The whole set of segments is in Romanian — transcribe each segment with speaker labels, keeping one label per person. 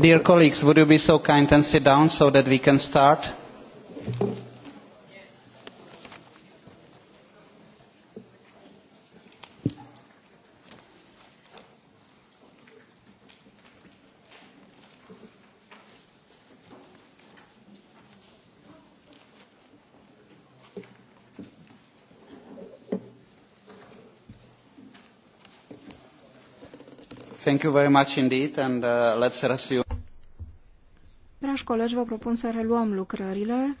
Speaker 1: Dear colleagues, would you be so kind and sit down so that we can start? Uh,
Speaker 2: Dragi colegi, vă propun să reluăm lucrările.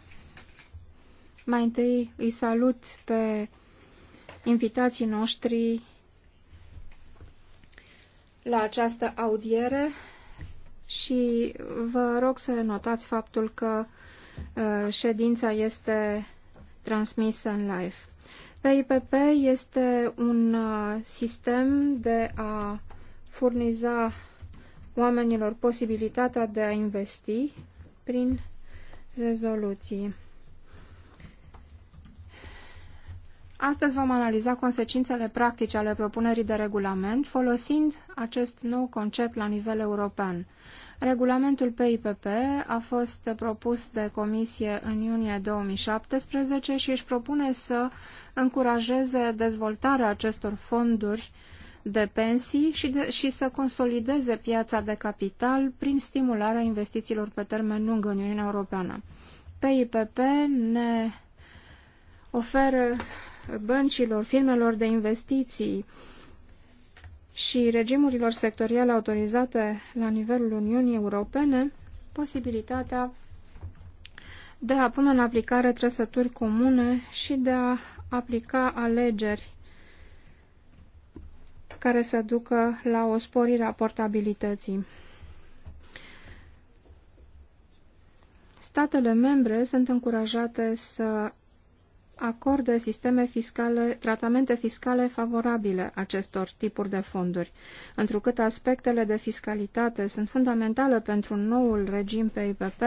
Speaker 2: Mai întâi îi salut pe invitații noștri la această audiere și vă rog să notați faptul că uh, ședința este transmisă în live. PIPP este un uh, sistem de a furniza oamenilor posibilitatea de a investi prin rezoluții. Astăzi vom analiza consecințele practice ale propunerii de regulament folosind acest nou concept la nivel european. Regulamentul PIPP a fost propus de comisie în iunie 2017 și își propune să încurajeze dezvoltarea acestor fonduri uh, de pensii și, de, și să consolideze piața de capital prin stimularea investițiilor pe termen lung în Uniunea Europeană. PIPP ne oferă băncilor, firmelor de investiții și regimurilor sectoriale autorizate la nivelul Uniunii Europene posibilitatea de a pune în aplicare trăsături comune și de a aplica alegeri care să ducă la o sporire a portabilității. Statele membre sunt încurajate să acorde sisteme fiscale, tratamente fiscale favorabile acestor tipuri de fonduri, întrucât aspectele de fiscalitate sunt fundamentale pentru noul regim IPP,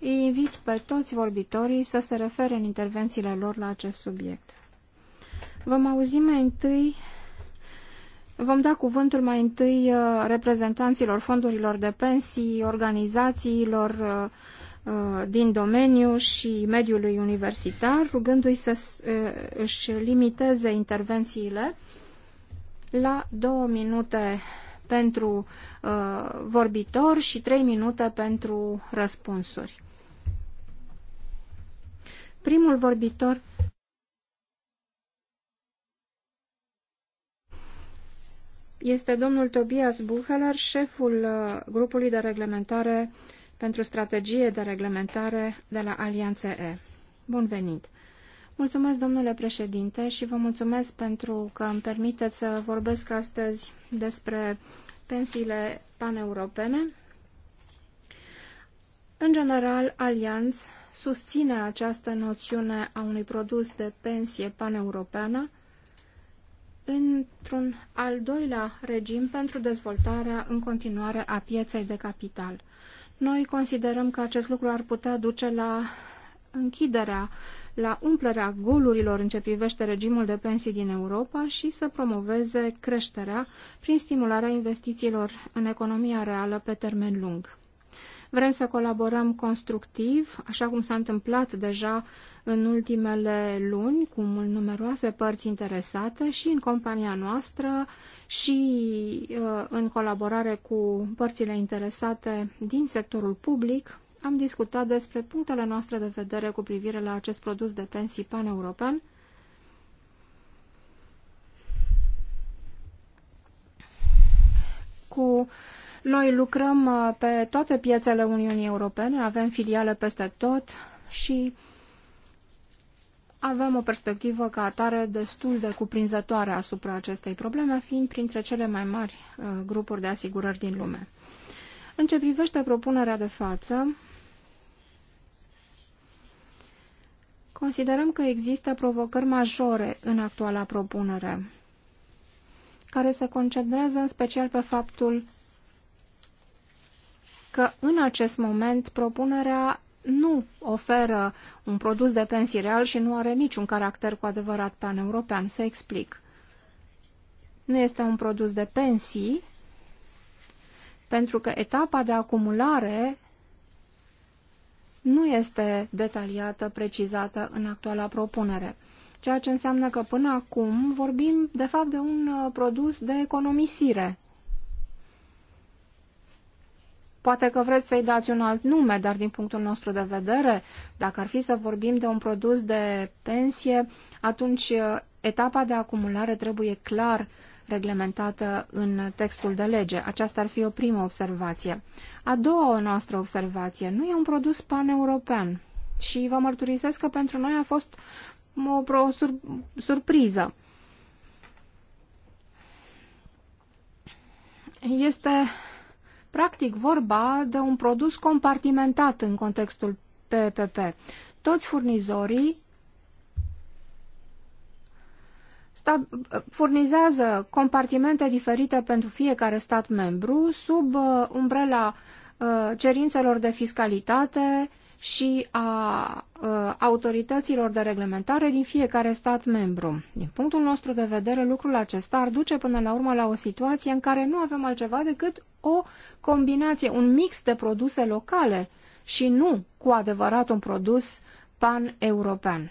Speaker 2: îi invit pe toți vorbitorii să se refere în intervențiile lor la acest subiect. Vom auzi mai întâi Vom da cuvântul mai întâi uh, reprezentanților fondurilor de pensii, organizațiilor uh, uh, din domeniu și mediului universitar, rugându-i să își limiteze intervențiile la două minute pentru vorbitor și trei minute pentru răspunsuri. Primul vorbitor este domnul Tobias Bucheler, șeful uh, grupului de reglementare pentru strategie de reglementare de la Alianțe E. Bun venit! Mulțumesc, domnule președinte, și vă mulțumesc pentru că îmi permiteți să vorbesc astăzi despre pensiile paneuropene. În general, Alianț susține această noțiune a unui produs de pensie paneuropeană, într-un al doilea regim pentru dezvoltarea în continuare a pieței de capital. Noi considerăm că acest lucru ar putea duce la închiderea, la umplerea golurilor în ce privește regimul de pensii din Europa și să promoveze creșterea prin stimularea investițiilor în economia reală pe termen lung. Vrem să colaborăm constructiv, așa cum s-a întâmplat deja în ultimele luni cu numeroase părți interesate și în compania noastră și uh, în colaborare cu părțile interesate din sectorul public. Am discutat despre punctele noastre de vedere cu privire la acest produs de pensii pan-european, cu noi lucrăm uh, pe toate piețele Uniunii Europene, avem filiale peste tot și avem o perspectivă ca atare destul de cuprinzătoare asupra acestei probleme, fiind printre cele mai mari uh, grupuri de asigurări din lume. În ce privește propunerea de față, considerăm că există provocări majore în actuala propunere, care se concentrează în special pe faptul că în acest moment propunerea nu oferă un produs de pensii real și nu are niciun caracter cu adevărat pan-european. Să explic. Nu este un produs de pensii, pentru că etapa de acumulare nu este detaliată, precizată în actuala propunere. Ceea ce înseamnă că până acum vorbim de fapt de un uh, produs de economisire. Poate că vreți să-i dați un alt nume, dar din punctul nostru de vedere, dacă ar fi să vorbim de un produs de pensie, atunci uh, etapa de acumulare trebuie clar reglementată în textul de lege. Aceasta ar fi o primă observație. A doua noastră observație, nu e un produs paneuropean. Și vă mărturisesc că pentru noi a fost o, o sur, surpriză. Este practic vorba de un produs compartimentat în contextul PPP. Toți furnizorii furnizează compartimente diferite pentru fiecare stat membru sub uh, umbrela uh, cerințelor de fiscalitate și a Uh, autorităților de reglementare din fiecare stat membru. Din punctul nostru de vedere, lucrul acesta ar duce până la urmă la o situație în care nu avem altceva decât o combinație, un mix de produse locale și nu cu adevărat un produs pan-european.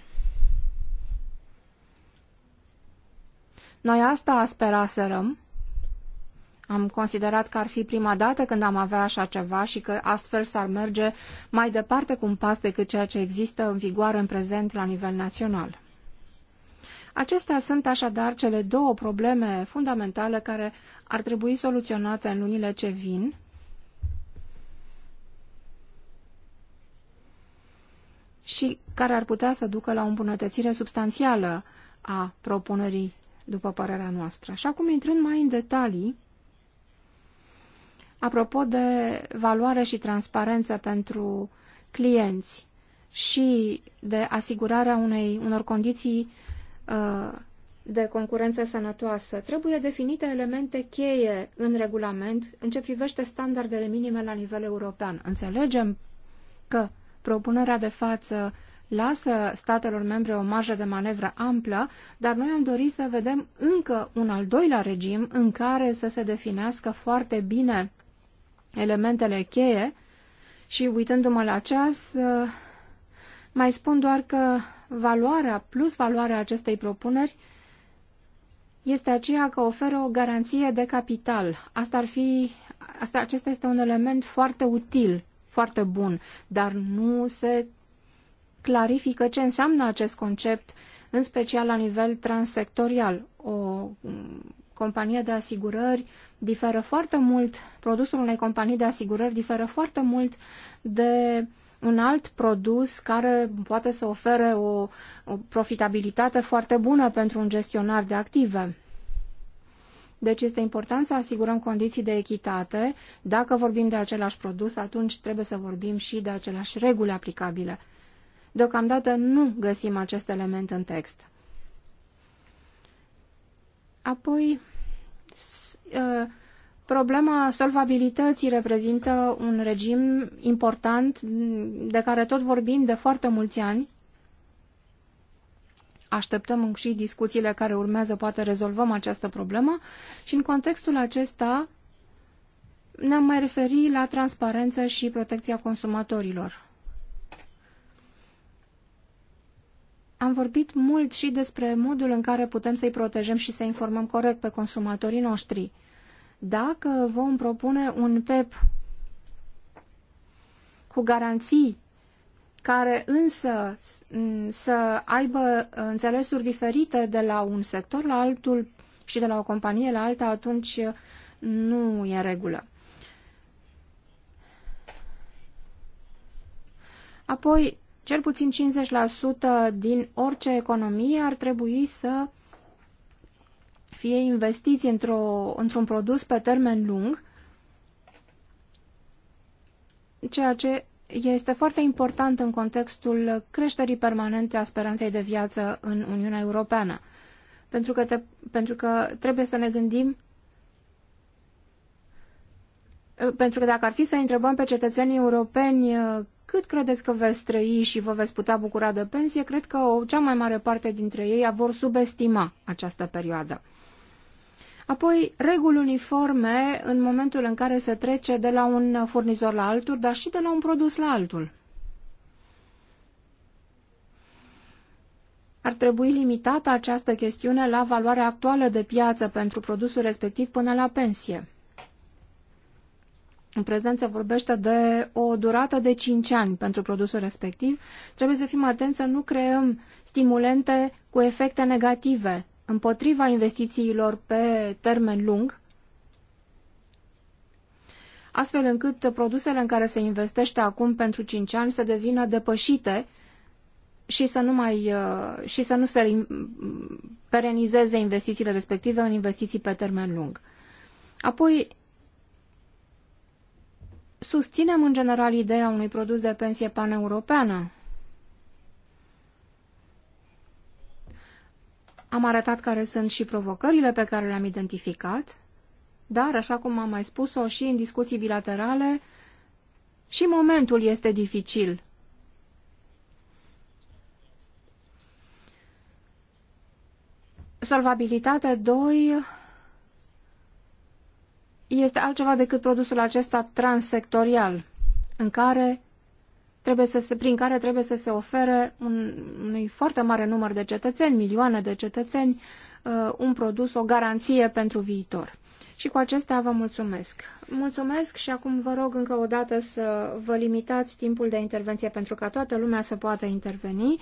Speaker 2: Noi asta speraserăm am considerat că ar fi prima dată când am avea așa ceva și că astfel s-ar merge mai departe cu un pas decât ceea ce există în vigoare în prezent la nivel național. Acestea sunt așadar cele două probleme fundamentale care ar trebui soluționate în lunile ce vin. și care ar putea să ducă la o îmbunătățire substanțială a propunerii, după părerea noastră. Și acum, intrând mai în detalii, Apropo de valoare și transparență pentru clienți și de asigurarea unei, unor condiții uh, de concurență sănătoasă, trebuie definite elemente cheie în regulament în ce privește standardele minime la nivel european. Înțelegem că propunerea de față lasă statelor membre o marjă de manevră amplă, dar noi am dorit să vedem încă un al doilea regim în care să se definească foarte bine elementele cheie și uitându-mă la ceas, uh, mai spun doar că valoarea plus valoarea acestei propuneri este aceea că oferă o garanție de capital. Asta ar fi, asta, acesta este un element foarte util, foarte bun, dar nu se clarifică ce înseamnă acest concept, în special la nivel transsectorial. O companie de asigurări diferă foarte mult, produsul unei companii de asigurări diferă foarte mult de un alt produs care poate să ofere o, o profitabilitate foarte bună pentru un gestionar de active. Deci este important să asigurăm condiții de echitate. Dacă vorbim de același produs, atunci trebuie să vorbim și de aceleași reguli aplicabile. Deocamdată nu găsim acest element în text. Apoi, uh, problema solvabilității reprezintă un regim important de care tot vorbim de foarte mulți ani. Așteptăm și discuțiile care urmează, poate rezolvăm această problemă și în contextul acesta ne-am mai referit la transparență și protecția consumatorilor. Am vorbit mult și despre modul în care putem să-i protejăm și să informăm corect pe consumatorii noștri. Dacă vom propune un PEP cu garanții care însă să aibă înțelesuri diferite de la un sector la altul și de la o companie la alta, atunci nu e regulă. Apoi, cel puțin 50% din orice economie ar trebui să fie investiți într-un într produs pe termen lung, ceea ce este foarte important în contextul creșterii permanente a speranței de viață în Uniunea Europeană. Pentru că, te, pentru că trebuie să ne gândim pentru că dacă ar fi să întrebăm pe cetățenii europeni cât credeți că veți trăi și vă veți putea bucura de pensie, cred că o cea mai mare parte dintre ei vor subestima această perioadă. Apoi, reguli uniforme în momentul în care se trece de la un furnizor la altul, dar și de la un produs la altul. Ar trebui limitată această chestiune la valoarea actuală de piață pentru produsul respectiv până la pensie. În prezent se vorbește de o durată de 5 ani pentru produsul respectiv. Trebuie să fim atenți să nu creăm stimulente cu efecte negative împotriva investițiilor pe termen lung, astfel încât produsele în care se investește acum pentru 5 ani să devină depășite și să nu, mai, uh, și să nu se perenizeze investițiile respective în investiții pe termen lung. Apoi, Susținem în general ideea unui produs de pensie paneuropeană. Am arătat care sunt și provocările pe care le-am identificat, dar, așa cum am mai spus-o și în discuții bilaterale, și momentul este dificil. Solvabilitate 2 este altceva decât produsul acesta transsectorial, în care trebuie să se, prin care trebuie să se ofere un, unui foarte mare număr de cetățeni, milioane de cetățeni, uh, un produs, o garanție pentru viitor. Și cu acestea vă mulțumesc. Mulțumesc și acum vă rog încă o dată să vă limitați timpul de intervenție pentru ca toată lumea să poată interveni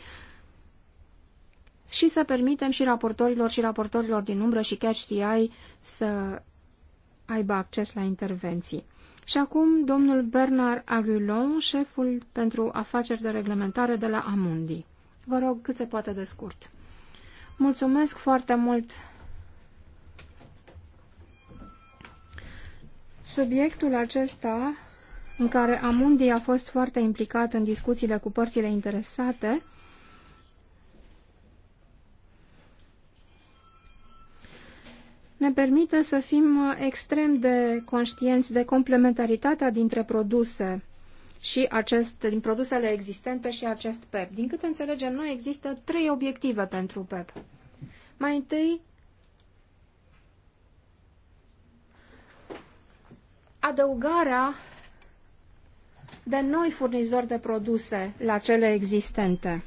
Speaker 2: și să permitem și raportorilor și raportorilor din umbră și chiar știai să aibă acces la intervenții. Și acum domnul Bernard Aguilon, șeful pentru afaceri de reglementare de la Amundi. Vă rog cât se poate de scurt. Mulțumesc foarte mult. Subiectul acesta, în care Amundi a fost foarte implicat în discuțiile cu părțile interesate, ne permite să fim uh, extrem de conștienți de complementaritatea dintre produse și acest, din produsele existente și acest PEP. Din câte înțelegem noi, există trei obiective pentru PEP. Mai întâi, adăugarea de noi furnizori de produse la cele existente.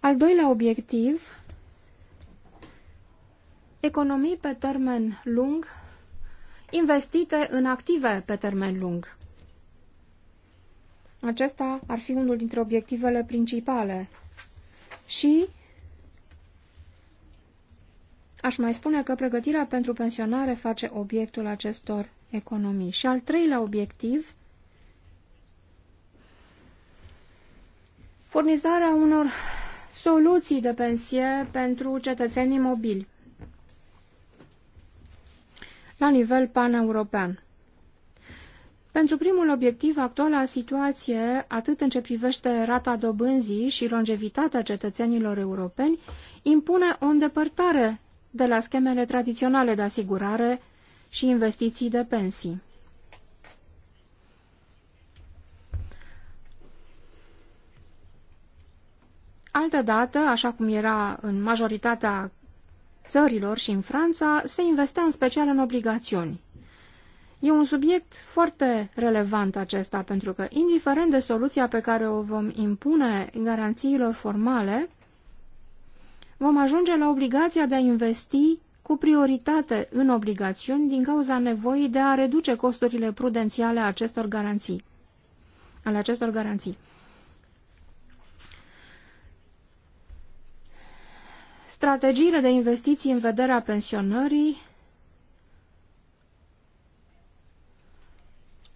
Speaker 2: Al doilea obiectiv economii pe termen lung investite în active pe termen lung. Acesta ar fi unul dintre obiectivele principale. Și aș mai spune că pregătirea pentru pensionare face obiectul acestor economii. Și al treilea obiectiv, furnizarea unor soluții de pensie pentru cetățenii mobili la nivel paneuropean. Pentru primul obiectiv, actuala situație, atât în ce privește rata dobânzii și longevitatea cetățenilor europeni, impune o îndepărtare de la schemele tradiționale de asigurare și investiții de pensii. Altădată, așa cum era în majoritatea țărilor și în Franța se investea în special în obligațiuni. E un subiect foarte relevant acesta, pentru că, indiferent de soluția pe care o vom impune garanțiilor formale, vom ajunge la obligația de a investi cu prioritate în obligațiuni din cauza nevoii de a reduce costurile prudențiale a acestor garanții. Ale acestor garanții. strategiile de investiții în vederea pensionării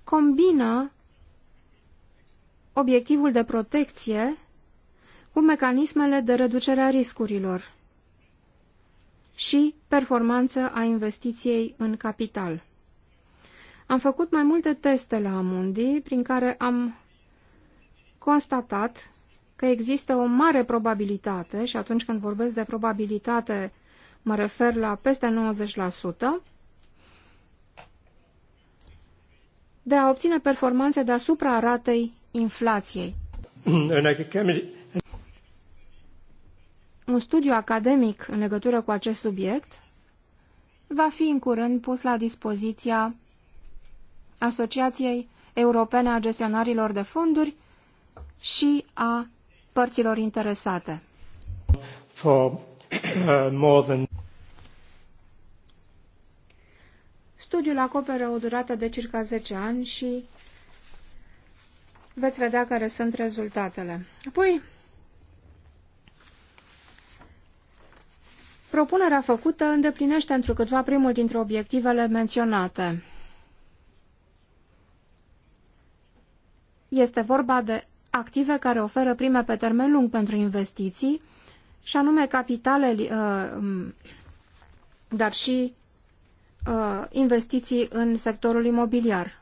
Speaker 2: combină obiectivul de protecție cu mecanismele de reducere a riscurilor și performanță a investiției în capital. Am făcut mai multe teste la Amundi, prin care am constatat că există o mare probabilitate, și atunci când vorbesc de probabilitate mă refer la peste 90%, de a obține performanțe deasupra ratei inflației. Un studiu academic în legătură cu acest subiect va fi în curând pus la dispoziția Asociației Europene a Gestionarilor de Fonduri și a părților interesate.
Speaker 1: For, uh, than...
Speaker 2: Studiul acoperă o durată de circa 10 ani și veți vedea care sunt rezultatele. Apoi, propunerea făcută îndeplinește întrucâtva primul dintre obiectivele menționate. Este vorba de active care oferă prime pe termen lung pentru investiții, și anume capitale, uh, mm, dar și uh, investiții în sectorul imobiliar.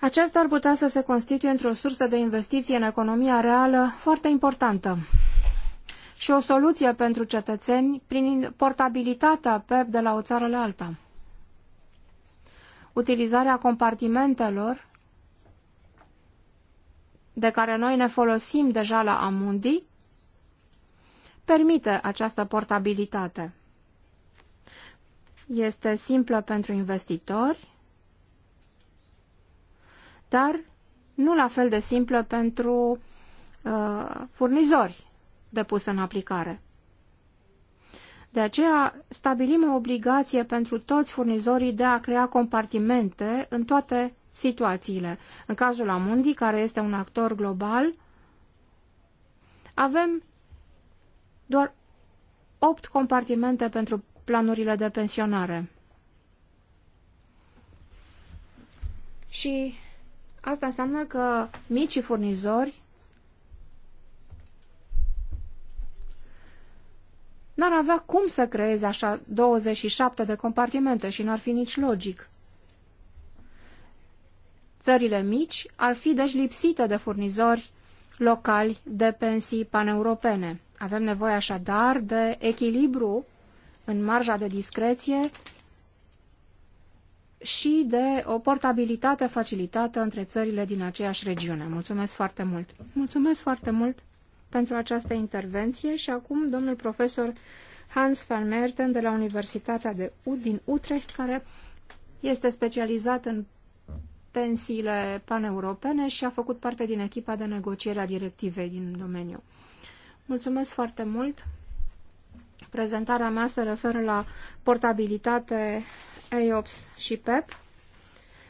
Speaker 2: Aceasta ar putea să se constituie într-o sursă de investiție în economia reală foarte importantă și o soluție pentru cetățeni prin portabilitatea PEP de la o țară la alta utilizarea compartimentelor de care noi ne folosim deja la Amundi, permite această portabilitate. Este simplă pentru investitori, dar nu la fel de simplă pentru uh, furnizori de pus în aplicare. De aceea stabilim o obligație pentru toți furnizorii de a crea compartimente în toate situațiile. În cazul Amundi, care este un actor global, avem doar 8 compartimente pentru planurile de pensionare. Și asta înseamnă că micii furnizori n-ar avea cum să creeze așa 27 de compartimente și n-ar fi nici logic. Țările mici ar fi deci lipsite de furnizori locali de pensii paneuropene. Avem nevoie așadar de echilibru în marja de discreție și de o portabilitate facilitată între țările din aceeași regiune. Mulțumesc foarte mult! Mulțumesc foarte mult! pentru această intervenție și acum domnul profesor Hans van Merten de la Universitatea de U din Utrecht, care este specializat în pensiile paneuropene și a făcut parte din echipa de negociere a directivei din domeniu. Mulțumesc foarte mult! Prezentarea mea se referă la portabilitate EOPS și PEP.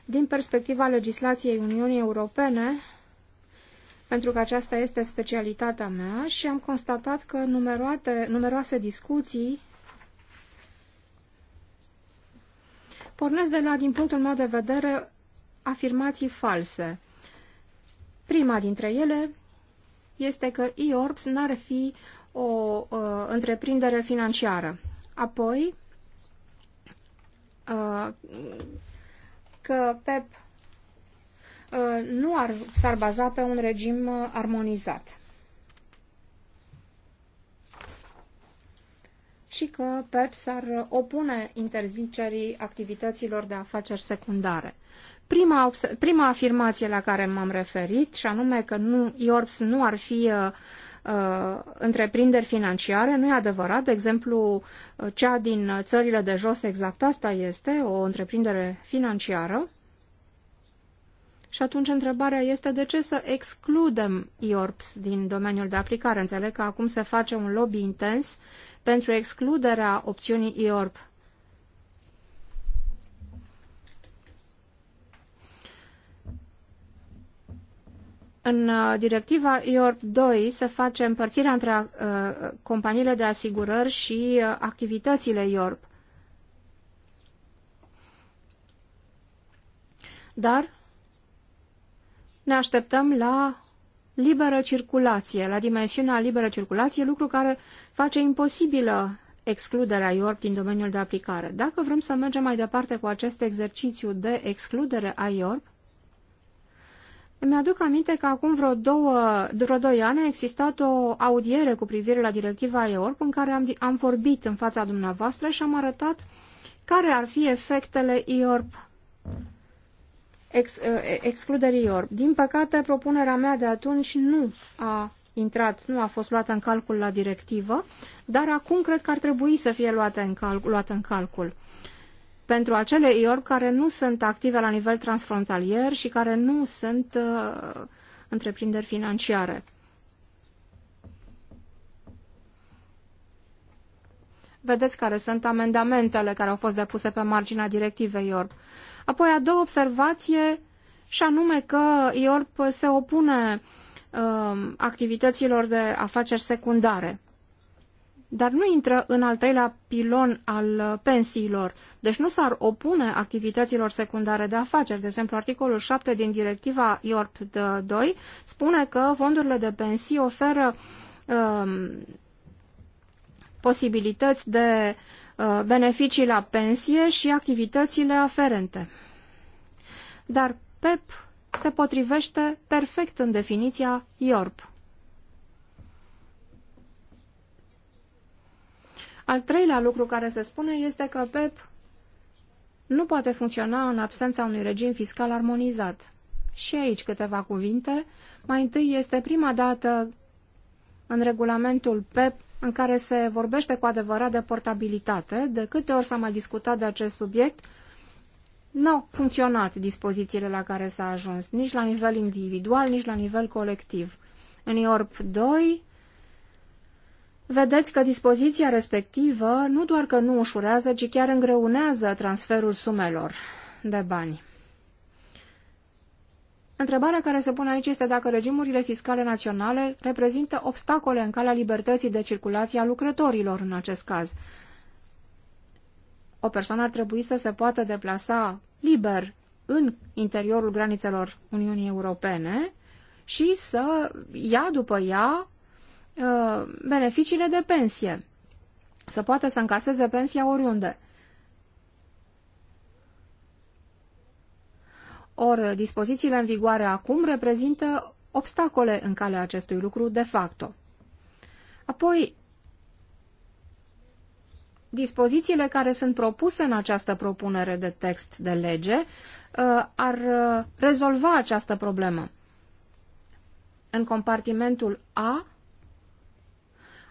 Speaker 2: Din perspectiva legislației Uniunii Europene, pentru că aceasta este specialitatea mea și am constatat că numeroate, numeroase discuții pornesc de la, din punctul meu de vedere, afirmații false. Prima dintre ele este că IORPS n-ar fi o uh, întreprindere financiară. Apoi, uh, că PEP Uh, nu ar, s-ar baza pe un regim uh, armonizat. Și că pep s-ar uh, opune interzicerii activităților de afaceri secundare. Prima, prima afirmație la care m-am referit, și anume că nu, IORPS nu ar fi uh, întreprinderi financiare. Nu e adevărat, de exemplu, cea din țările de jos exact asta este, o întreprindere financiară. Și atunci întrebarea este de ce să excludem IORPS din domeniul de aplicare. Înțeleg că acum se face un lobby intens pentru excluderea opțiunii IORP. În uh, directiva IORP 2 se face împărțirea între uh, companiile de asigurări și uh, activitățile IORP. Dar ne așteptăm la liberă circulație, la dimensiunea liberă circulație, lucru care face imposibilă excluderea IORP din domeniul de aplicare. Dacă vrem să mergem mai departe cu acest exercițiu de excludere a IORP, îmi aduc aminte că acum vreo, două, vreo doi ani a existat o audiere cu privire la directiva IORP în care am, am vorbit în fața dumneavoastră și am arătat care ar fi efectele IORP ex, uh, excluderii lor. Din păcate, propunerea mea de atunci nu a intrat, nu a fost luată în calcul la directivă, dar acum cred că ar trebui să fie luată în, cal, luată în calcul. Pentru acele IORP care nu sunt active la nivel transfrontalier și care nu sunt uh, întreprinderi financiare. Vedeți care sunt amendamentele care au fost depuse pe marginea directivei IORP. Uh, Apoi a doua observație și anume că IORP se opune uh, activităților de afaceri secundare dar nu intră în al treilea pilon al uh, pensiilor, deci nu s-ar opune activităților secundare de afaceri. De exemplu, articolul 7 din directiva IORP 2 spune că fondurile de pensii oferă um, posibilități de Uh, beneficii la pensie și activitățile aferente. Dar PEP se potrivește perfect în definiția IORP. Al treilea lucru care se spune este că PEP nu poate funcționa în absența unui regim fiscal armonizat. Și aici câteva cuvinte. Mai întâi este prima dată în regulamentul PEP în care se vorbește cu adevărat de portabilitate. De câte ori s-a mai discutat de acest subiect, nu au funcționat dispozițiile la care s-a ajuns, nici la nivel individual, nici la nivel colectiv. În IORP 2 vedeți că dispoziția respectivă nu doar că nu ușurează, ci chiar îngreunează transferul sumelor de bani. Întrebarea care se pune aici este dacă regimurile fiscale naționale reprezintă obstacole în calea libertății de circulație a lucrătorilor în acest caz. O persoană ar trebui să se poată deplasa liber în interiorul granițelor Uniunii Europene și să ia după ea uh, beneficiile de pensie, să poată să încaseze pensia oriunde. Ori dispozițiile în vigoare acum reprezintă obstacole în calea acestui lucru de facto. Apoi, dispozițiile care sunt propuse în această propunere de text de lege uh, ar uh, rezolva această problemă. În compartimentul A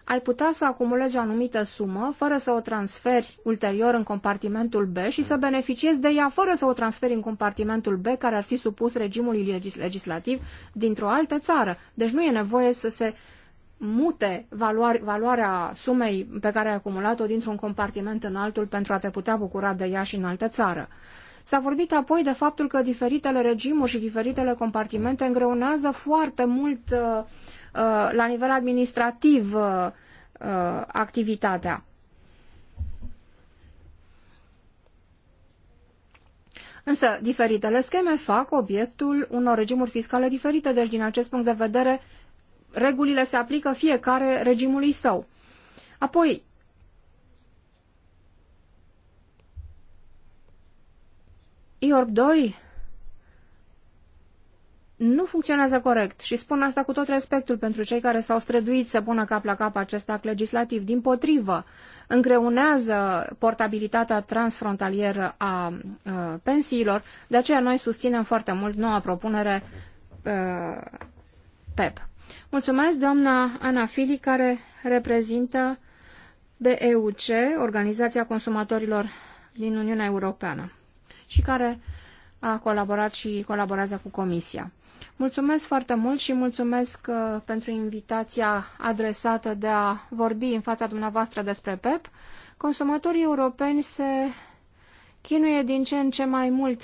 Speaker 2: ai putea să acumulezi o anumită sumă fără să o transferi ulterior în compartimentul B și să beneficiezi de ea fără să o transferi în compartimentul B care ar fi supus regimului legislativ dintr-o altă țară. Deci nu e nevoie să se mute valoare, valoarea sumei pe care ai acumulat-o dintr-un compartiment în altul pentru a te putea bucura de ea și în altă țară. S-a vorbit apoi de faptul că diferitele regimuri și diferitele compartimente îngreunează foarte mult uh, Uh, la nivel administrativ uh, uh, activitatea. Însă, diferitele scheme fac obiectul unor regimuri fiscale diferite, deci din acest punct de vedere, regulile se aplică fiecare regimului său. Apoi, IORP 2 nu funcționează corect și spun asta cu tot respectul pentru cei care s-au străduit să pună cap la cap acest act legislativ. Din potrivă, îngreunează portabilitatea transfrontalieră a, pensiilor, de aceea noi susținem foarte mult noua propunere PEPP. PEP. Mulțumesc doamna Ana Fili, care reprezintă BEUC, Organizația Consumatorilor din Uniunea Europeană, și care a colaborat și colaborează cu Comisia. Mulțumesc foarte mult și mulțumesc uh, pentru invitația adresată de a vorbi în fața dumneavoastră despre PEP. Consumatorii europeni se chinuie din ce în ce mai mult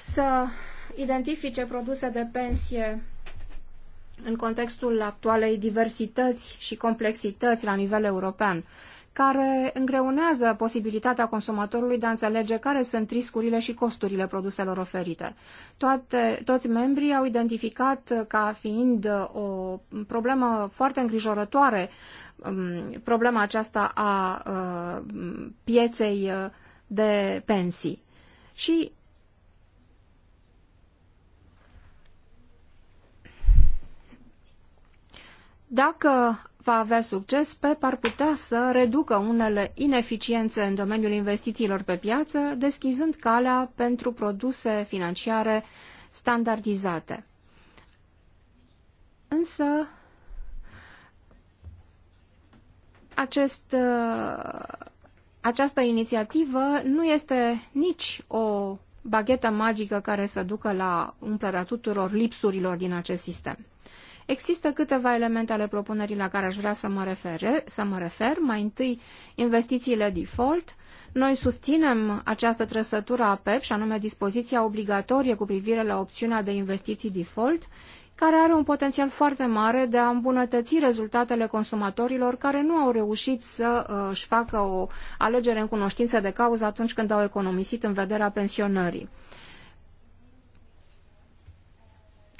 Speaker 2: să identifice produse de pensie în contextul actualei diversități și complexități la nivel european care îngreunează posibilitatea consumatorului de a înțelege care sunt riscurile și costurile produselor oferite. Toate, toți membrii au identificat ca fiind uh, o problemă foarte îngrijorătoare um, problema aceasta a uh, pieței uh, de pensii. Și dacă va avea succes, PEP ar putea să reducă unele ineficiențe în domeniul investițiilor pe piață, deschizând calea pentru produse financiare standardizate. Însă, acest, uh, această inițiativă nu este nici o baghetă magică care să ducă la umplerea tuturor lipsurilor din acest sistem. Există câteva elemente ale propunerii la care aș vrea să mă, refer, să mă refer. Mai întâi, investițiile default. Noi susținem această trăsătură a PEP, și anume dispoziția obligatorie cu privire la opțiunea de investiții default, care are un potențial foarte mare de a îmbunătăți rezultatele consumatorilor care nu au reușit să uh, își facă o alegere în cunoștință de cauză atunci când au economisit în vederea pensionării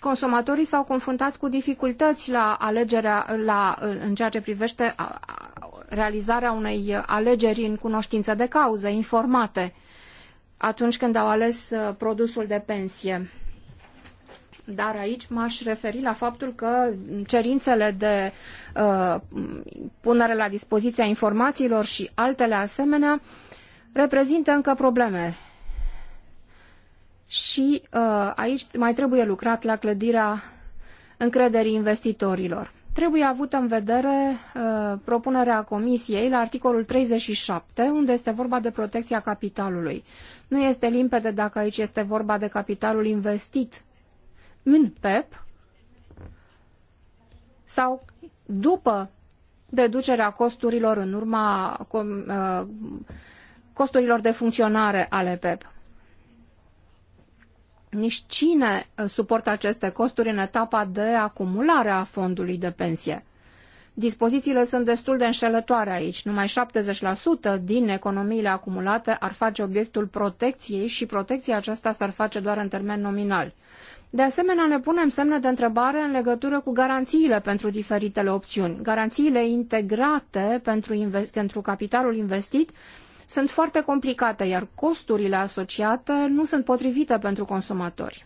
Speaker 2: consumatorii s-au confruntat cu dificultăți la alegerea, la, în ceea ce privește realizarea unei alegeri în cunoștință de cauză, informate, atunci când au ales uh, produsul de pensie. Dar aici m-aș referi la faptul că cerințele de uh, punere la dispoziția informațiilor și altele asemenea reprezintă încă probleme și uh, aici mai trebuie lucrat la clădirea încrederii investitorilor. Trebuie avută în vedere uh, propunerea Comisiei la articolul 37, unde este vorba de protecția capitalului. Nu este limpede dacă aici este vorba de capitalul investit în PEP sau după deducerea costurilor în urma com, uh, costurilor de funcționare ale PEP nici cine uh, suportă aceste costuri în etapa de acumulare a fondului de pensie. Dispozițiile sunt destul de înșelătoare aici. Numai 70% din economiile acumulate ar face obiectul protecției și protecția aceasta s-ar face doar în termen nominal. De asemenea, ne punem semne de întrebare în legătură cu garanțiile pentru diferitele opțiuni. Garanțiile integrate pentru, invest- pentru capitalul investit sunt foarte complicate, iar costurile asociate nu sunt potrivite pentru consumatori,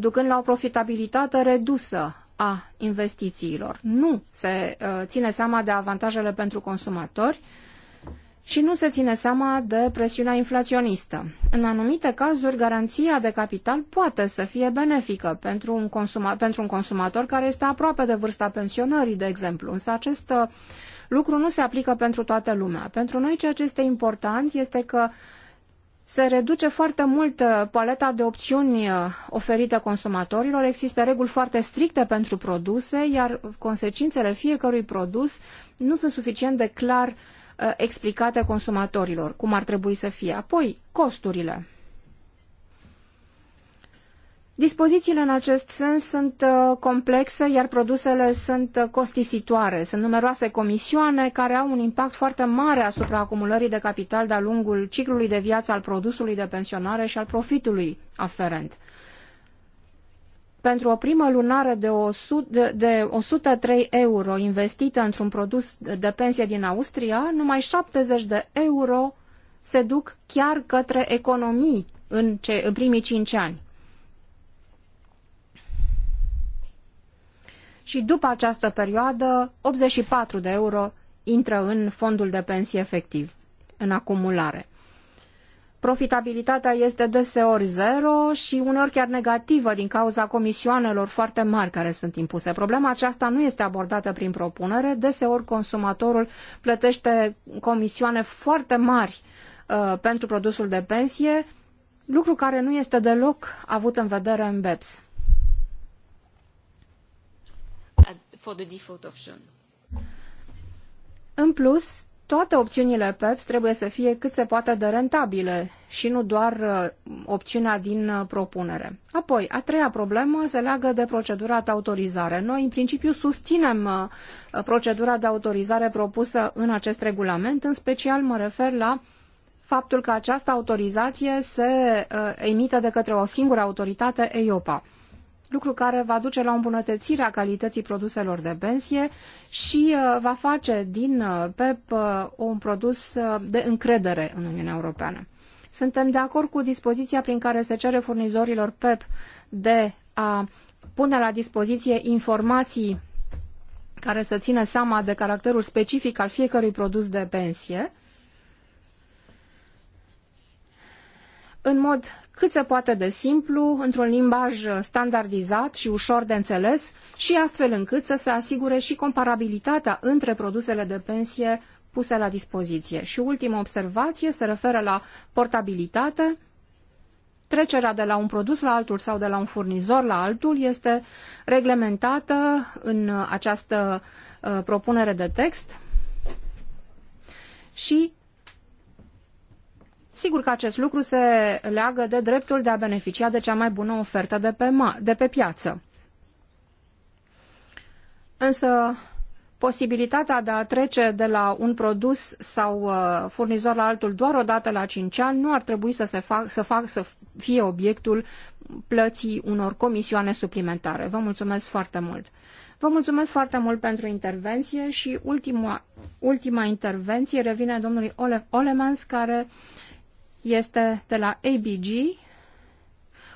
Speaker 2: ducând la o profitabilitate redusă a investițiilor. Nu se uh, ține seama de avantajele pentru consumatori și nu se ține seama de presiunea inflaționistă. În anumite cazuri, garanția de capital poate să fie benefică pentru un, consuma, pentru un consumator care este aproape de vârsta pensionării, de exemplu. Însă acest uh, lucru nu se aplică pentru toată lumea. Pentru noi ceea ce este important este că se reduce foarte mult uh, paleta de opțiuni uh, oferită consumatorilor, există reguli foarte stricte pentru produse, iar consecințele fiecărui produs nu sunt suficient de clar uh, explicate consumatorilor, cum ar trebui să fie. Apoi, costurile. Dispozițiile în acest sens sunt uh, complexe, iar produsele sunt uh, costisitoare. Sunt numeroase comisioane care au un impact foarte mare asupra acumulării de capital de-a lungul ciclului de viață al produsului de pensionare și al profitului aferent. Pentru o primă lunară de, 100, de 103 euro investită într-un produs de pensie din Austria, numai 70 de euro se duc chiar către economii în, ce, în primii 5 ani. și după această perioadă 84 de euro intră în fondul de pensie efectiv, în acumulare. Profitabilitatea este deseori zero și uneori chiar negativă din cauza comisioanelor foarte mari care sunt impuse. Problema aceasta nu este abordată prin propunere. Deseori consumatorul plătește comisioane foarte mari uh, pentru produsul de pensie, lucru care nu este deloc avut în vedere în BEPS. for the default option. În plus, toate opțiunile PEPS trebuie să fie cât se poate de rentabile și nu doar uh, opțiunea din uh, propunere. Apoi, a treia problemă se leagă de procedura de autorizare. Noi, în principiu, susținem uh, procedura de autorizare propusă în acest regulament, în special mă refer la faptul că această autorizație se emite de către o singură autoritate, EIOPA lucru care va duce la îmbunătățirea calității produselor de pensie și uh, va face din uh, PEP uh, un produs de încredere în Uniunea Europeană. Suntem de acord cu dispoziția prin care se cere furnizorilor PEP de a pune la dispoziție informații care să țină seama de caracterul specific al fiecărui produs de pensie, în mod cât se poate de simplu, într-un limbaj standardizat și ușor de înțeles și astfel încât să se asigure și comparabilitatea între produsele de pensie puse la dispoziție. Și ultima observație se referă la portabilitate. Trecerea de la un produs la altul sau de la un furnizor la altul este reglementată în această uh, propunere de text și Sigur că acest lucru se leagă de dreptul de a beneficia de cea mai bună ofertă de pe, de pe piață. Însă, posibilitatea de a trece de la un produs sau uh, furnizor la altul doar o dată la cinci ani nu ar trebui să, se fac, să, fac, să fie obiectul plății unor comisioane suplimentare. Vă mulțumesc foarte mult! Vă mulțumesc foarte mult pentru intervenție și ultima, ultima intervenție revine domnului Ole, Olemans, care uh, este de la ABG,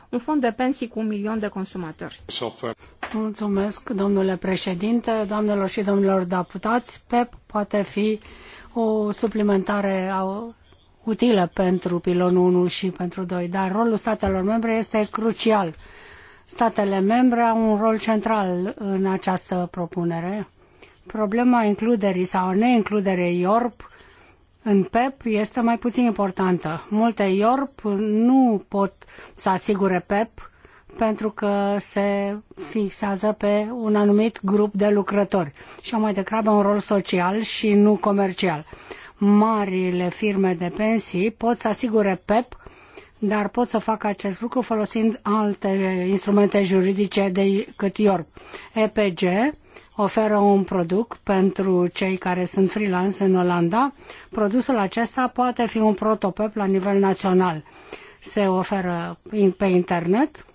Speaker 3: un fond de pensii cu un milion de consumatori. Mulțumesc, domnule președinte, doamnelor și domnilor deputați. PEP poate fi o suplimentare utilă pentru pilonul 1 și pentru 2, dar rolul statelor membre este crucial. Statele membre au un rol central în această propunere. Problema includerii sau neincluderii IORP în PEP este mai puțin importantă. Multe IORP nu pot să asigure PEP pentru că se fixează pe un anumit grup de lucrători și au mai degrabă un rol social și nu comercial. Marile firme de pensii pot să asigure PEP, dar pot să facă acest lucru folosind alte instrumente juridice decât IORP. EPG oferă un produs pentru cei care sunt freelance în Olanda. Produsul acesta poate fi un protopep la nivel național. Se oferă pe internet.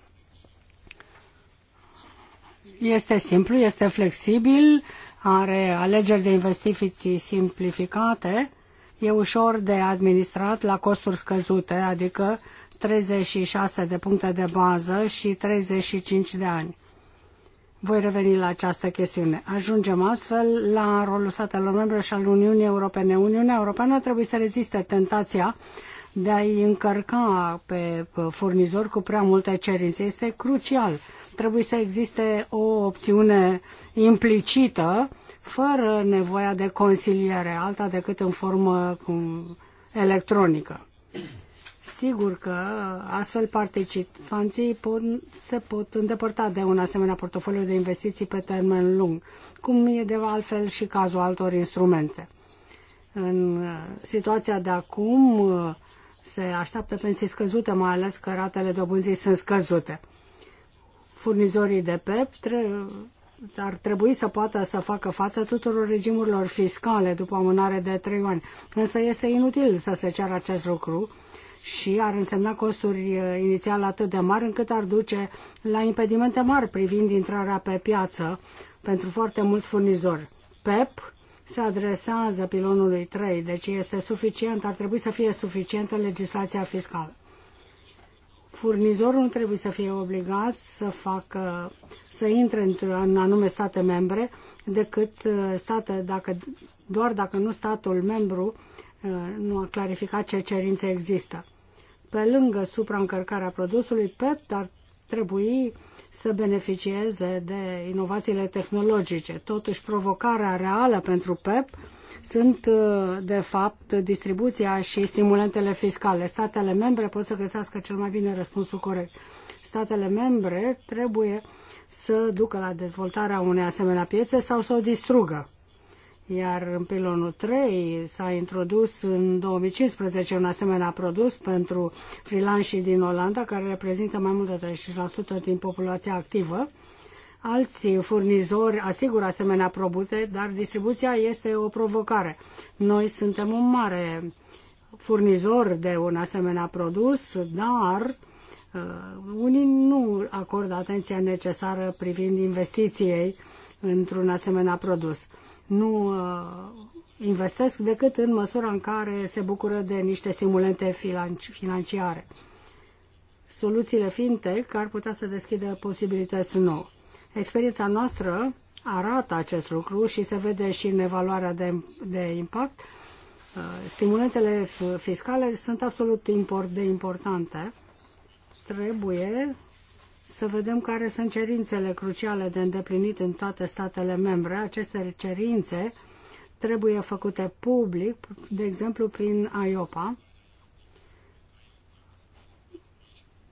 Speaker 3: Este simplu, este flexibil, are alegeri de investiții simplificate, e ușor de administrat la costuri scăzute, adică 36 de puncte de bază și 35 de ani voi reveni la această chestiune. Ajungem astfel la rolul statelor membre și al Uniunii Europene. Uniunea Europeană trebuie să reziste tentația de a-i încărca pe furnizor cu prea multe cerințe. Este crucial. Trebuie să existe o opțiune implicită, fără nevoia de consiliere, alta decât în formă electronică sigur că astfel participanții pot, se pot îndepărta de un asemenea portofoliu de investiții pe termen lung, cum e de altfel și cazul altor instrumente. În uh, situația de acum uh, se așteaptă pensii scăzute, mai ales că ratele dobânzii sunt scăzute. Furnizorii de PEP ar trebui să poată să facă față tuturor regimurilor fiscale după amânare de trei ani. Însă este inutil să se ceară acest lucru, și ar însemna costuri uh, inițial atât de mari încât ar duce la impedimente mari privind intrarea pe piață pentru foarte mulți furnizori. PEP se adresează pilonului 3, deci este suficient, ar trebui să fie suficientă legislația fiscală. Furnizorul nu trebuie să fie obligat să facă, să intre în anume state membre, decât uh, state, dacă, doar dacă nu statul membru uh, nu a clarificat ce cerințe există pe lângă supraîncărcarea produsului, PEP, ar trebui să beneficieze de inovațiile tehnologice. Totuși, provocarea reală pentru PEP sunt, uh, de fapt, distribuția și stimulentele fiscale. Statele membre pot să găsească cel mai bine răspunsul corect. Statele membre trebuie să ducă la dezvoltarea unei asemenea piețe sau să o distrugă. Iar în pilonul 3 s-a introdus în 2015 un asemenea produs pentru freelancerii din Olanda, care reprezintă mai mult de 30% din populația activă. Alți furnizori asigură asemenea produse, dar distribuția este o provocare. Noi suntem un mare furnizor de un asemenea produs, dar uh, unii nu acordă atenția necesară privind investiției într-un asemenea produs nu uh, investesc decât în măsura în care se bucură de niște stimulente financiare. Soluțiile fintech ar putea să deschidă posibilități noi. Experiența noastră arată acest lucru și se vede și în evaluarea de, de impact. Uh, stimulentele fiscale sunt absolut de importante. Trebuie să vedem care sunt cerințele cruciale de îndeplinit în toate statele membre. Aceste cerințe trebuie făcute public, de exemplu prin IOPA,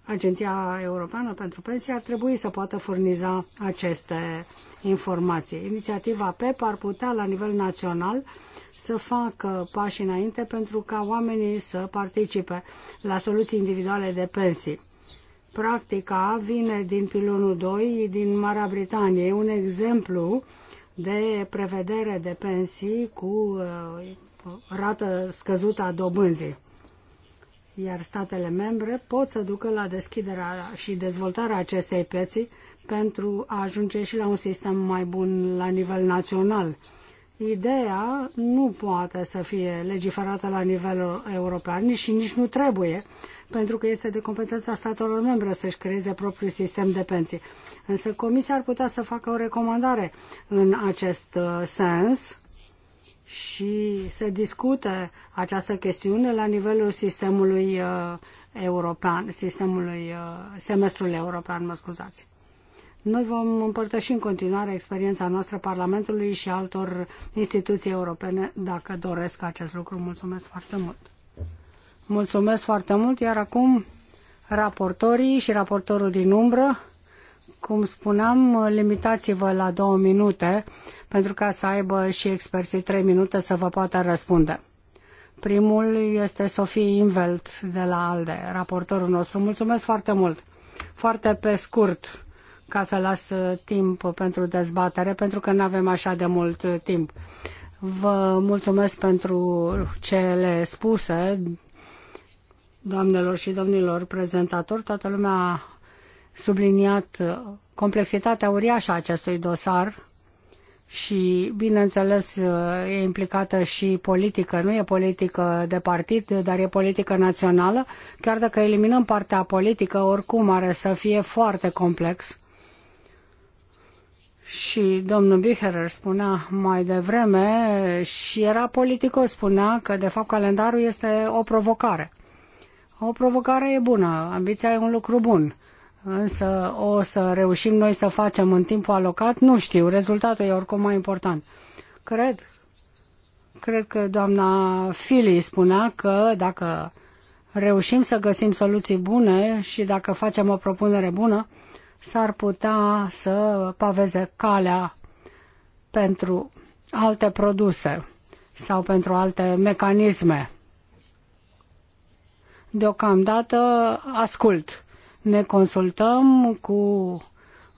Speaker 3: Agenția Europeană pentru Pensii ar trebui să poată furniza aceste informații. Inițiativa PEP ar putea, la nivel național, să facă pași înainte pentru ca oamenii să participe la soluții individuale de pensii. Practica vine din pilonul 2, din Marea Britanie. E un exemplu de prevedere de pensii cu uh, rată scăzută a dobânzii. Iar statele membre pot să ducă la deschiderea și dezvoltarea acestei pieții pentru a ajunge și la un sistem mai bun la nivel național Ideea nu poate să fie legiferată la nivel european și nici nu trebuie, pentru că este de competența statelor membre să-și creeze propriul sistem de pensii. Însă Comisia ar putea să facă o recomandare în acest uh, sens și să discute această chestiune la nivelul sistemului uh, european, sistemului uh, semestrului european, mă scuzați. Noi vom împărtăși în continuare experiența noastră Parlamentului și altor instituții europene dacă doresc acest lucru. Mulțumesc foarte mult! Mulțumesc foarte mult, iar acum raportorii și raportorul din umbră, cum spuneam, limitați-vă la două minute pentru ca să aibă și experții trei minute să vă poată răspunde. Primul este Sofie Invelt de la ALDE, raportorul nostru. Mulțumesc foarte mult! Foarte pe scurt, ca să las uh, timp pentru dezbatere, pentru că nu avem așa de mult uh, timp. Vă mulțumesc pentru cele spuse, doamnelor și domnilor prezentatori. Toată lumea a subliniat uh, complexitatea uriașă a acestui dosar și, bineînțeles, e implicată și politică. Nu e politică de partid, dar e politică națională. Chiar dacă eliminăm partea politică, oricum are să fie foarte complex și domnul Biherer spunea mai devreme și era politicos, spunea că de fapt calendarul este o provocare. O provocare e bună, ambiția e un lucru bun, însă o să reușim noi să facem în timpul alocat, nu știu, rezultatul e oricum mai important. Cred, cred că doamna Fili spunea că dacă reușim să găsim soluții bune și dacă facem o propunere bună, s-ar putea să paveze calea pentru alte produse sau pentru alte mecanisme. Deocamdată ascult. Ne consultăm cu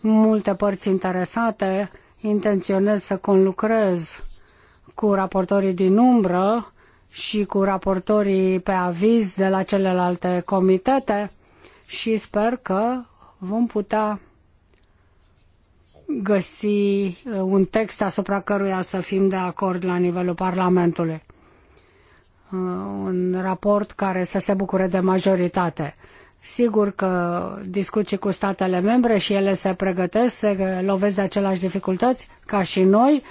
Speaker 3: multe părți interesate, intenționez să conlucrez cu raportorii din umbră și cu raportorii pe aviz de la celelalte comitete și sper că vom putea găsi uh, un text asupra căruia să fim de acord la nivelul Parlamentului. Uh, un raport care să se bucure de majoritate. Sigur că discuții cu statele membre și ele se pregătesc, se lovesc de aceleași dificultăți ca și noi.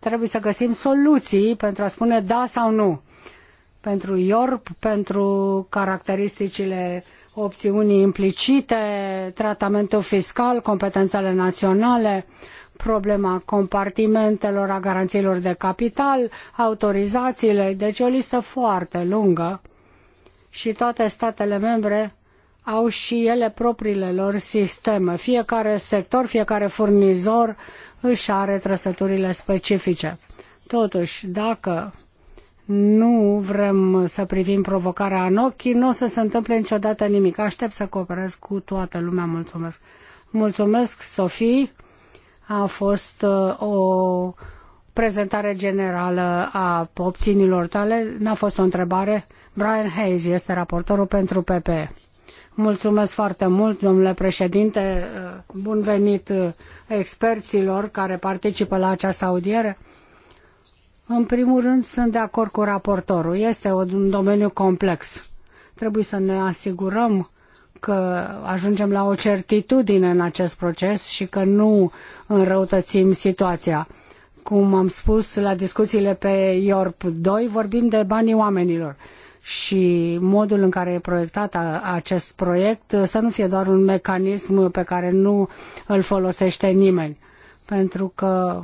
Speaker 3: Trebuie să găsim soluții pentru a spune da sau nu. Pentru IORP, pentru caracteristicile opțiunii implicite, tratamentul fiscal, competențele naționale, problema compartimentelor a garanțiilor de capital, autorizațiile, deci o listă foarte lungă și toate statele membre au și ele propriile lor sisteme. Fiecare sector, fiecare furnizor își are trăsăturile specifice. Totuși, dacă nu vrem să privim provocarea în ochi, nu o să se întâmple niciodată nimic. Aștept să cooperez cu toată lumea. Mulțumesc! Mulțumesc, Sofie! A fost uh, o prezentare generală a opțiunilor tale. N-a fost o întrebare. Brian Hayes este raportorul pentru PP. Mulțumesc foarte mult, domnule președinte. Uh, bun venit uh, experților care participă la această audiere. În primul rând, sunt de acord cu raportorul. Este un domeniu complex. Trebuie să ne asigurăm că ajungem la o certitudine în acest proces și că nu înrăutățim situația. Cum am spus la discuțiile pe IORP 2, vorbim de banii oamenilor și modul în care e proiectat acest proiect să nu fie doar un mecanism pe care nu îl folosește nimeni, pentru că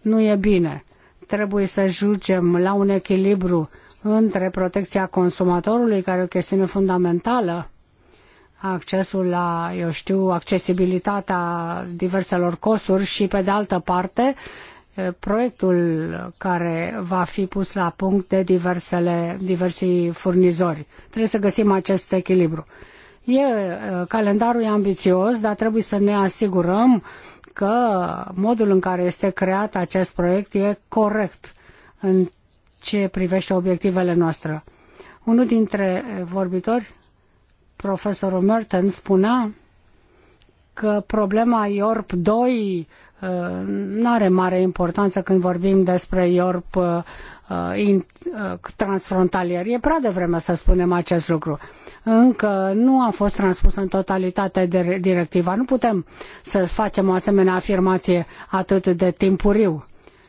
Speaker 3: nu e bine. Trebuie să ajungem la un echilibru între protecția consumatorului, care e o chestiune fundamentală, accesul la, eu știu, accesibilitatea diverselor costuri și, pe de altă parte, proiectul care va fi pus la punct de diversele, diversii furnizori. Trebuie să găsim acest echilibru. E, uh, calendarul e ambițios, dar trebuie să ne asigurăm că modul în care este creat acest proiect e corect în ce privește obiectivele noastre. Unul dintre vorbitori, profesorul Merton, spunea că problema IORP-2 uh, nu are mare importanță când vorbim despre IORP uh, Uh, uh, transfrontalier. E prea devreme să spunem acest lucru. Încă nu a fost transpusă în totalitate de directiva. Nu putem să facem o asemenea afirmație atât de timpuriu.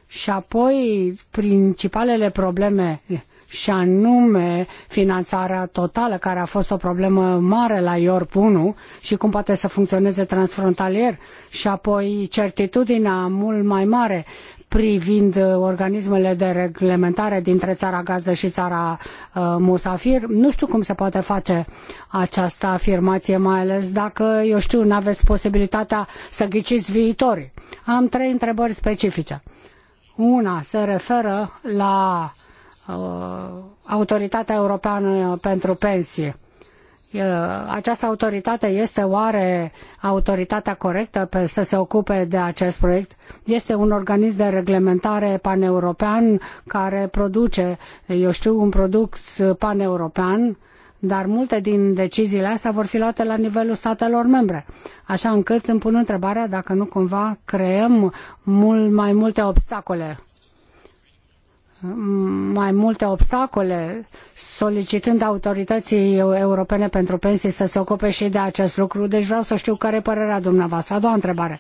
Speaker 3: Și apoi, principalele probleme și anume finanțarea totală, care a fost o problemă mare la IORP 1 și cum poate să funcționeze transfrontalier și apoi certitudinea mult mai mare privind uh, organismele de reglementare dintre țara gazdă și țara uh, musafir. Nu știu cum se poate face această afirmație, mai ales dacă, eu știu, nu aveți posibilitatea să ghiciți viitorii. Am trei întrebări specifice. Una se referă la uh, Autoritatea Europeană pentru Pensie această autoritate este oare autoritatea corectă pe să se ocupe de acest proiect? Este un organism de reglementare paneuropean care produce, eu știu, un produs paneuropean, dar multe din deciziile astea vor fi luate la nivelul statelor membre. Așa încât îmi pun întrebarea dacă nu cumva creăm mult mai multe obstacole mai multe obstacole, solicitând autorității europene pentru pensii să se ocupe și de acest lucru. Deci vreau să știu care e părerea dumneavoastră. A doua întrebare.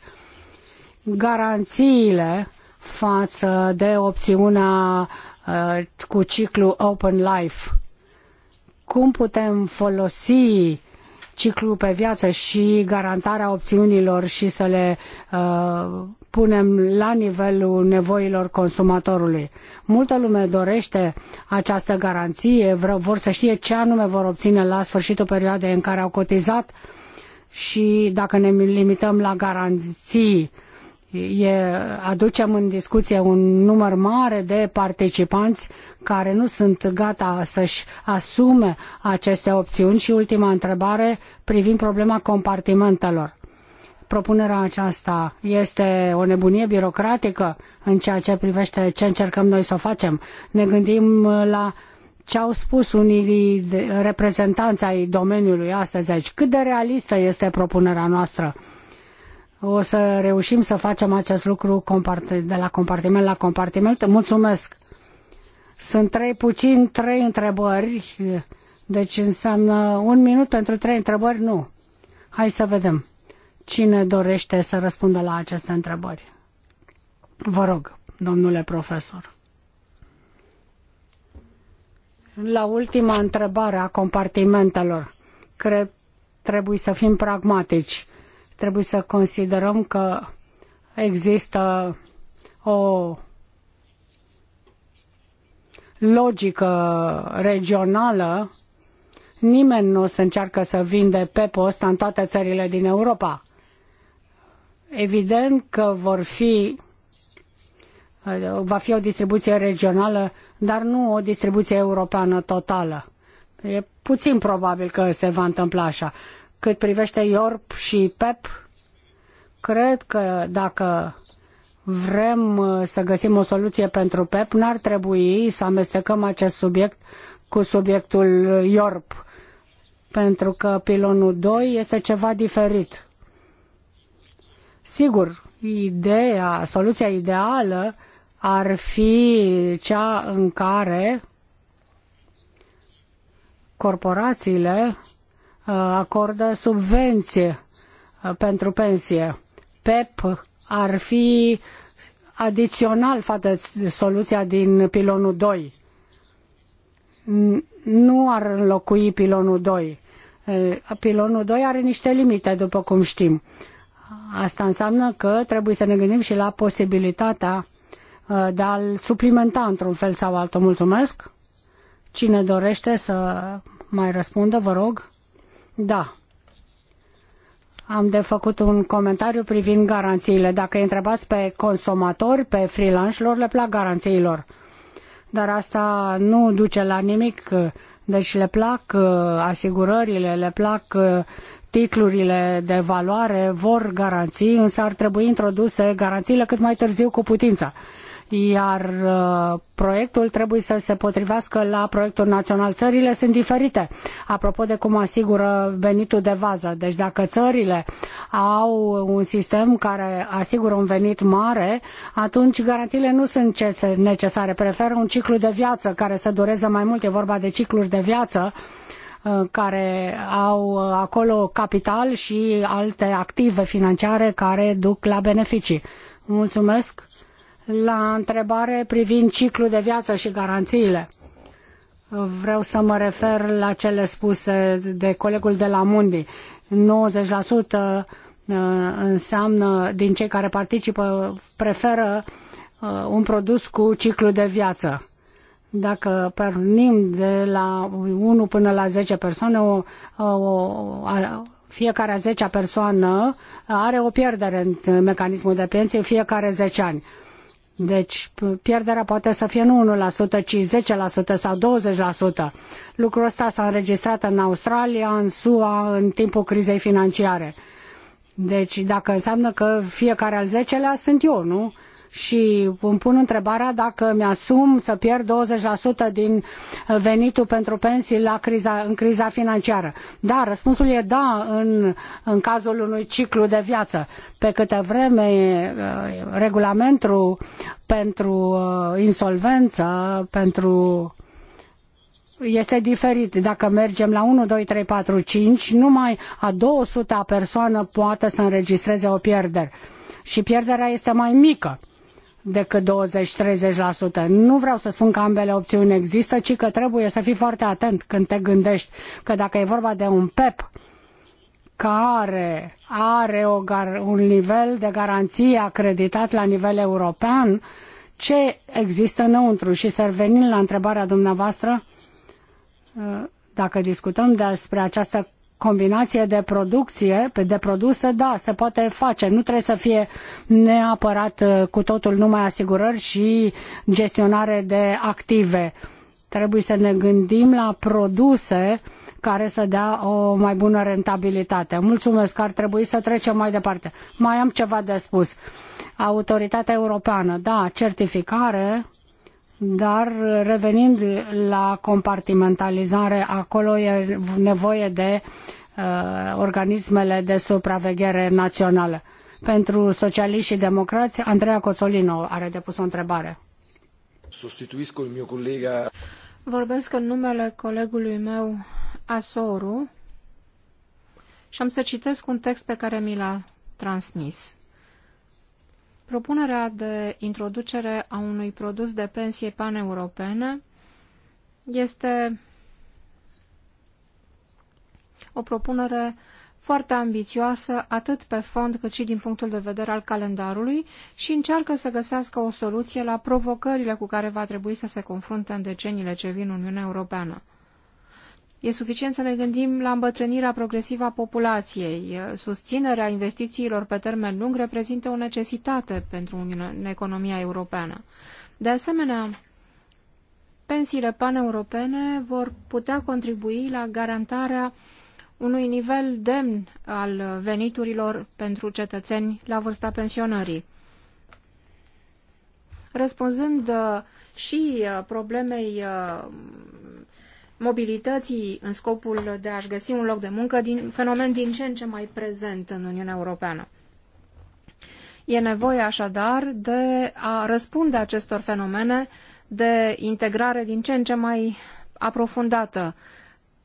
Speaker 3: Garanțiile față de opțiunea uh, cu ciclu Open Life. Cum putem folosi ciclul pe viață și garantarea opțiunilor și să le uh, punem la nivelul nevoilor consumatorului. Multă lume dorește această garanție, vor să știe ce anume vor obține la sfârșitul perioadei în care au cotizat și dacă ne limităm la garanții, e, aducem în discuție un număr mare de participanți care nu sunt gata să-și asume aceste opțiuni și ultima întrebare privind problema compartimentelor propunerea aceasta este o nebunie birocratică în ceea ce privește ce încercăm noi să o facem. Ne gândim la ce au spus unii reprezentanți ai domeniului astăzi aici. Cât de realistă este propunerea noastră? O să reușim să facem acest lucru de la compartiment la compartiment? Mulțumesc! Sunt trei puțin, trei întrebări, deci înseamnă un minut pentru trei întrebări? Nu. Hai să vedem. Cine dorește să răspundă la aceste întrebări? Vă rog, domnule profesor. La ultima întrebare a compartimentelor, cred trebuie să fim pragmatici. Trebuie să considerăm că există o logică regională nimeni nu o să încearcă să vinde pe post în toate țările din Europa. Evident că vor fi, va fi o distribuție regională, dar nu o distribuție europeană totală. E puțin probabil că se va întâmpla așa. Cât privește IORP și PEP, cred că dacă vrem uh, să găsim o soluție pentru PEP, n-ar trebui să amestecăm acest subiect cu subiectul IORP, pentru că pilonul 2 este ceva diferit. Sigur, ideea, soluția ideală ar fi cea în care corporațiile uh, acordă subvenție uh, pentru pensie. PEP ar fi adițional față soluția din pilonul 2. Nu ar înlocui pilonul 2. Uh, pilonul 2 are niște limite, după cum știm. Asta înseamnă că trebuie să ne gândim și la posibilitatea uh, de a-l suplimenta într-un fel sau altul. Mulțumesc! Cine dorește să mai răspundă, vă rog? Da. Am de făcut un comentariu privind garanțiile. Dacă îi întrebați pe consumatori, pe freelancerilor, le plac garanțiilor. Dar asta nu duce la nimic. Uh, deci le plac uh, asigurările, le plac titlurile de valoare vor garanții, însă ar trebui introduse garanțiile cât mai târziu cu putința. Iar uh, proiectul trebuie să se potrivească la proiectul național. Țările sunt diferite, apropo de cum asigură venitul de vază. Deci dacă țările au un sistem care asigură un venit mare, atunci garanțiile nu sunt necesare. Preferă un ciclu de viață care să dureze mai mult. E vorba de cicluri de viață uh, Uh, care au uh, acolo capital și alte active financiare care duc la beneficii. Mulțumesc. La întrebare privind ciclul de viață și garanțiile. Vreau să mă refer la cele spuse de colegul de la Mundi. 90% uh, înseamnă din cei care participă preferă un produs cu ciclu de viață dacă pornim de la 1 până la 10 persoane, o, o, a, fiecare a 10 persoană are o pierdere în mecanismul de pensie fiecare 10 ani. Deci pierderea poate să fie nu 1%, ci 10% sau 20%. Lucrul ăsta s-a înregistrat în Australia, în SUA, în timpul crizei financiare. Deci dacă înseamnă că fiecare al 10-lea sunt eu, nu? și îmi pun întrebarea dacă mi-asum să pierd 20% din venitul pentru pensii la criza, în criza financiară. Da, răspunsul e da în, în cazul unui ciclu de viață. Pe câtă vreme uh, regulamentul pentru uh, insolvență, pentru este diferit. Dacă mergem la 1, 2, 3, 4, 5, numai a 200-a persoană poate să înregistreze o pierdere. Și pierderea este mai mică decât 20-30%. Nu vreau să spun că ambele opțiuni există, ci că trebuie să fii foarte atent când te gândești că dacă e vorba de un PEP care are o, un nivel de garanție acreditat la nivel european, ce există înăuntru? Și să revenim la întrebarea dumneavoastră, uh, dacă discutăm despre această combinație de producție, de produse, da, se poate face. Nu trebuie să fie neapărat uh, cu totul numai asigurări și gestionare de active. Trebuie să ne gândim la produse care să dea o mai bună rentabilitate. Mulțumesc că ar trebui să trecem mai departe. Mai am ceva de spus. Autoritatea Europeană, da, certificare, dar revenind la compartimentalizare, acolo e nevoie de uh, organismele de supraveghere națională. Pentru socialiști și democrați, Andreea Coțolino are depus o întrebare.
Speaker 2: Sostituisco il colega. Vorbesc în numele colegului meu, Asoru, și am să citesc un text pe care mi l-a transmis. Propunerea de introducere a unui produs de pensie paneuropene este o propunere foarte ambițioasă atât pe fond cât și din punctul de vedere al calendarului și încearcă să găsească o soluție la provocările cu care va trebui să se confrunte în deceniile ce vin Uniunea Europeană. E suficient să ne gândim la îmbătrânirea progresivă a populației. Susținerea investițiilor pe termen lung reprezintă o necesitate pentru economia europeană. De asemenea, pensiile paneuropene vor putea contribui la garantarea unui nivel demn al veniturilor pentru cetățeni la vârsta pensionării. Răspunzând uh, și uh, problemei uh, mobilității în scopul de a-și găsi un loc de muncă, din, fenomen din ce în ce mai prezent în Uniunea Europeană. E nevoie așadar de a răspunde acestor fenomene de integrare din ce în ce mai aprofundată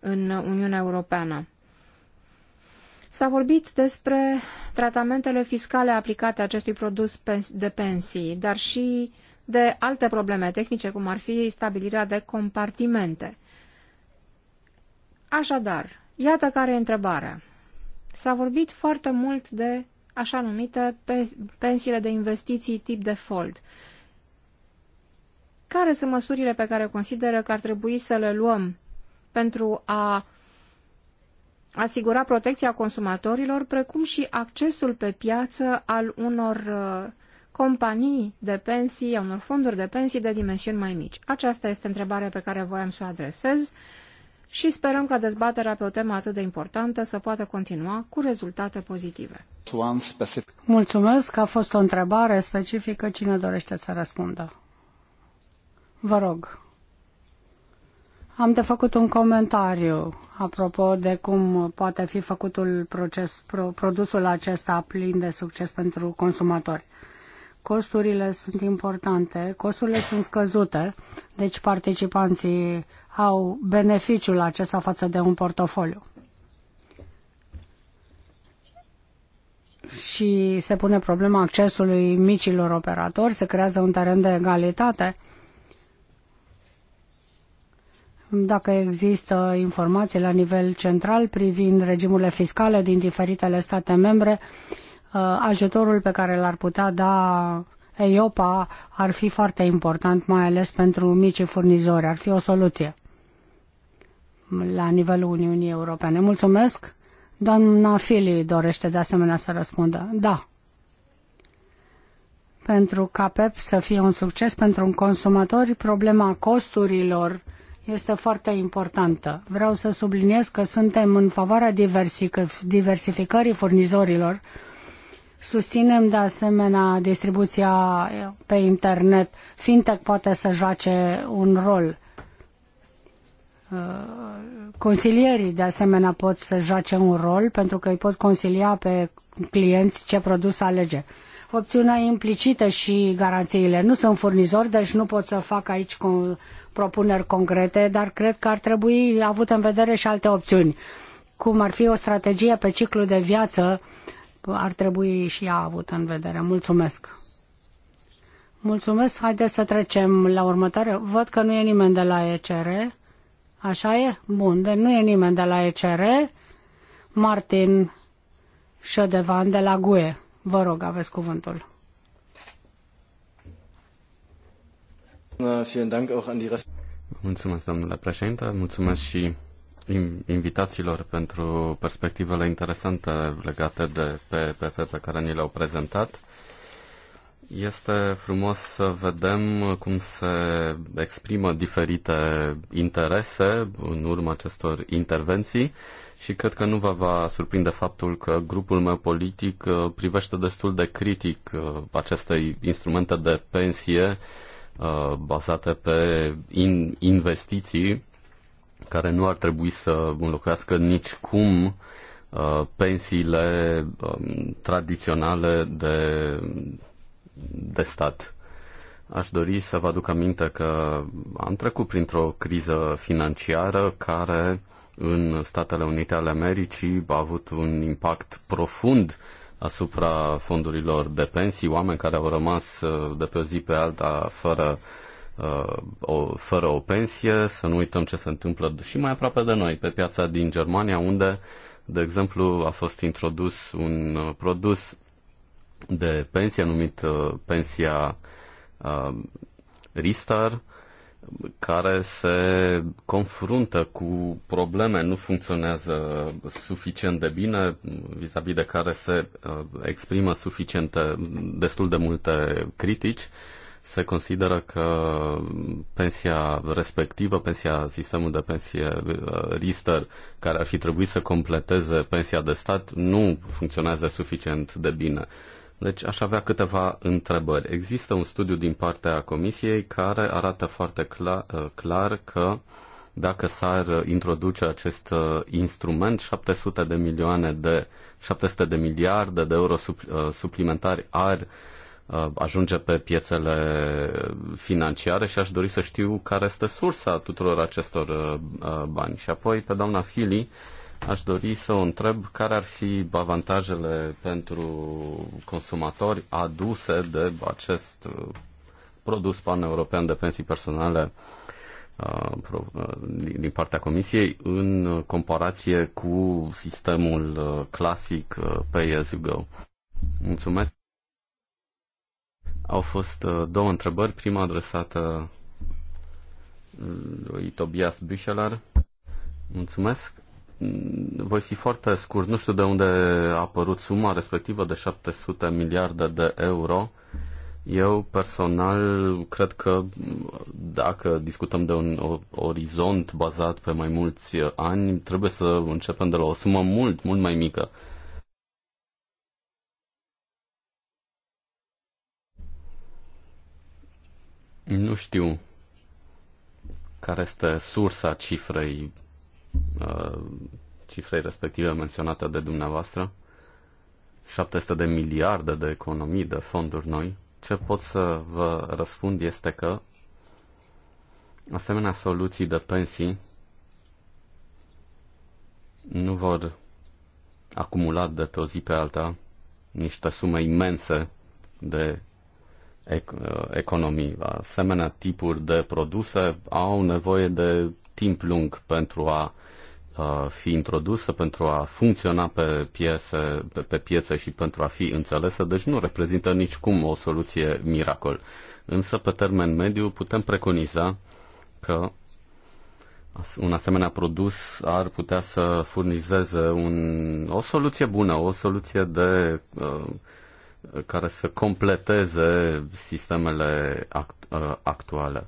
Speaker 2: în Uniunea Europeană. S-a vorbit despre tratamentele fiscale aplicate acestui produs de pensii, dar și de alte probleme tehnice, cum ar fi stabilirea de compartimente. Așadar, iată care e întrebarea. S-a vorbit foarte mult de așa numite pensiile de investiții tip default. Care sunt măsurile pe care consideră că ar trebui să le luăm pentru a asigura protecția consumatorilor, precum și accesul pe piață al unor uh, companii de pensii, a unor fonduri de pensii de dimensiuni mai mici? Aceasta este întrebarea pe care voiam să o adresez și sperăm ca dezbaterea pe o temă atât de importantă să poată continua cu rezultate
Speaker 3: pozitive. Mulțumesc, a fost o întrebare specifică. Cine dorește să răspundă? Vă rog. Am de făcut un comentariu apropo de cum poate fi făcutul proces, pro, produsul acesta plin de succes pentru consumatori. Costurile sunt importante, costurile sunt scăzute, deci participanții au beneficiul acesta față de un portofoliu. Și se pune problema accesului micilor operatori, se creează un teren de egalitate. Dacă există informații la nivel central privind regimurile fiscale din diferitele state membre, uh, ajutorul pe care l-ar putea da EIOPA ar fi foarte important, mai ales pentru micii furnizori, ar fi o soluție la nivelul Uniunii Europene. Mulțumesc. Doamna Fili dorește de asemenea să răspundă. Da. Pentru ca PEP să fie un succes pentru un consumator, problema costurilor este foarte importantă. Vreau să subliniez că suntem în favoarea diversificării furnizorilor. Susținem de asemenea distribuția pe internet. Fintech poate să joace un rol Uh, consilierii, de asemenea, pot să joace un rol pentru că îi pot consilia pe clienți ce produs alege. Opțiunea implicită și garanțiile. Nu sunt furnizor, deci nu pot să fac aici propuneri concrete, dar cred că ar trebui avut în vedere și alte opțiuni. Cum ar fi o strategie pe ciclu de viață, ar trebui și ea avut în vedere. Mulțumesc! Mulțumesc! Haideți să trecem la următoare. Văd că nu e nimeni de la ECR. Așa e? Bun, de deci nu e nimeni de la ECR. Martin Ședevan de la GUE. Vă rog, aveți cuvântul.
Speaker 4: Mulțumesc, domnule președinte, mulțumesc și invitațiilor pentru perspectivele interesante legate de PPP pe care ni le-au prezentat. Este frumos să vedem cum se exprimă diferite interese în urma acestor intervenții și cred că nu vă va surprinde faptul că grupul meu politic uh, privește destul de critic uh, aceste instrumente de pensie uh, bazate pe investiții care nu ar trebui să înlocuiască nici cum pensiile um, tradiționale de de stat. Aș dori să vă aduc aminte că am trecut printr-o criză financiară care în Statele Unite ale Americii a avut un impact profund asupra fondurilor de pensii, oameni care au rămas uh, de pe o zi pe alta fără uh, o, fără o pensie, să nu uităm ce se întâmplă și mai aproape de noi, pe piața din Germania, unde, de exemplu, a fost introdus un uh, produs de pensie, numit uh, pensia uh, Ristar, care se confruntă cu probleme, nu funcționează suficient de bine, vis-a-vis -vis de care se uh, exprimă suficiente, destul de multe critici. Se consideră că pensia respectivă, pensia sistemul de pensie uh, Rister, care ar fi trebuit să completeze pensia de stat, nu funcționează suficient de bine. Uh, deci aș avea câteva întrebări. Există un studiu din partea Comisiei care arată foarte clar, uh, clar că dacă s-ar introduce acest uh, instrument, 700 de milioane de 700 de miliarde de euro uh, suplimentari ar ajunge pe piețele financiare și aș dori să știu care este sursa tuturor acestor bani. Și apoi pe doamna Fili Aș dori să o întreb care ar fi avantajele pentru consumatori aduse de acest uh, produs pan-european de pensii personale uh, uh, din partea Comisiei în comparație cu sistemul clasic Pay As You Go. Mulțumesc. Au fost două întrebări. Prima adresată lui Tobias Bücheler. Mulțumesc voi fi foarte scurt, nu știu de unde a apărut suma respectivă de 700 miliarde de euro. Eu personal cred că dacă discutăm de un orizont bazat pe mai mulți ani, trebuie să începem de la o sumă mult, mult mai mică. Nu știu care este sursa cifrei uh, cifrei respective menționate de dumneavoastră, 700 de miliarde de economii, de fonduri noi, ce pot să vă răspund este că asemenea soluții de pensii nu vor acumula de pe o zi pe alta niște sume imense de uh, economii. Asemenea tipuri de produse au nevoie de timp lung pentru a fi introdusă, pentru a funcționa pe piese, pe, pe piețe și pentru a fi înțelesă, deci nu reprezintă nicicum o soluție miracol. Însă, pe termen mediu, putem preconiza că un asemenea produs ar putea să furnizeze un, o soluție bună, o soluție de uh, care să completeze sistemele act, uh, actuale.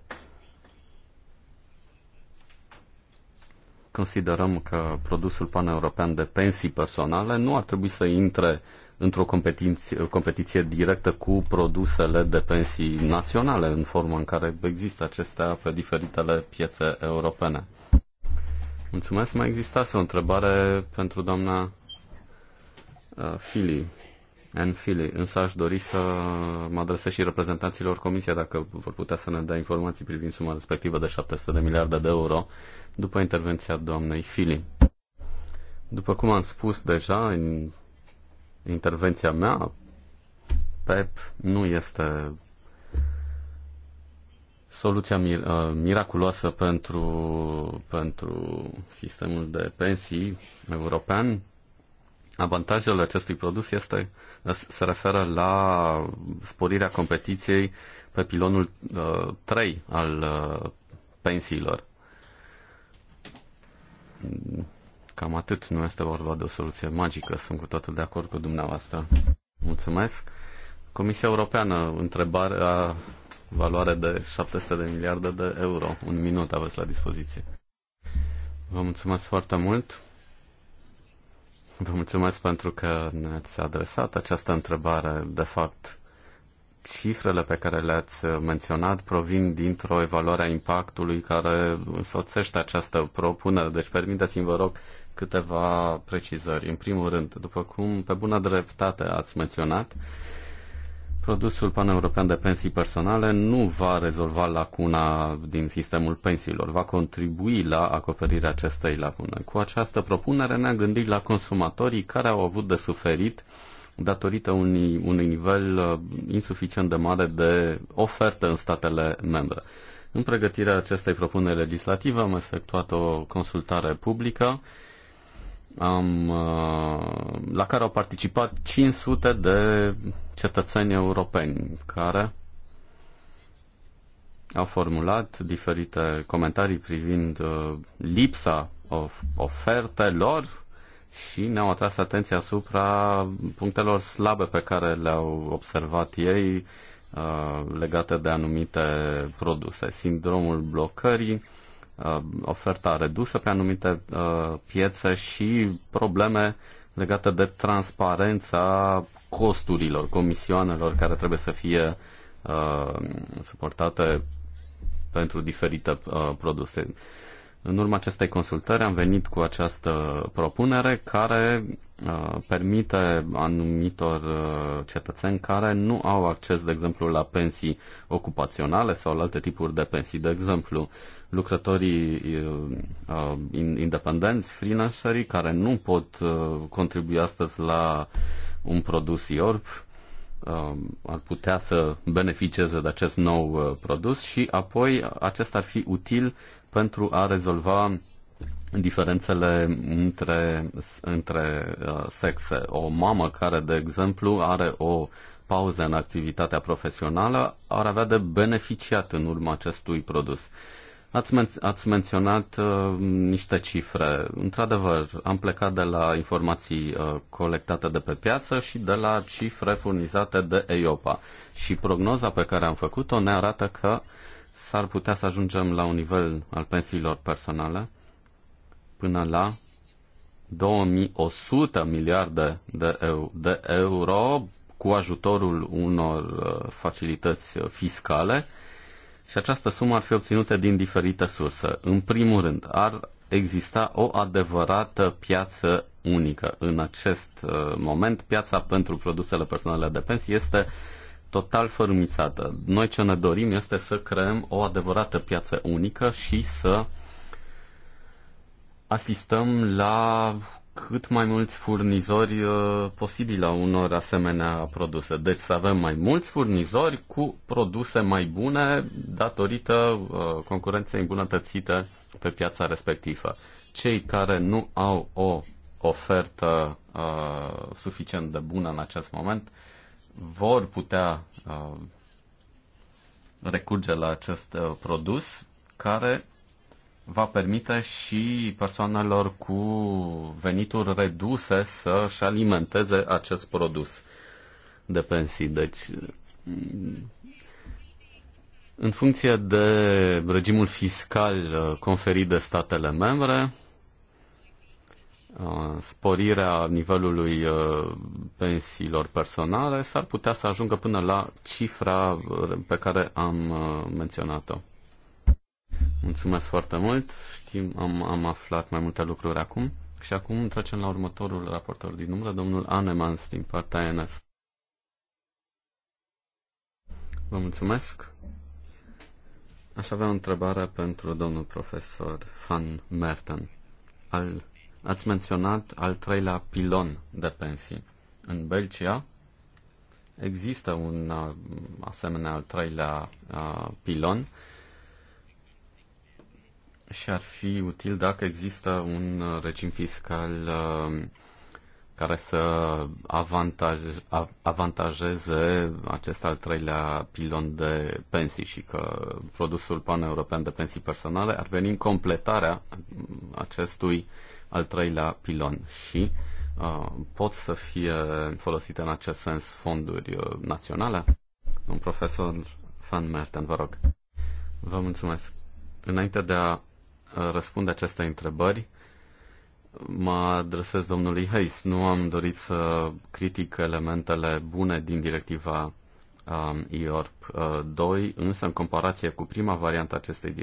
Speaker 4: considerăm că produsul pan-european de pensii personale nu ar trebui să intre într-o competiție, competiție directă cu produsele de pensii naționale, în forma în care există acestea pe diferitele piețe europene. Mulțumesc. Mai existase o întrebare pentru doamna uh, Fili, în Fili, însă aș dori să mă adresez și reprezentanților comisiei dacă vor putea să ne dea informații privind suma respectivă de 700 de miliarde de euro după intervenția doamnei Fili. După cum am spus deja în intervenția mea, PEP nu este soluția mir- uh, miraculoasă pentru, pentru sistemul de pensii european. Avantajul acestui produs este se referă la sporirea competiției pe pilonul uh, 3 al uh, pensiilor. Cam atât, nu este vorba de o soluție magică, sunt cu totul de acord cu dumneavoastră. Mulțumesc. Comisia Europeană, a valoare de 700 de miliarde de euro. Un minut aveți la dispoziție. Vă mulțumesc foarte mult. Vă mulțumesc pentru că ne-ați adresat această întrebare, de fapt, cifrele pe care le-ați menționat provin dintr-o evaluare a impactului care însoțește această propunere. Deci permiteți-mi, vă rog, câteva precizări. În primul rând, după cum pe bună dreptate ați menționat, produsul pan european de pensii personale nu va rezolva lacuna din sistemul pensiilor, va contribui la acoperirea acestei lacune. Cu această propunere ne-am gândit la consumatorii care au avut de suferit uh, datorită unui, unui nivel uh, insuficient de mare de ofertă în statele membre. În pregătirea acestei propuneri legislative am efectuat o consultare publică am, uh, la care au participat 500 de cetățeni europeni care au formulat diferite comentarii privind uh, lipsa of- ofertelor și ne-au atras atenția asupra punctelor slabe pe care le-au observat ei uh, legate de anumite produse. Sindromul blocării, uh, oferta redusă pe anumite uh, piețe și probleme legate de transparența costurilor, comisioanelor care trebuie să fie suportate pentru diferite produse. În urma acestei consultări am venit cu această propunere care uh, permite anumitor uh, cetățeni care nu au acces, de exemplu, la pensii ocupaționale sau la alte tipuri de pensii, de exemplu, lucrătorii uh, independenți, freelancerii care nu pot contribui astăzi la un produs IORP, ar putea să beneficieze de acest nou produs și apoi acesta ar fi util pentru a rezolva diferențele între, între uh, sexe. O mamă care, de exemplu, are o pauză în activitatea profesională ar avea de beneficiat în urma acestui produs. Ați, men- ați menționat uh, niște cifre. Într-adevăr, am plecat de la informații uh, colectate de pe piață și de la cifre furnizate de EIOPA. Și prognoza pe care am făcut-o ne arată că uh, s-ar putea să ajungem la un nivel al pensiilor personale până la 2100 miliarde de, eu, de euro cu ajutorul unor uh, facilități uh, fiscale și această sumă ar fi obținută din diferite surse. În primul rând, ar exista o adevărată piață unică. În acest uh, moment, piața pentru produsele personale de pensii este uh, total fărâmițată. Noi ce ne dorim este să creăm o adevărată piață unică și să asistăm la cât mai mulți furnizori uh, posibil la unor asemenea produse. Deci să avem mai mulți furnizori cu produse mai bune datorită uh, concurenței îmbunătățite pe piața respectivă. Cei care nu au o ofertă uh, suficient de bună în acest moment uh, vor putea uh, recurge la acest uh, produs care va permite și persoanelor cu venituri reduse să-și alimenteze acest produs de pensii. Deci, în funcție de regimul fiscal uh, conferit de statele membre, Uh, sporirea nivelului uh, pensiilor personale, s-ar putea să ajungă până la cifra uh, pe care am menționat-o. Mulțumesc foarte mult. Știm, am, am aflat mai multe lucruri acum. Și acum trecem la următorul raportor din umbră, domnul Anemans din partea NF. Vă mulțumesc. Aș avea o întrebare pentru domnul profesor Van Merten. Al Ați menționat al treilea pilon de pensii. În Belgia există un asemenea al treilea pilon și ar fi util dacă există un regim fiscal care să avantaje, avantajeze acest al treilea pilon de pensii și că produsul pan-european de pensii personale ar veni în completarea acestui uh, al treilea pilon și uh, pot să fie folosite în acest sens fonduri uh, naționale? Un profesor Van Merten, vă rog. Vă mulțumesc. Înainte de a uh, răspunde aceste întrebări, mă adresez domnului Hayes. Nu am dorit să critic elementele bune din directiva um, IORP 2, uh, însă în comparație cu prima variantă a acestei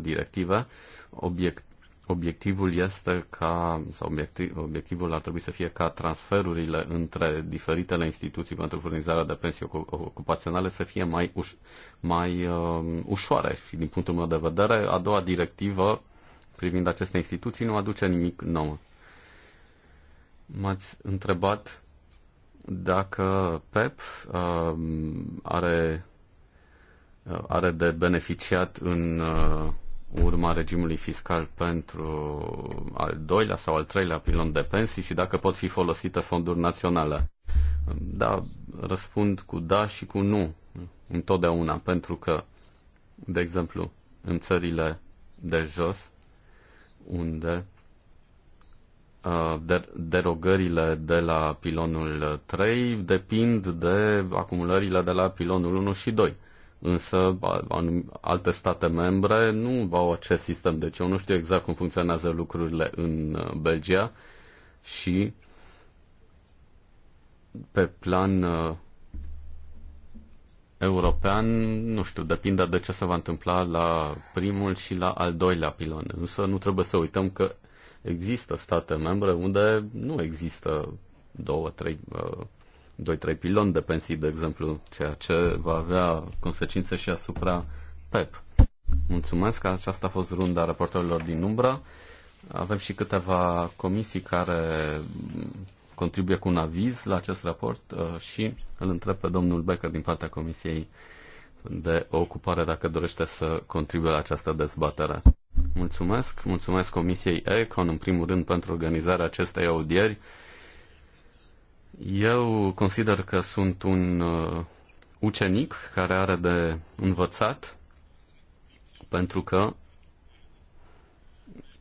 Speaker 4: directive, obiect, obiectivul este ca, sau obiectiv, obiectivul ar trebui să fie ca transferurile între diferitele instituții pentru furnizarea de pensii ocupaționale să fie mai, uș, mai uh, ușoare. Și din punctul meu de vedere, a doua directivă privind aceste instituții nu aduce nimic nou. M-ați întrebat dacă PEP uh, um, are, uh, are de beneficiat în uh, urma regimului fiscal pentru al doilea sau al treilea pilon de pensii și dacă pot fi folosite fonduri naționale. Da, răspund cu da și cu nu întotdeauna, pentru că, de exemplu, în țările de jos, unde derogările de la pilonul 3 depind de acumulările de la pilonul 1 și 2 însă alte state membre nu au acest sistem, deci eu nu știu exact cum funcționează lucrurile în uh, Belgia și pe plan uh, european, nu știu, depinde de ce se va întâmpla la primul și la al doilea pilon. Însă nu trebuie să uităm că există state membre unde nu există două, trei uh, 2-3 piloni de pensii, de exemplu, ceea ce va avea consecințe și asupra PEP. Mulțumesc că aceasta a fost runda raportorilor din umbra. Avem și câteva comisii care contribuie cu un aviz la acest raport uh, și îl întreb pe domnul Becker din partea Comisiei de Ocupare dacă dorește să contribuie la această dezbatere. Mulțumesc, mulțumesc Comisiei Econ în primul rând pentru organizarea acestei audieri eu consider că sunt un uh, ucenic care are de învățat, pentru că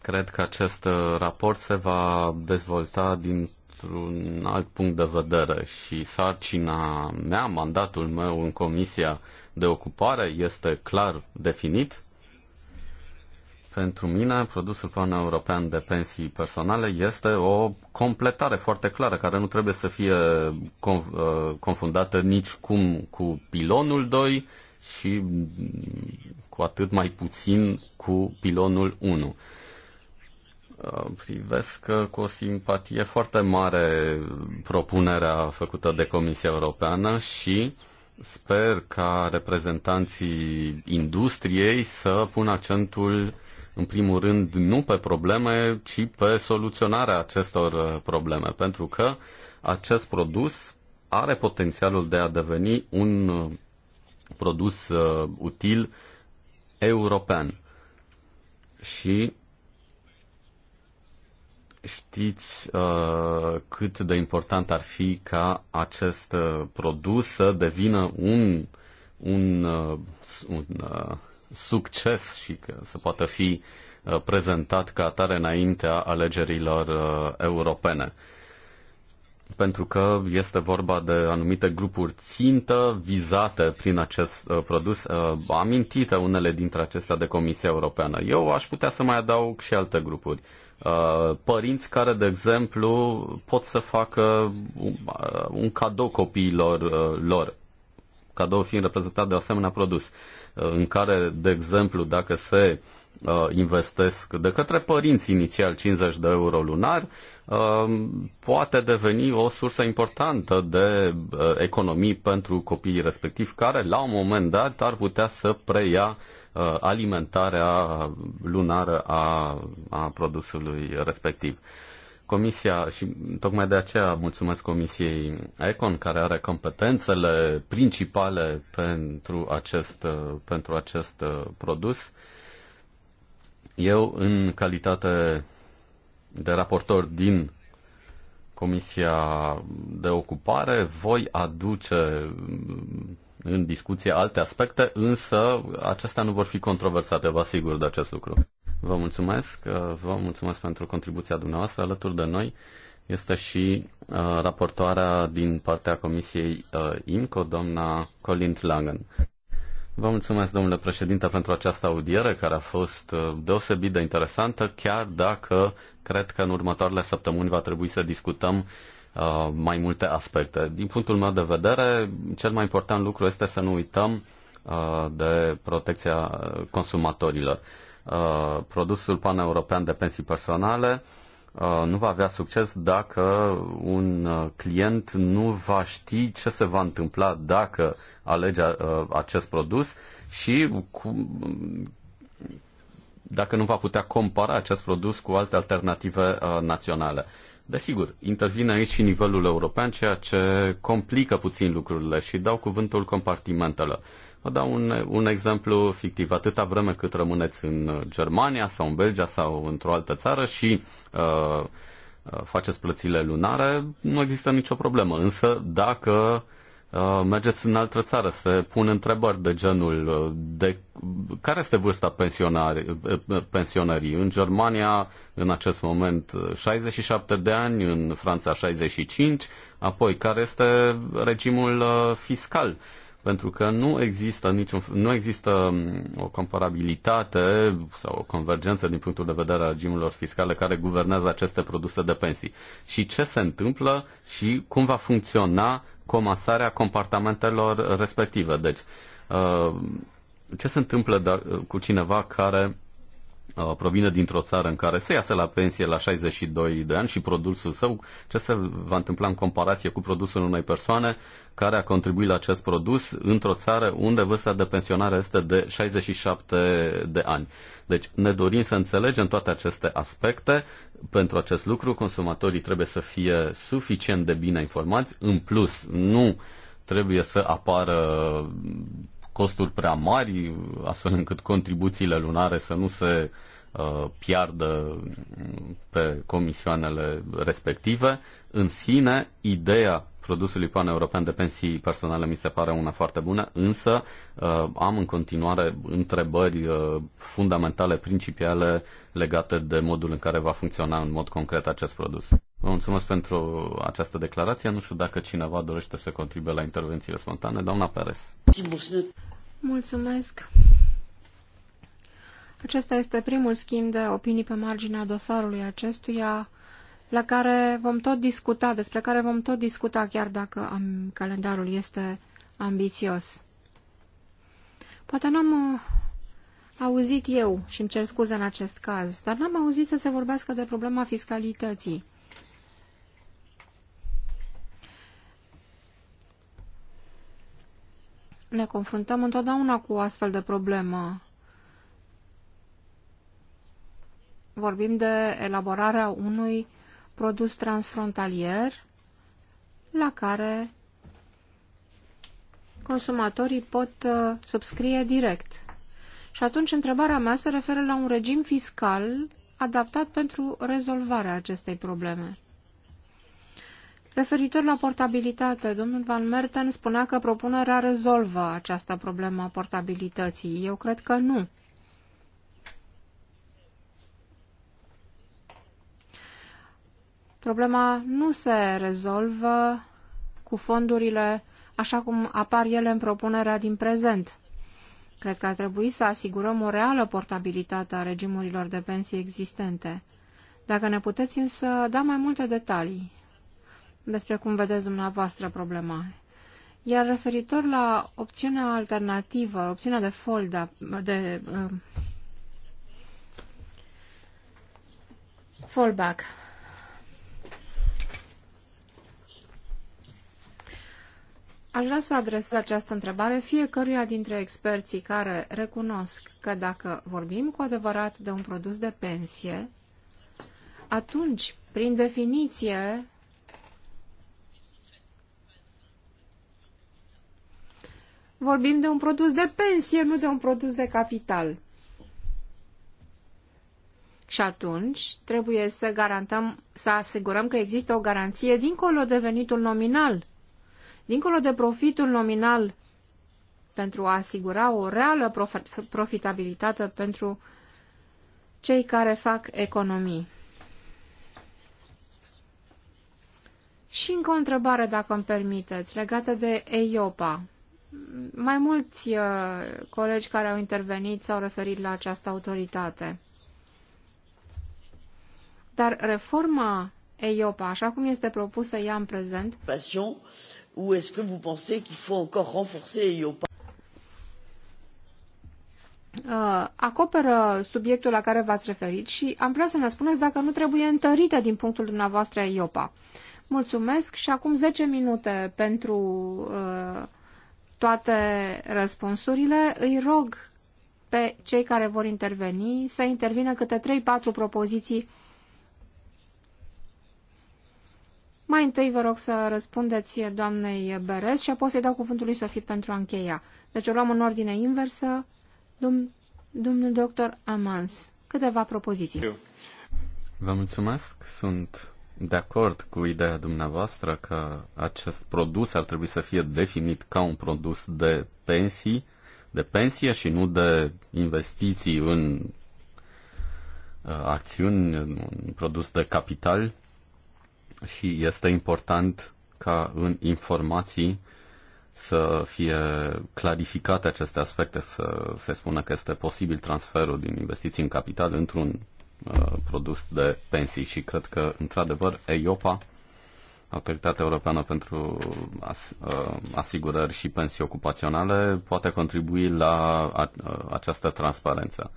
Speaker 4: cred că acest uh, raport se va dezvolta dintr-un alt punct de vedere și sarcina mea, mandatul meu în Comisia de Ocupare este clar definit pentru mine, produsul pan-european de pensii personale este o completare foarte clară, care nu trebuie să fie uh, confundată nici cum cu pilonul 2 și cu atât mai puțin cu pilonul 1 uh, privesc cu o simpatie foarte mare propunerea făcută de Comisia Europeană și sper ca reprezentanții industriei să pună accentul în primul rând, nu pe probleme, ci pe soluționarea acestor uh, probleme, pentru că acest produs are potențialul de a deveni un uh, produs uh, util european. Și știți uh, cât de important ar fi ca acest uh, produs să devină un, un, uh, un uh, succes și că să poată fi uh, prezentat ca atare înaintea alegerilor uh, europene. Pentru că este vorba de anumite grupuri țintă vizate prin acest uh, produs, amintite unele dintre acestea de Comisia Europeană. Eu aș putea să mai adaug și alte grupuri părinți care, de exemplu, pot să facă un cadou copiilor lor cadou fiind reprezentat de asemenea produs, uh, în care, de exemplu, dacă se uh, investesc de către părinți inițial 50 de euro lunar, uh, poate deveni o sursă importantă de economii pentru copiii respectivi, care la un moment dat ar putea să preia alimentarea lunară a, a produsului respectiv. Comisia, și tocmai de aceea mulțumesc Comisiei Econ, care are competențele principale pentru acest, pentru acest produs. Eu, în calitate de raportor din Comisia de Ocupare, voi aduce în discuție alte aspecte, însă acestea nu vor fi controversate, vă asigur de acest lucru. Vă mulțumesc, uh, vă mulțumesc pentru contribuția dumneavoastră alături de noi. Este și uh, raportoarea din partea Comisiei uh, IMCO, doamna Colin Langen. Vă mulțumesc, domnule președinte, pentru această audiere care a fost uh, deosebit de interesantă, chiar dacă cred că în următoarele săptămâni va trebui să discutăm uh, mai multe aspecte. Din punctul meu de vedere, cel mai important lucru este să nu uităm uh, de protecția uh, consumatorilor. Uh, produsul pan-european de pensii personale uh, nu va avea succes dacă un uh, client nu va ști ce se va întâmpla dacă alege acest produs și cu, dacă nu va putea compara acest produs cu alte alternative naționale. Desigur, intervine aici și nivelul european, ceea ce complică puțin lucrurile și dau cuvântul compartimentelor. Vă dau un, un exemplu fictiv. Atâta vreme cât rămâneți în Germania sau în Belgia sau într-o altă țară și uh, uh faceți plățile lunare, nu există nicio problemă. Însă dacă uh, mergeți în altă țară, se pun întrebări de genul uh, de care este vârsta pensionării. Uh, în Germania, în acest moment, 67 de ani, în Franța 65, apoi care este regimul fiscal pentru că nu există, niciun, nu există o comparabilitate sau o convergență din punctul de vedere al regimurilor fiscale care guvernează aceste produse de pensii. Și ce se întâmplă și cum va funcționa comasarea compartamentelor respective. Deci, uh, ce se întâmplă da, cu cineva care Uh, provine dintr-o țară în care se iasă la pensie la 62 de ani și produsul său, ce se va întâmpla în comparație cu produsul unei persoane care a contribuit la acest produs într-o țară unde vârsta de pensionare este de 67 de ani. Deci ne dorim să înțelegem toate aceste aspecte. Pentru acest lucru, consumatorii trebuie să fie suficient de bine informați. În plus, nu trebuie să apară costuri prea mari, astfel încât contribuțiile lunare să nu se uh, piardă mm, pe comisioanele respective. În sine, ideea produsului pan-european de pensii personale mi se pare una foarte bună, însă uh, am în continuare întrebări uh, fundamentale, principiale legate de modul în care va funcționa în mod concret acest produs. Vă mulțumesc pentru această declarație. Nu știu dacă cineva dorește să contribuie la intervențiile spontane. Doamna Perez.
Speaker 2: Mulțumesc. Acesta este primul schimb de opinii pe marginea dosarului acestuia, la care vom tot discuta, despre care vom tot discuta, chiar dacă am, calendarul este ambițios. Poate n-am uh, auzit eu, și îmi cer scuze în acest caz, dar n-am auzit să se vorbească de problema fiscalității. ne confruntăm întotdeauna cu o astfel de problemă. Vorbim de elaborarea unui produs transfrontalier la care consumatorii pot uh, subscrie direct. Și atunci întrebarea mea se referă la un regim fiscal adaptat pentru rezolvarea acestei probleme. Referitor la portabilitate, domnul Van Merten spunea că propunerea rezolvă această problemă a portabilității. Eu cred că nu. Problema nu se rezolvă cu fondurile așa cum apar ele în propunerea din prezent. Cred că ar trebui să asigurăm o reală portabilitate a regimurilor de pensii existente. Dacă ne puteți însă da mai multe detalii despre cum vedeți dumneavoastră problema. Iar referitor la opțiunea alternativă, opțiunea de fold, de uh, fallback, Aș vrea să adresez această întrebare fiecăruia dintre experții care recunosc că dacă vorbim cu adevărat de un produs de pensie, atunci, prin definiție, vorbim de un produs de pensie, nu de un produs de capital. Și atunci trebuie să garantăm, să asigurăm că există o garanție dincolo de venitul nominal, dincolo de profitul nominal, pentru a asigura o reală profit profitabilitate pentru cei care fac economii. Și încă o întrebare, dacă îmi permiteți, legată de EIOPA. Mai mulți uh, colegi care au intervenit s-au referit la această autoritate. Dar reforma EIOPA, așa cum este propusă ea în prezent,
Speaker 3: ou est-ce que vous pensez qu'il faut encore renforcer EIOPA
Speaker 2: uh, acoperă subiectul la care v-ați referit și am vrea să ne spuneți dacă nu trebuie întărită din punctul dumneavoastră IOPA. Mulțumesc și acum 10 minute pentru uh, toate răspunsurile, îi rog pe cei care vor interveni să intervină câte 3-4 propoziții. Mai întâi vă rog să răspundeți doamnei Beres și apoi să-i dau cuvântul lui Sofie pentru a încheia. Deci o luăm în ordine inversă. Dum, domnul doctor Amans, câteva propoziții.
Speaker 4: Vă mulțumesc, sunt de acord cu ideea dumneavoastră că acest produs ar trebui să fie definit ca un produs de pensii, de pensie și nu de investiții în uh, acțiuni, un produs de capital și este important ca în informații să fie clarificate aceste aspecte, să se spună că este posibil transferul din investiții în capital într-un Uh, produs de pensii și cred că, într-adevăr, EIOPA, Autoritatea Europeană pentru As- uh, Asigurări și Pensii Ocupaționale, poate contribui la uh, această transparență.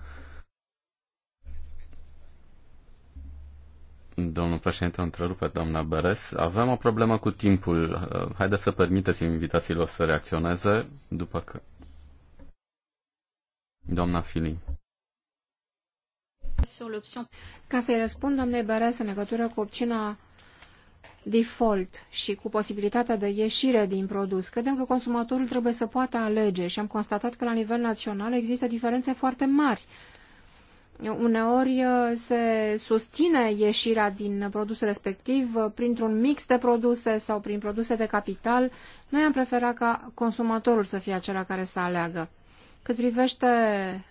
Speaker 4: Domnul președinte, întrerupe doamna Beres. Avem o problemă cu timpul. Haideți să permiteți invitațiilor să reacționeze după că... Doamna Filin.
Speaker 2: Ca să-i răspund, doamnei Beres, în legătură cu opțiunea default și cu posibilitatea de ieșire din produs. Credem că consumatorul trebuie să poată alege și am constatat că la nivel național există diferențe foarte mari. Uneori uh, se susține ieșirea din produsul respectiv uh, printr-un mix de produse sau prin produse de capital. Noi am preferat ca consumatorul să fie acela care să aleagă. Cât privește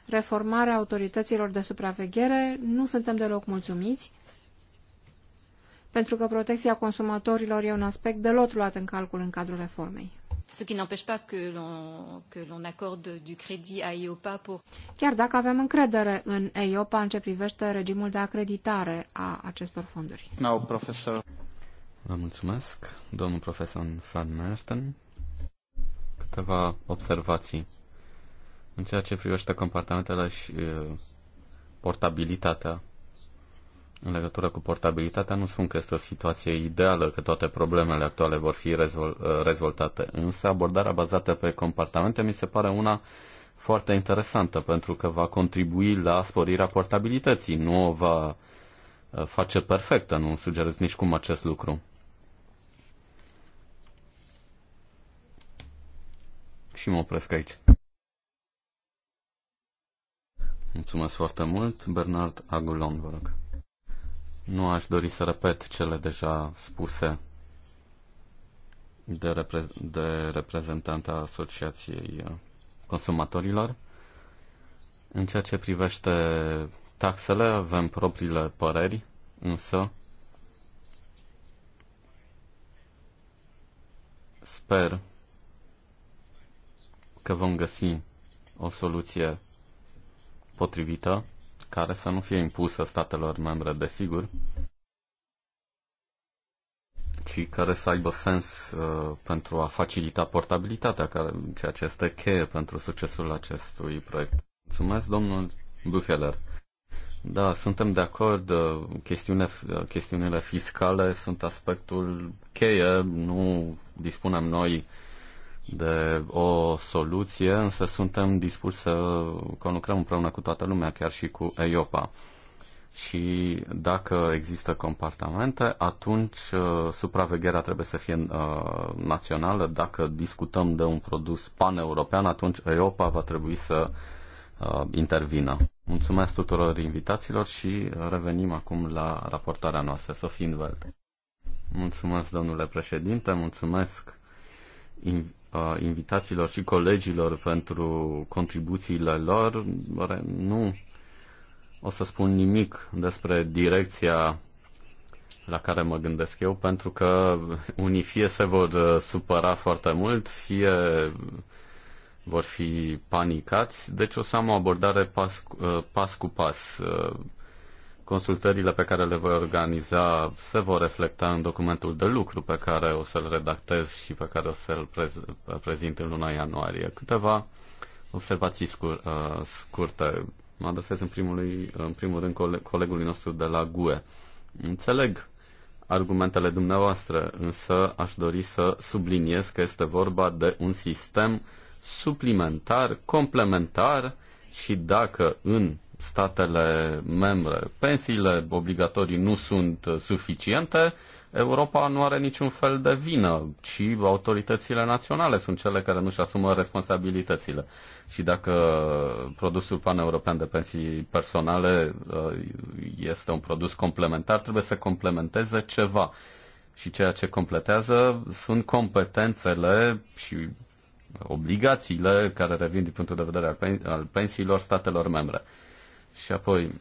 Speaker 2: reformarea autorităților de supraveghere, nu suntem deloc mulțumiți, pentru că protecția consumatorilor e un aspect deloc luat în calcul în cadrul reformei. Ce qui n'empêche pas que l'on, que l'on accorde du crédit à EIOPA pour... Chiar dacă avem încredere în EIOPA în ce privește regimul de acreditare a acestor fonduri.
Speaker 4: No, profesor. Vă mulțumesc, domnul profesor Van Merten. Câteva observații în ceea ce privește compartimentele și portabilitatea, în legătură cu portabilitatea, nu spun că este o situație ideală, că toate problemele actuale vor fi rezol- rezolvate, însă abordarea bazată pe compartamente mi se pare una foarte interesantă, pentru că va contribui la sporirea portabilității, nu o va face perfectă, nu sugerez nici cum acest lucru. Și mă opresc aici. Mulțumesc foarte mult. Bernard Agulon, vă rog. Nu aș dori să repet cele deja spuse de, repre- de reprezentanta Asociației Consumatorilor. În ceea ce privește taxele, avem propriile păreri, însă sper că vom găsi o soluție potrivită care să nu fie impusă statelor membre, desigur, ci care să aibă sens uh, pentru a facilita portabilitatea, care, ceea ce este cheie pentru succesul acestui proiect. Mulțumesc, domnul Bucheler. Da, suntem de acord. Uh, chestiune, uh, chestiunile fiscale sunt aspectul cheie. Nu dispunem noi de o soluție, însă suntem dispuși să conlucrăm împreună cu toată lumea, chiar și cu EIOPA. Și dacă există compartamente, atunci uh, supravegherea trebuie să fie uh, națională. Dacă discutăm de un produs european, atunci EIOPA va trebui să uh, intervină. Mulțumesc tuturor invitațiilor și revenim acum la raportarea noastră, Sofie Invelt. Mulțumesc, domnule președinte, mulțumesc uh, invitațiilor și colegilor pentru contribuțiile lor. Nu o să spun nimic despre direcția la care mă gândesc eu, pentru că unii fie se vor uh, supăra foarte mult, fie vor fi panicați, deci o să am o abordare pas, uh, pas cu pas. Uh, Consultările pe care le voi organiza se vor reflecta în documentul de lucru pe care o să-l redactez și pe care o să-l prezint în luna ianuarie. Câteva observații scur, uh, scurte. Mă adresez în primul, în primul rând colegului nostru de la GUE. Înțeleg argumentele dumneavoastră, însă aș dori să subliniez că este vorba de un sistem suplimentar, complementar și dacă în statele membre pensiile obligatorii nu sunt uh, suficiente, Europa nu are niciun fel de vină, ci autoritățile naționale sunt cele care nu-și asumă responsabilitățile. Și dacă produsul pan-european de pensii personale uh, este un produs complementar, trebuie să complementeze ceva. Și ceea ce completează sunt competențele și obligațiile care revin din punctul de vedere al pensiilor statelor membre și apoi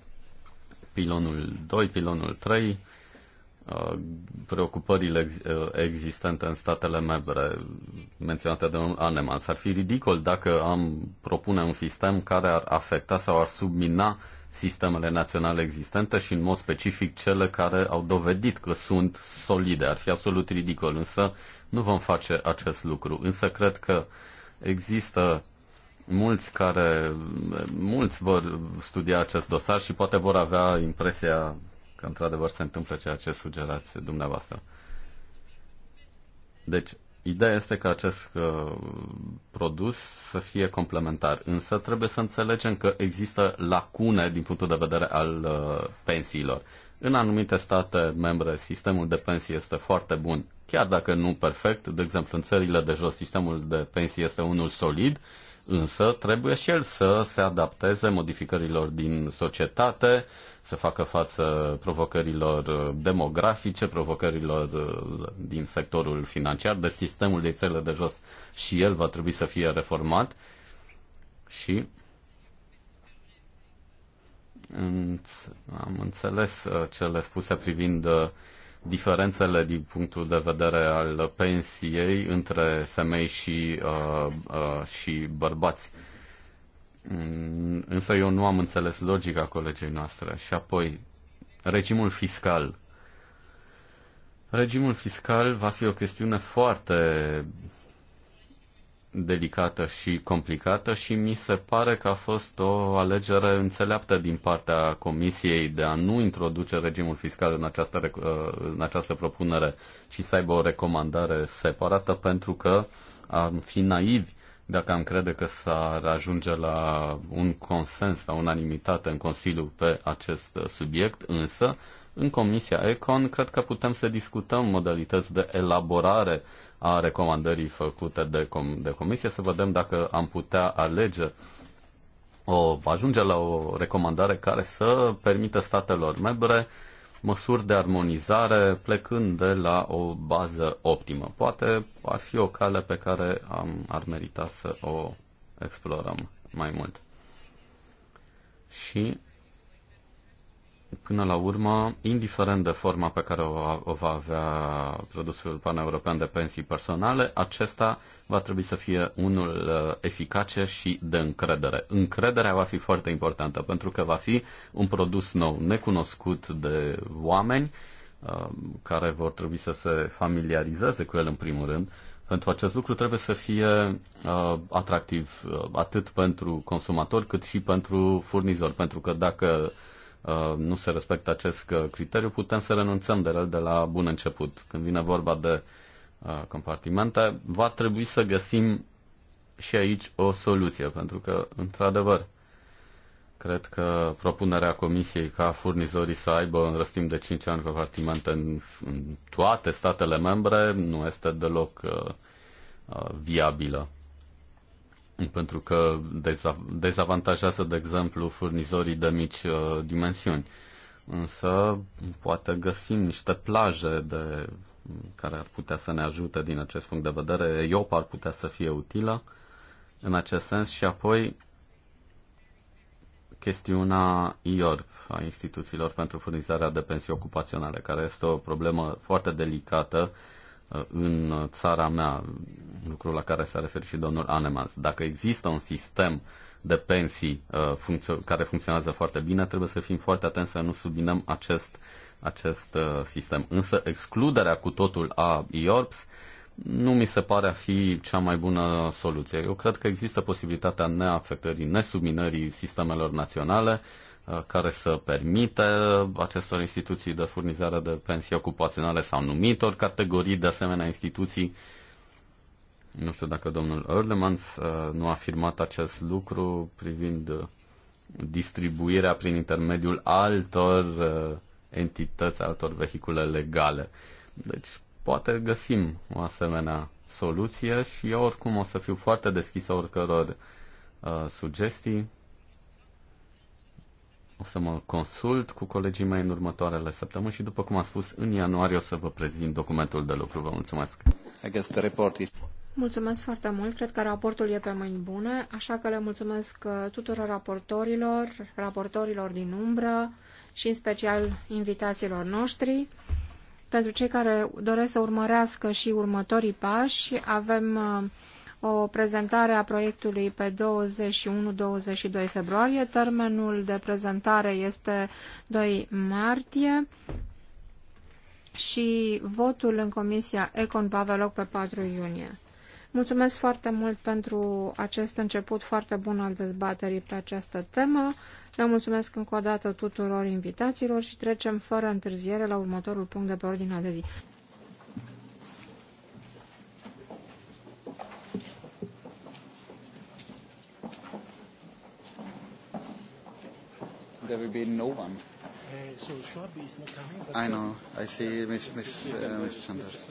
Speaker 4: pilonul 2, pilonul 3, uh, preocupările uh, existente în statele membre menționate de domnul Anemans. Ar fi ridicol dacă am propune un sistem care ar afecta sau ar submina sistemele naționale existente și în mod specific cele care au dovedit că sunt solide. Ar fi absolut ridicol, însă nu vom face acest lucru. Însă cred că există mulți care, mulți vor studia acest dosar și poate vor avea impresia că într-adevăr se întâmplă ceea ce sugerați dumneavoastră. Deci, ideea este că acest uh, produs să fie complementar, însă trebuie să înțelegem că există lacune din punctul de vedere al uh, pensiilor. În anumite state membre, sistemul de pensii este foarte bun, chiar dacă nu perfect. De exemplu, în țările de jos, sistemul de pensii este unul solid, uh, însă trebuie și el să se adapteze modificărilor din societate, să facă față provocărilor demografice, provocărilor uh, din sectorul financiar, de sistemul de țările de jos și el va trebui să fie reformat și am înțeles uh, cele spuse privind uh, diferențele din punctul de vedere al pensiei între femei și, uh, uh, și bărbați. Mm, însă eu nu am înțeles logica colegei noastre. Și apoi, regimul fiscal. Regimul fiscal va fi o chestiune foarte delicată și complicată și mi se pare că a fost o alegere înțeleaptă din partea Comisiei de a nu introduce regimul fiscal în această, uh, în această propunere și să aibă o recomandare separată pentru că am fi naivi dacă am crede că s-ar ajunge la un consens, la unanimitate în Consiliu pe acest subiect, însă în Comisia Econ cred că putem să discutăm modalități de elaborare a recomandării făcute de, com- de comisie, să vedem dacă am putea alege o, ajunge la o recomandare care să permită statelor membre măsuri de armonizare plecând de la o bază optimă. Poate ar fi o cale pe care am, ar merita să o explorăm mai mult. Și Până la urmă, indiferent de forma pe care o, va avea produsul pan-european de pensii personale, acesta va trebui să fie unul uh, eficace și de încredere. Încrederea va fi foarte importantă pentru că va fi un produs nou, necunoscut de oameni uh, care vor trebui să se familiarizeze cu el în primul rând. Pentru acest lucru trebuie să fie uh, atractiv uh, atât pentru consumatori cât și pentru furnizori, pentru că dacă uh, Uh, nu se respectă acest uh, criteriu, putem să renunțăm de el de la bun început. Când vine vorba de uh, compartimente, va trebui să găsim și aici o soluție, pentru că, într-adevăr, cred că propunerea Comisiei ca furnizorii să aibă în răstim de 5 ani compartimente în, în toate statele membre nu este deloc uh, viabilă pentru că dezavantajează, de exemplu, furnizorii de mici uh, dimensiuni. Însă poate găsim niște plaje de, care ar putea să ne ajute din acest punct de vedere. IOP ar putea să fie utilă în acest sens și apoi chestiunea IORP, a instituțiilor pentru furnizarea de pensii ocupaționale, care este o problemă foarte delicată uh, în țara mea, lucru la care s-a referit și domnul Anemans. Dacă există un sistem de pensii uh, care funcționează foarte bine, trebuie să fim foarte atenți să nu subinăm acest, acest uh, sistem. Însă excluderea cu totul a IORPS nu mi se pare a fi cea mai bună soluție. Eu cred că există posibilitatea neafectării, nesubminării sistemelor naționale, Uh, care să permite uh, acestor instituții de furnizare de pensii ocupaționale sau numitor categorii de asemenea instituții. Nu știu dacă domnul Erlemans uh, nu a afirmat acest lucru privind distribuirea prin intermediul altor entități, altor vehicule legale. Deci poate găsim o asemenea soluție și eu oricum o să fiu foarte deschis oricăror uh, sugestii o să mă consult cu colegii mei în următoarele săptămâni și, după cum am spus, în ianuarie o să vă prezint documentul de lucru. Vă mulțumesc! I guess the report is...
Speaker 2: Mulțumesc foarte mult, cred că raportul e pe mâini bune, așa că le mulțumesc uh, tuturor raportorilor, raportorilor din umbră și în special invitațiilor noștri. Pentru cei care doresc să urmărească și următorii pași, avem uh, o prezentare a proiectului pe 21-22 februarie. Termenul de prezentare este 2 martie și votul în Comisia Econ va avea loc pe 4 iunie. Mulțumesc foarte mult pentru acest început foarte bun al dezbaterii pe această temă. Le mulțumesc încă o dată tuturor invitațiilor și trecem fără întârziere la următorul punct de pe ordinea de zi.
Speaker 4: there will be no one.
Speaker 1: Uh, so Schwab is not coming. I know.
Speaker 4: I see Miss Miss uh, Miss Sanders.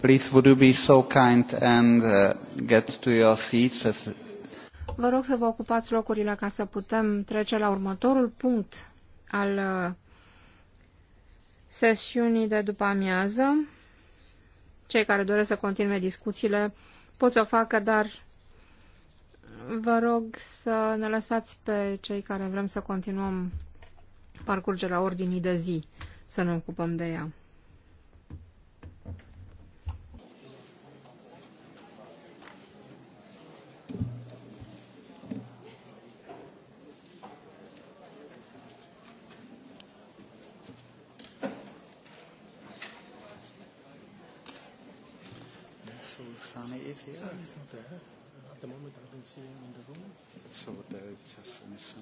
Speaker 1: Please, would you be so kind and uh, get to your seats as...
Speaker 2: Vă rog să vă ocupați locurile ca să putem trece la următorul punct al uh, sesiunii de după amiază. Cei care doresc să continue discuțiile pot să o facă, dar vă rog să ne lăsați pe cei care vrem să continuăm parcurgerea ordinii de zi să ne ocupăm de ea.
Speaker 1: Eh? So there uh, is just Miss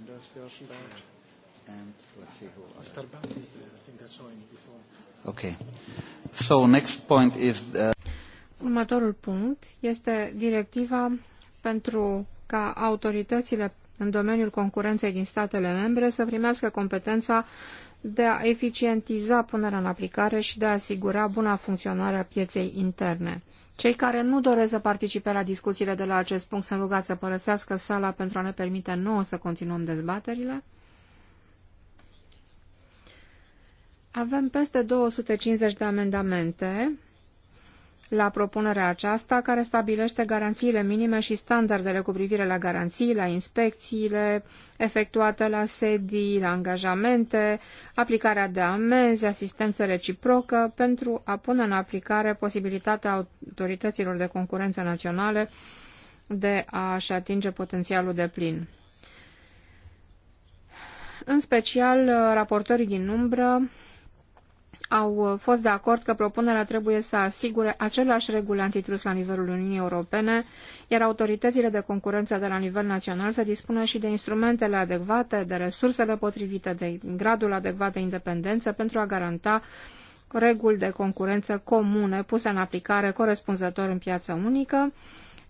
Speaker 1: And let's see who else. Mr. Bank is there. I think I saw him before. Okay. So next point is... Uh, Următorul
Speaker 2: punct este directiva pentru ca autoritățile în domeniul concurenței din statele membre să primească competența de a eficientiza punerea în aplicare și de a asigura buna funcționare a pieței interne. Cei care nu doresc să participe la discuțiile de la acest punct sunt rugați să părăsească sala pentru a ne permite nouă să continuăm dezbaterile. Avem peste 250 de amendamente la propunerea aceasta, care stabilește garanțiile minime și standardele cu privire la garanții, la inspecțiile efectuate la sedii, la angajamente, aplicarea de amenzi, asistență reciprocă, pentru a pune în aplicare posibilitatea autorităților de concurență naționale de a-și atinge potențialul de plin. În special, raportorii din umbră au uh, fost de acord că propunerea trebuie să asigure același reguli antitrust la nivelul Uniunii Europene, iar autoritățile de concurență de la nivel național să dispună și de instrumentele adecvate, de resursele potrivite, de gradul adecvat de independență pentru a garanta reguli de concurență comune puse în aplicare corespunzător în piața unică.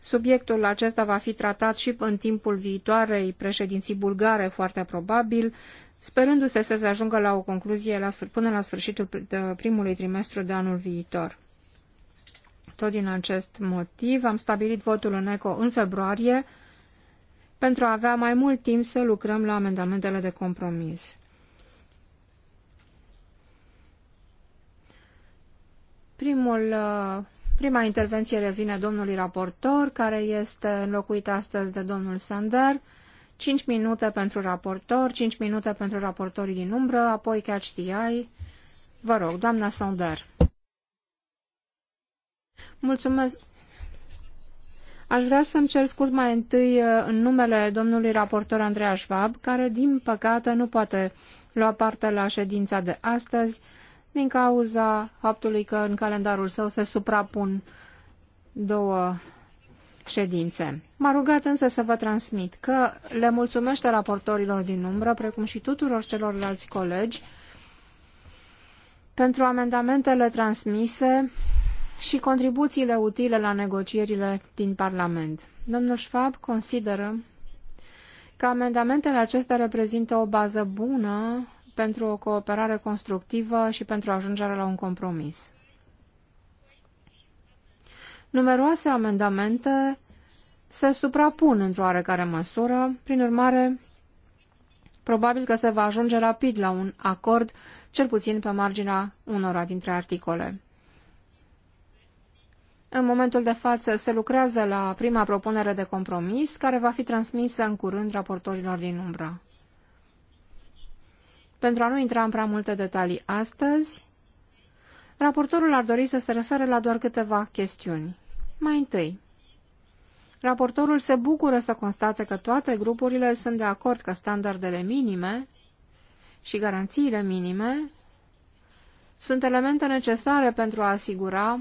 Speaker 2: Subiectul acesta va fi tratat și în timpul viitoarei președinții bulgare, foarte probabil, sperându-se să se ajungă la o concluzie la sfâr, până la sfârșitul primului trimestru de anul viitor. Tot din acest motiv am stabilit votul în ECO în februarie pentru a avea mai mult timp să lucrăm la amendamentele de compromis. Primul, uh, prima intervenție revine domnului raportor, care este înlocuit astăzi de domnul Sander. 5 minute pentru raportor, 5 minute pentru raportorii din umbră, apoi chiar știai. Vă rog, doamna Sonder. Mulțumesc. Aș vrea să-mi cer scuz mai întâi uh, în numele domnului raportor Andreea Schwab, care, din păcate, nu poate lua parte la ședința de astăzi din cauza faptului că în calendarul său se suprapun două ședințe. M-a rugat însă să vă transmit că le mulțumește raportorilor din umbră, precum și tuturor celorlalți colegi, pentru amendamentele transmise și contribuțiile utile la negocierile din Parlament. Domnul Schwab consideră că amendamentele acestea reprezintă o bază bună pentru o cooperare constructivă și pentru ajungerea la un compromis. Numeroase amendamente se suprapun într-o oarecare măsură, prin urmare, probabil că se va ajunge rapid la un acord, cel puțin pe marginea unora dintre articole. În momentul de față se lucrează la prima propunere de compromis, care va fi transmisă în curând raportorilor din umbră. Pentru a nu intra în prea multe detalii astăzi, Raportorul ar dori să se refere la doar câteva chestiuni. Mai întâi, raportorul se bucură să constate că toate grupurile sunt de acord că standardele minime și garanțiile minime sunt elemente necesare pentru a asigura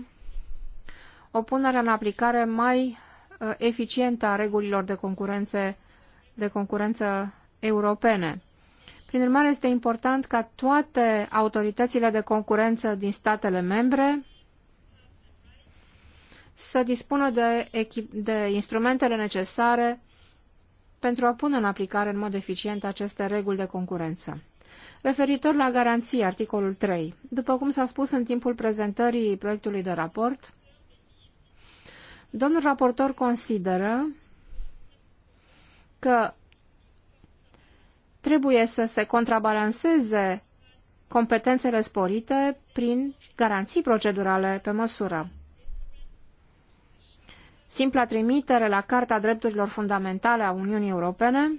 Speaker 2: o punere în aplicare mai uh, eficientă a regulilor de concurență, de concurență europene. Prin urmare, este important ca toate autoritățile de concurență din statele membre să dispună de, de instrumentele necesare pentru a pune în aplicare în mod eficient aceste reguli de concurență. Referitor la garanții, articolul 3. După cum s-a spus în timpul prezentării proiectului de raport, domnul raportor consideră că trebuie să se contrabalanceze competențele sporite prin garanții procedurale pe măsură. Simpla trimitere la Carta Drepturilor Fundamentale a Uniunii Europene,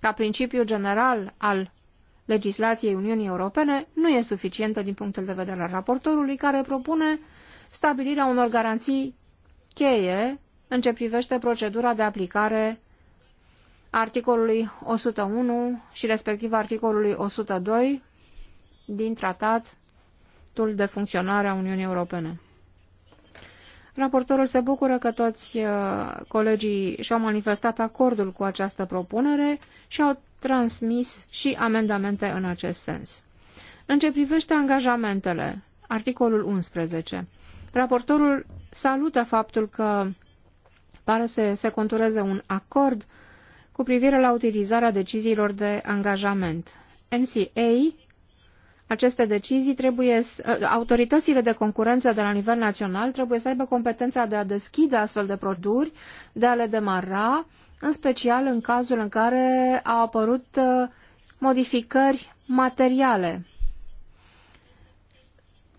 Speaker 2: ca principiu general al legislației Uniunii Europene, nu e suficientă din punctul de vedere al raportorului, care propune stabilirea unor garanții cheie în ce privește procedura de aplicare articolului 101 și respectiv articolului 102 din Tratatul de Funcționare a Uniunii Europene. Raportorul se bucură că toți uh, colegii și-au manifestat acordul cu această propunere și au transmis și amendamente în acest sens. În ce privește angajamentele, articolul 11, raportorul salută faptul că pare să se contureze un acord uh, cu privire la utilizarea deciziilor de angajament. NCA, aceste decizii trebuie, ă, autoritățile de concurență de la nivel național trebuie să aibă competența de a deschide astfel de produri, de a le demara, în special în cazul în care au apărut ă, modificări materiale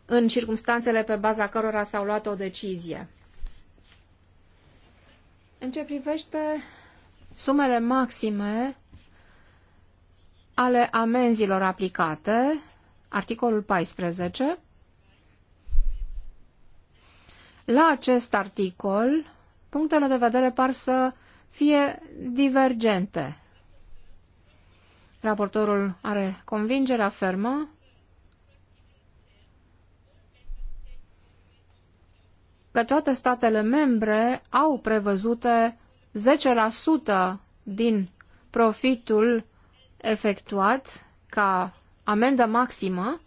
Speaker 2: în circumstanțele pe baza cărora s-au luat o decizie. În ce privește sumele maxime ale amenzilor aplicate, articolul 14. La acest articol, punctele de vedere par să fie divergente. Raportorul are convingerea fermă că toate statele membre au prevăzute 10% din profitul efectuat ca amendă maximă,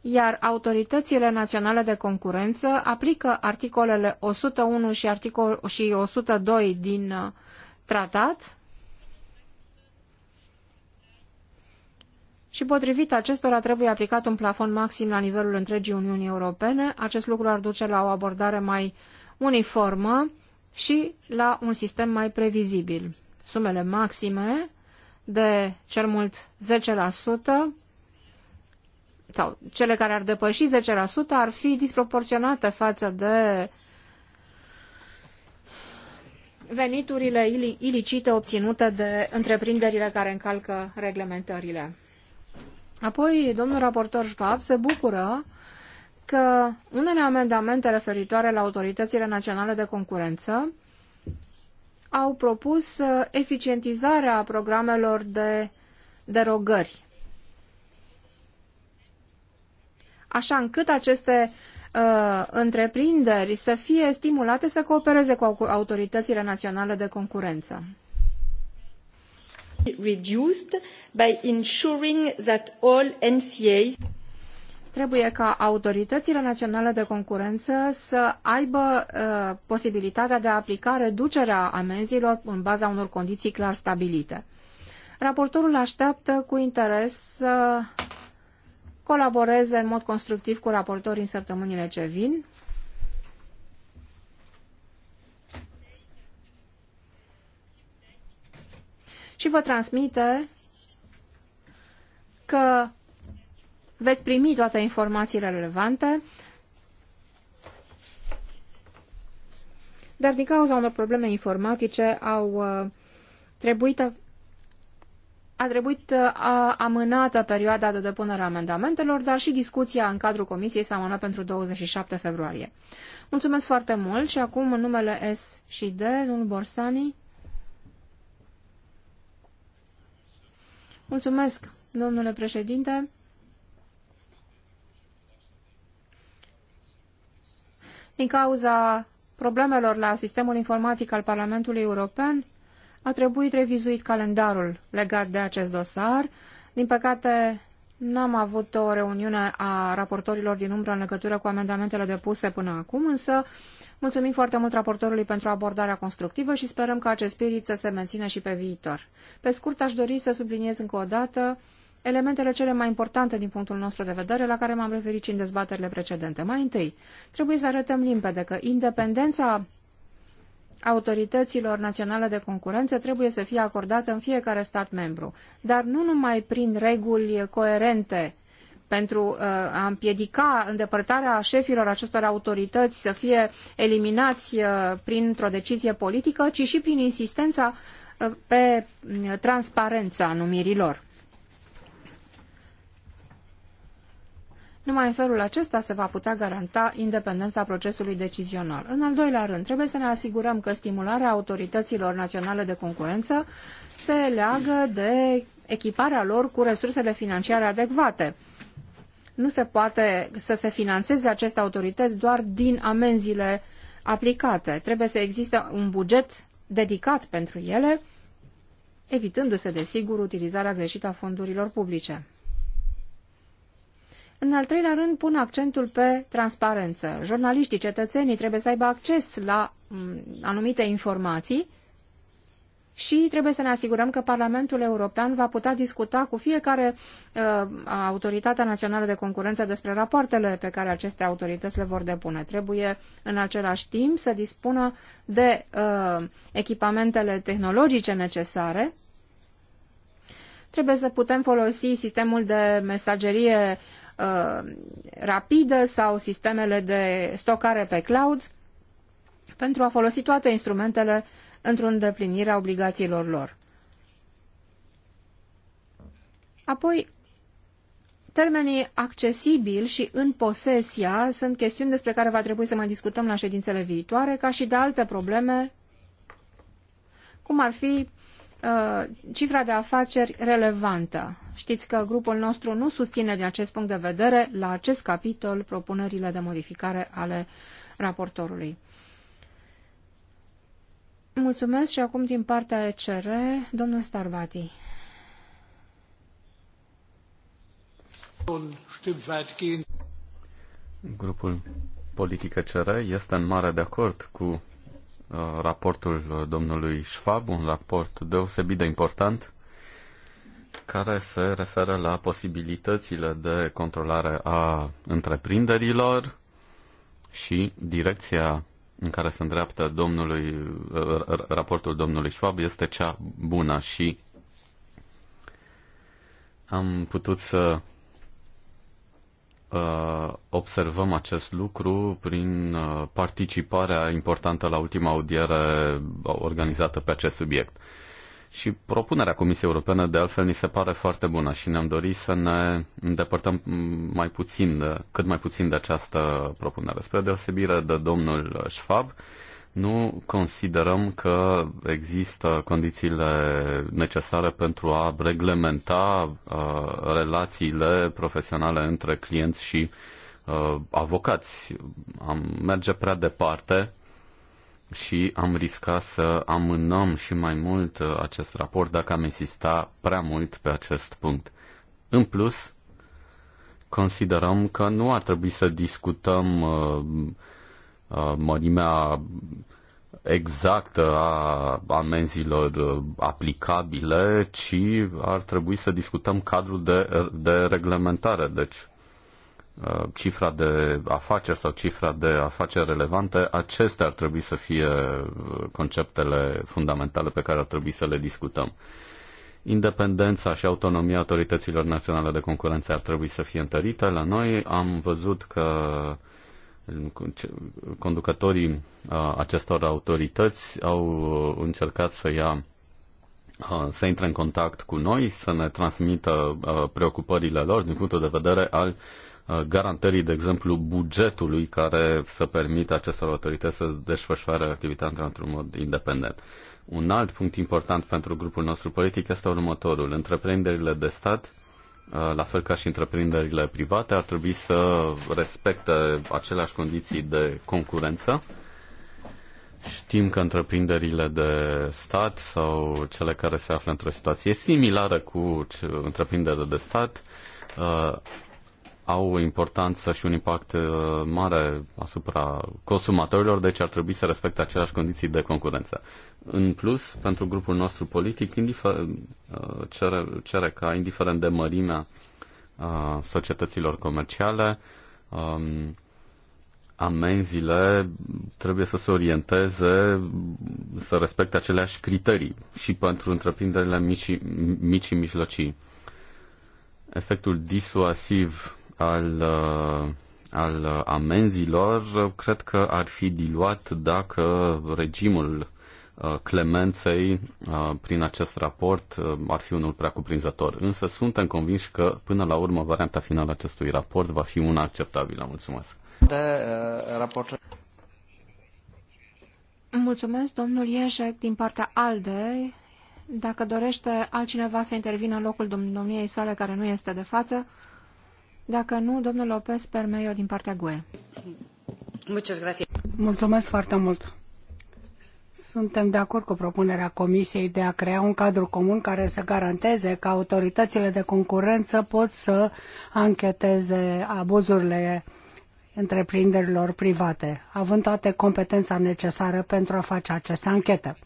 Speaker 2: iar autoritățile naționale de concurență aplică articolele 101 și, articol, și 102 din uh, tratat și potrivit acestora trebuie aplicat un plafon maxim la nivelul întregii Uniunii Europene. Acest lucru ar duce la o abordare mai uniformă și la un sistem mai previzibil. Sumele maxime de cel mult 10% sau cele care ar depăși 10% ar fi disproporționate față de veniturile ilicite obținute de întreprinderile care încalcă reglementările. Apoi, domnul raportor Schwab se bucură că unele amendamente referitoare la autoritățile naționale de concurență au propus uh, eficientizarea programelor de derogări, așa încât aceste uh, întreprinderi să fie stimulate să coopereze cu autoritățile naționale de concurență. Reduced by ensuring that all NCAs trebuie ca autoritățile naționale de concurență să aibă uh, posibilitatea de a aplica reducerea amenzilor în baza unor condiții clar stabilite. Raportorul așteaptă cu interes să colaboreze în mod constructiv cu raportorii în săptămânile ce vin. Și vă transmite că veți primi toate informațiile relevante, dar din cauza unor probleme informatice au uh, trebuit a trebuit uh, a, amânată perioada de depunere a amendamentelor, dar și discuția în cadrul comisiei s-a amânat pentru 27 februarie. Mulțumesc foarte mult și acum în numele S și D, domnul Borsani. Mulțumesc, domnule președinte. din cauza problemelor la sistemul informatic al Parlamentului European, a trebuit revizuit calendarul legat de acest dosar. Din păcate, n-am avut o reuniune a raportorilor din umbră în legătură cu amendamentele depuse până acum, însă mulțumim foarte mult raportorului pentru abordarea constructivă și sperăm că acest spirit să se mențină și pe viitor. Pe scurt, aș dori să subliniez încă o dată elementele cele mai importante din punctul nostru de vedere la care m-am referit și în dezbaterile precedente. Mai întâi, trebuie să arătăm limpede că independența autorităților naționale de concurență trebuie să fie acordată în fiecare stat membru, dar nu numai prin reguli coerente pentru uh, a împiedica îndepărtarea șefilor acestor autorități să fie eliminați uh, printr-o decizie politică, ci și prin insistența uh, pe mm, transparența numirilor. Numai în felul acesta se va putea garanta independența procesului decizional. În al doilea rând, trebuie să ne asigurăm că stimularea autorităților naționale de concurență se leagă de echiparea lor cu resursele financiare adecvate. Nu se poate să se financeze aceste autorități doar din amenziile aplicate. Trebuie să existe un buget dedicat pentru ele, evitându-se, desigur, utilizarea greșită a fondurilor publice. În al treilea rând, pun accentul pe transparență. Jurnaliștii, cetățenii trebuie să aibă acces la mm, anumite informații și trebuie să ne asigurăm că Parlamentul European va putea discuta cu fiecare uh, autoritatea națională de concurență despre rapoartele pe care aceste autorități le vor depune. Trebuie în același timp să dispună de uh, echipamentele tehnologice necesare. Trebuie să putem folosi sistemul de mesagerie Uh, rapidă sau sistemele de stocare pe cloud pentru a folosi toate instrumentele într-o îndeplinire a obligațiilor lor. Apoi, termenii accesibil și în posesia sunt chestiuni despre care va trebui să mai discutăm la ședințele viitoare, ca și de alte probleme, cum ar fi Uh, cifra de afaceri relevantă. Știți că grupul nostru nu susține din acest punct de vedere la acest capitol propunerile de modificare ale raportorului. Mulțumesc și acum din partea ECR, domnul Starbati.
Speaker 4: Grupul politic ECR este în mare de acord cu Uh, raportul uh, domnului Schwab, un raport deosebit de important care se referă la posibilitățile de controlare a întreprinderilor și direcția în care se îndreaptă domnului, uh, raportul domnului Schwab este cea bună și am putut să Uh, observăm acest lucru prin uh, participarea importantă la ultima audiere organizată pe acest subiect. Și propunerea Comisiei Europene, de altfel, ni se pare foarte bună și ne-am dorit să ne îndepărtăm mai puțin, cât mai puțin de această propunere. Spre deosebire de domnul Schwab, nu considerăm că există condițiile necesare pentru a reglementa uh, relațiile profesionale între clienți și uh, avocați. Am merge prea departe și am riscat să amânăm și mai mult uh, acest raport dacă am insista prea mult pe acest punct. În plus, considerăm că nu ar trebui să discutăm uh, Uh, mărimea exactă a amenzilor uh, aplicabile, ci ar trebui să discutăm cadrul de, de reglementare. Deci, uh, cifra de afaceri sau cifra de afaceri relevante, acestea ar trebui să fie conceptele fundamentale pe care ar trebui să le discutăm. Independența și autonomia autorităților naționale de concurență ar trebui să fie întărite. La noi am văzut că uh, conducătorii acestor autorități au uh, încercat să ia să intre în contact cu noi, să ne transmită preocupările lor din punctul de vedere al garantării, de exemplu, bugetului care să permită acestor autorități să desfășoare activitatea într-un mod independent. Un alt punct important pentru grupul nostru politic este următorul. Întreprinderile de stat Uh, la fel ca și întreprinderile private, ar trebui să respecte aceleași condiții de concurență. Știm că întreprinderile de stat sau cele care se află într-o situație similară cu întreprinderile de stat uh, au o importanță și un impact uh, mare asupra consumatorilor, deci ar trebui să respecte aceleași condiții de concurență. În plus, pentru grupul nostru politic, uh, cere, cere ca, indiferent de mărimea uh, societăților comerciale, amenzile um, amenziile trebuie să se orienteze, să respecte aceleași criterii și pentru întreprinderile mici, mici și mijlocii. Efectul disuasiv al, uh, al amenzilor cred că ar fi diluat dacă regimul uh, clemenței uh, prin acest raport ar fi unul prea cuprinzător. Însă suntem convinși că până la urmă varianta finală acestui raport va fi una acceptabilă. Mulțumesc.
Speaker 1: De, uh, raport...
Speaker 2: Mulțumesc, domnul Ieșec, din partea ALDE. Dacă dorește altcineva să intervină în locul domniei sale care nu este de față,
Speaker 3: dacă nu, domnul Lopez Permeio din partea GUE. Mulțumesc foarte mult. Suntem de acord cu propunerea Comisiei de a crea un cadru comun care să garanteze că autoritățile de concurență pot să ancheteze abuzurile întreprinderilor private, având toate competența necesară pentru a face această anchetă,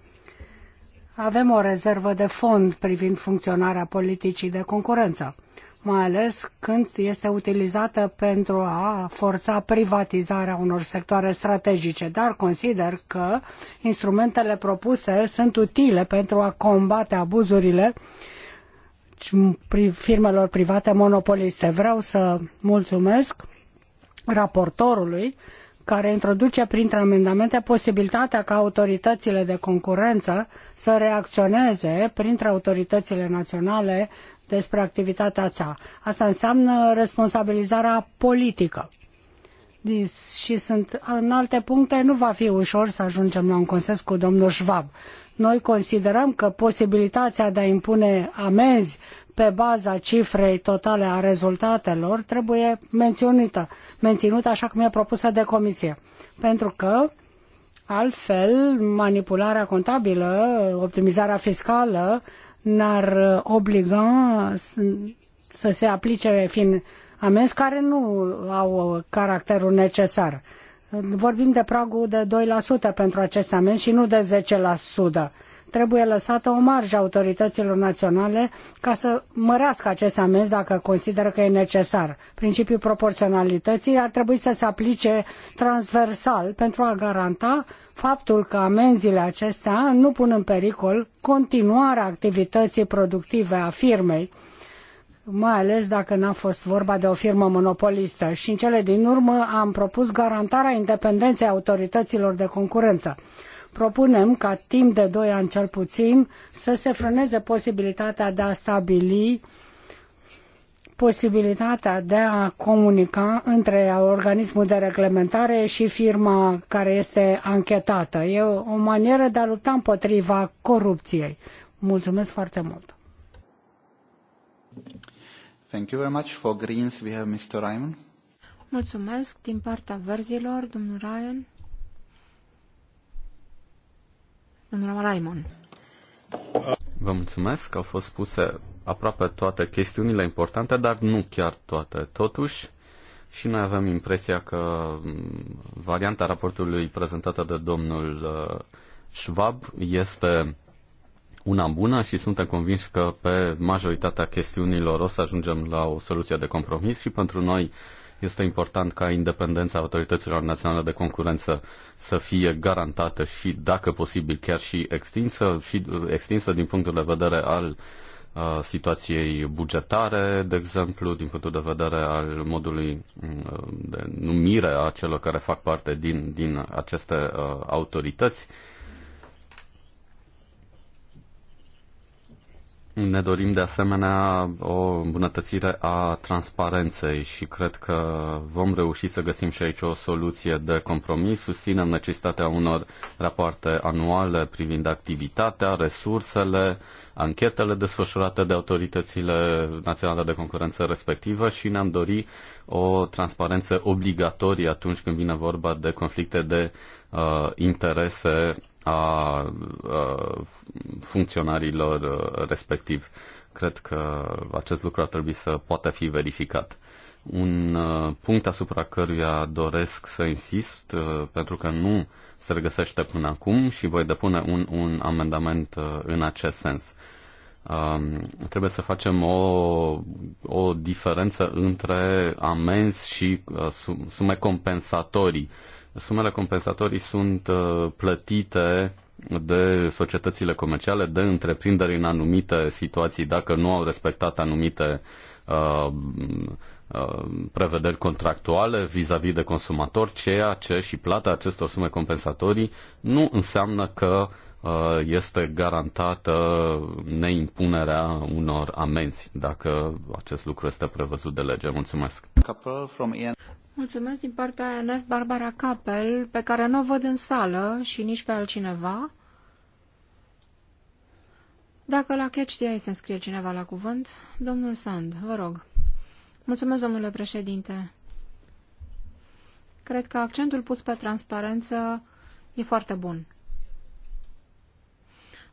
Speaker 3: Avem o rezervă de fond privind funcționarea politicii de concurență mai ales când este utilizată pentru a forța privatizarea unor sectoare strategice. Dar consider că instrumentele propuse sunt utile pentru a combate abuzurile firmelor private monopoliste. Vreau să mulțumesc raportorului care introduce printre amendamente posibilitatea ca autoritățile de concurență să reacționeze printre autoritățile naționale despre activitatea ta. Asta înseamnă responsabilizarea politică. Și sunt în alte puncte, nu va fi ușor să ajungem la un consens cu domnul Schwab. Noi considerăm că posibilitatea de a impune amenzi pe baza cifrei totale a rezultatelor trebuie menționită, menținută așa cum e propusă de comisie. Pentru că altfel manipularea contabilă, optimizarea fiscală n-ar uh, obliga să se aplice fiind amenzi care nu au uh, caracterul necesar. Vorbim de pragul de 2% pentru aceste amenzi și nu de 10% trebuie lăsată o marjă autorităților naționale ca să mărească acest amenzi dacă consideră că e necesar. Principiul proporționalității ar trebui să se aplice transversal pentru a garanta faptul că amenziile acestea nu pun în pericol continuarea activității productive a firmei, mai ales dacă n-a fost vorba de o firmă monopolistă. Și în cele din urmă am propus garantarea independenței autorităților de concurență propunem ca timp de 2 ani cel puțin să se frâneze posibilitatea de a stabili posibilitatea de a comunica între organismul de reglementare și firma care este anchetată. E o manieră de a lupta împotriva corupției. Mulțumesc foarte
Speaker 1: mult! Thank you very much. For Greens, we have Mr.
Speaker 4: Ryan.
Speaker 2: Mulțumesc din partea verzilor, domnul Ryan. Domnul Raimon.
Speaker 4: Vă mulțumesc, au fost puse aproape toate chestiunile importante, dar nu chiar toate. Totuși, și noi avem impresia că mm, varianta raportului prezentată de domnul uh, Schwab este una bună și suntem convinși că pe majoritatea chestiunilor o să ajungem la o soluție de compromis și pentru noi este important ca independența autorităților naționale de concurență să fie garantată și, dacă posibil, chiar și extinsă, și uh, extinsă din punctul de vedere al uh, situației bugetare, de exemplu, din punctul de vedere al modului mm, uh, de numire a celor care fac parte din, din aceste autorități. Ne dorim de asemenea o îmbunătățire a transparenței și cred că vom reuși să găsim și aici o soluție de compromis. Susținem necesitatea unor rapoarte anuale privind activitatea, resursele, anchetele desfășurate de autoritățile naționale de concurență respectivă și ne-am dori o transparență obligatorie atunci când vine vorba de conflicte de uh, interese a funcționarilor uh, respectivi. Cred că acest lucru ar trebui să poată fi verificat. Un uh, punct asupra căruia doresc să insist, uh, pentru că nu se regăsește până acum și voi depune un, un amendament în acest sens. Um, trebuie să facem o, o diferență între amenzi și uh, sume compensatorii uh, sumele compensatorii sunt uh, plătite de societățile comerciale, de întreprinderi în anumite situații, dacă nu au respectat anumite uh, uh, prevederi contractuale vis-a-vis -vis de consumator, ceea ce și plata acestor sume compensatorii nu înseamnă că uh, este garantată neimpunerea unor amenzi, dacă acest lucru este prevăzut de lege. Mulțumesc!
Speaker 2: Mulțumesc din partea ANF Barbara Capel, pe care nu o văd în sală și nici pe altcineva. Dacă la catch de se înscrie cineva la cuvânt, domnul Sand, vă rog. Mulțumesc, domnule președinte. Cred că accentul pus pe transparență e foarte bun.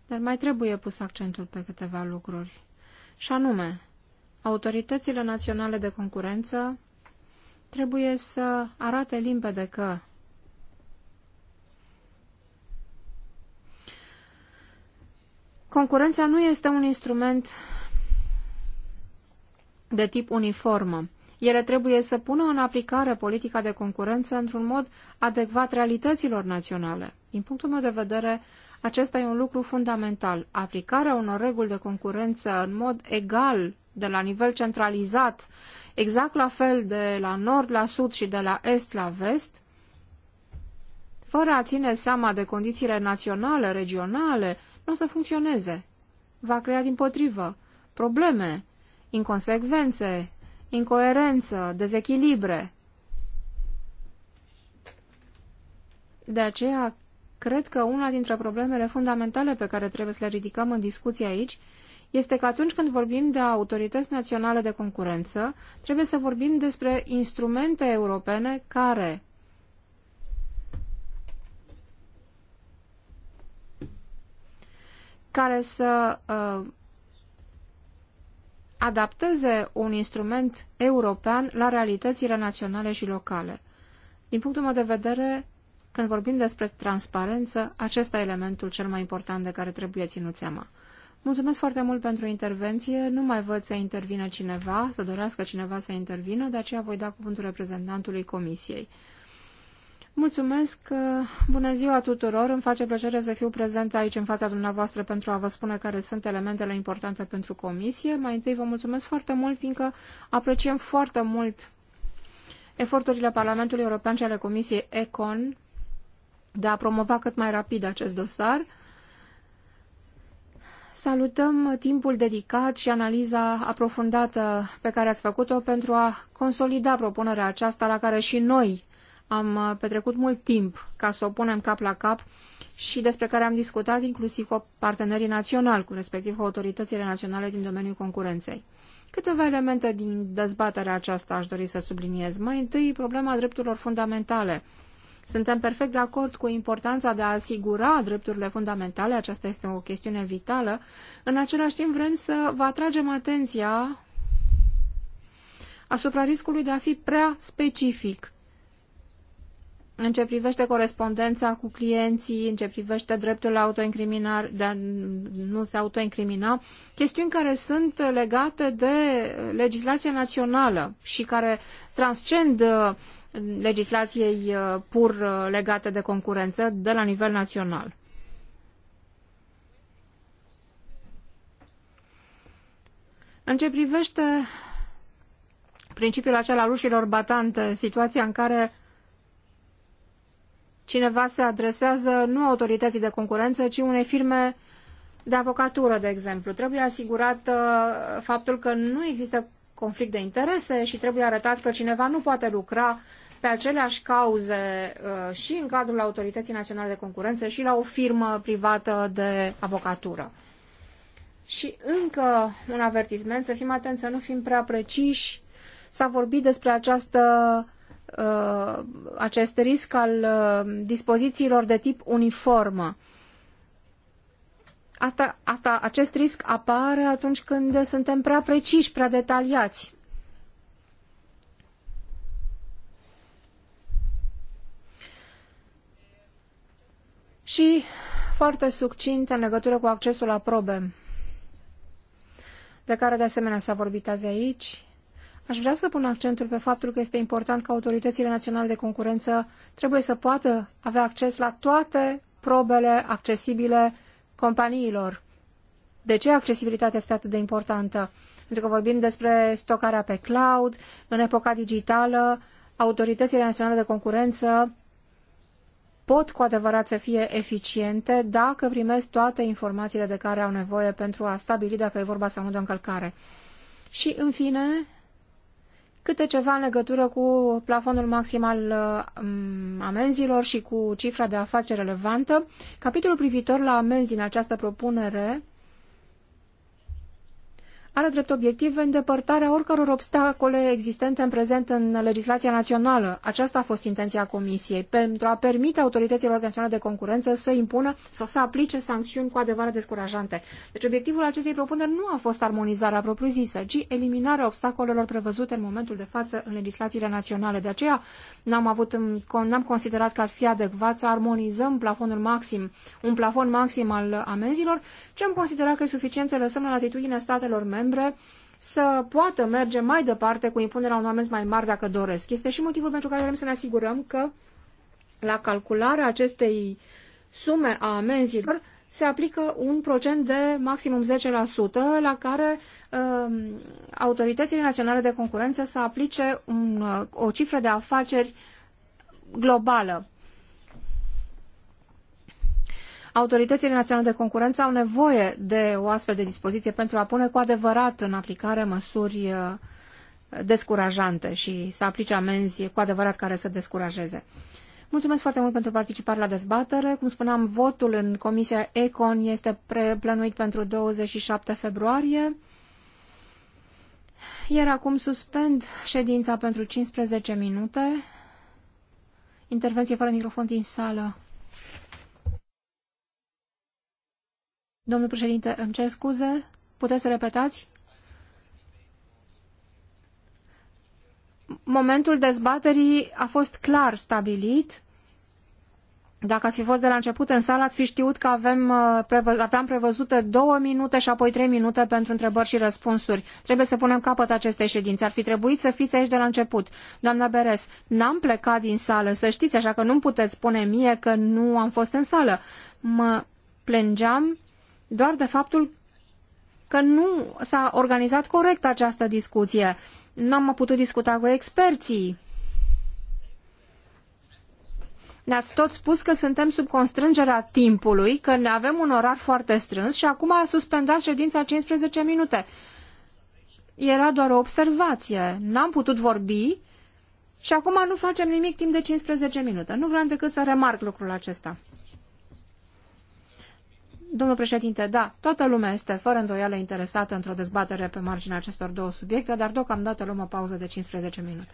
Speaker 2: Dar mai trebuie pus accentul pe câteva lucruri. Și anume, autoritățile naționale de concurență trebuie să arate limpede că concurența nu este un instrument de tip uniformă. Ele trebuie să pună în aplicare politica de concurență într-un mod adecvat realităților naționale. Din punctul meu de vedere, acesta e un lucru fundamental. Aplicarea unor reguli de concurență în mod egal, de la nivel centralizat, exact la fel de la nord la sud și de la est la vest, fără a ține seama de condițiile naționale, regionale, nu o să funcționeze. Va crea din potrivă probleme, inconsecvențe, incoerență, dezechilibre. De aceea, cred că una dintre problemele fundamentale pe care trebuie să le ridicăm în discuție aici este că atunci când vorbim de autorități naționale de concurență, trebuie să vorbim despre instrumente europene care care să uh, adapteze un instrument european la realitățile naționale și locale. Din punctul meu de vedere, când vorbim despre transparență, acesta e elementul cel mai important de care trebuie ținut seama. Mulțumesc foarte mult pentru intervenție. Nu mai văd să intervină cineva, să dorească cineva să intervină, de aceea voi da cuvântul reprezentantului Comisiei. Mulțumesc! Uh, bună ziua tuturor! Îmi face plăcere să fiu prezent aici în fața dumneavoastră pentru a vă spune care sunt elementele importante pentru comisie. Mai întâi vă mulțumesc foarte mult, fiindcă apreciem foarte mult eforturile Parlamentului European și ale Comisiei ECON de a promova cât mai rapid acest dosar. Salutăm timpul dedicat și analiza aprofundată pe care ați făcut-o pentru a consolida propunerea aceasta la care și noi am petrecut mult timp ca să o punem cap la cap și despre care am discutat inclusiv cu partenerii naționali, cu respectiv cu autoritățile naționale din domeniul concurenței. Câteva elemente din dezbaterea aceasta aș dori să subliniez. Mai întâi, problema drepturilor fundamentale suntem perfect de acord cu importanța de a asigura drepturile fundamentale, aceasta este o chestiune vitală. În același timp vrem să vă atragem atenția asupra riscului de a fi prea specific în ce privește corespondența cu clienții, în ce privește dreptul la autoincriminare, de a nu se autoincrimina, chestiuni care sunt legate de legislația națională și care transcend uh, legislației uh, pur uh, legate de concurență de la nivel național. În ce privește principiul acela al ușilor batante, situația în care cineva se adresează nu autorității de concurență, ci unei firme de avocatură, de exemplu. Trebuie asigurat uh, faptul că nu există conflict de interese și trebuie arătat că cineva nu poate lucra pe aceleași cauze uh, și în cadrul Autorității Naționale de Concurență și la o firmă privată de avocatură. Și încă un avertisment, să fim atenți, să nu fim prea preciși. S-a vorbit despre această, uh, acest risc al uh, dispozițiilor de tip uniformă. Asta, asta, acest risc apare atunci când suntem prea preciși, prea detaliați. Și foarte succint în legătură cu accesul la probe, de care de asemenea s-a vorbit azi aici, Aș vrea să pun accentul pe faptul că este important că autoritățile naționale de concurență trebuie să poată avea acces la toate probele accesibile companiilor. De ce accesibilitatea este atât de importantă? Pentru că vorbim despre stocarea pe cloud, în epoca digitală, autoritățile naționale de concurență pot cu adevărat să fie eficiente dacă primesc toate informațiile de care au nevoie pentru a stabili dacă e vorba sau nu de o încălcare. Și, în fine, câte ceva în legătură cu plafonul maxim al uh, amenzilor și cu cifra de afaceri relevantă. Capitolul privitor la amenzi în această propunere are drept obiectiv îndepărtarea oricăror obstacole existente în prezent în legislația națională. Aceasta a fost intenția Comisiei, pentru a permite autorităților naționale de concurență să impună sau să aplice sancțiuni cu adevărat descurajante. Deci obiectivul acestei propuneri nu a fost armonizarea propriu-zisă, ci eliminarea obstacolelor prevăzute în momentul de față în legislațiile naționale. De aceea n-am, avut, n-am considerat că ar fi adecvat să armonizăm plafonul maxim, un plafon maxim al amenzilor, ci am considerat că e suficient să lăsăm la latitudinea statelor membre membre să poată merge mai departe cu impunerea unor amenzi mai mari dacă doresc. Este și motivul pentru care vrem să ne asigurăm că la calcularea acestei sume a amenzilor se aplică un procent de maximum 10% la care uh, autoritățile naționale de concurență să aplice un, uh, o cifră de afaceri globală autoritățile naționale de concurență au nevoie de o astfel de dispoziție pentru a pune cu adevărat în aplicare măsuri uh, descurajante și să aplice amenzi cu adevărat care să descurajeze. Mulțumesc foarte mult pentru participare la dezbatere. Cum spuneam, votul în Comisia ECON este preplănuit pentru 27 februarie. Iar acum suspend ședința pentru 15 minute. Intervenție fără microfon din sală. Domnul președinte, îmi cer scuze, puteți să repetați? Momentul dezbaterii a fost clar stabilit. Dacă ați fi fost de la început în sală, ați fi știut că avem, uh, aveam prevăzute două minute și apoi trei minute pentru întrebări și răspunsuri. Trebuie să punem capăt acestei ședințe. Ar fi trebuit să fiți aici de la început. Doamna Beres, n-am plecat din sală, să știți, așa că nu puteți spune mie că nu am fost în sală. Mă plângeam doar de faptul că nu s-a organizat corect această discuție. Nu am putut discuta cu experții. Ne-ați tot spus că suntem sub constrângerea timpului, că ne avem un orar foarte strâns și acum a suspendat ședința 15 minute. Era doar o observație. N-am putut vorbi și acum nu facem nimic timp de 15 minute. Nu vreau decât să remarc lucrul acesta. Domnul președinte, da, toată lumea este fără îndoială interesată într-o dezbatere pe marginea acestor două subiecte, dar deocamdată luăm o pauză de 15 minute.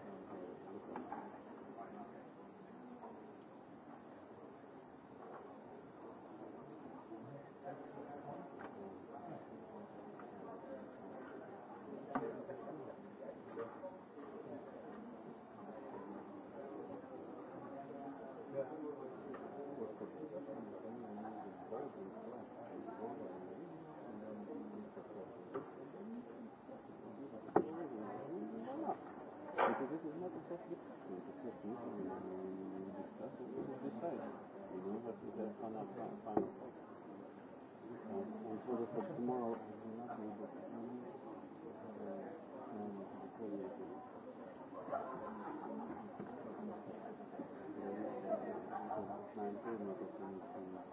Speaker 1: mai întâi mă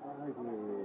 Speaker 1: Hai,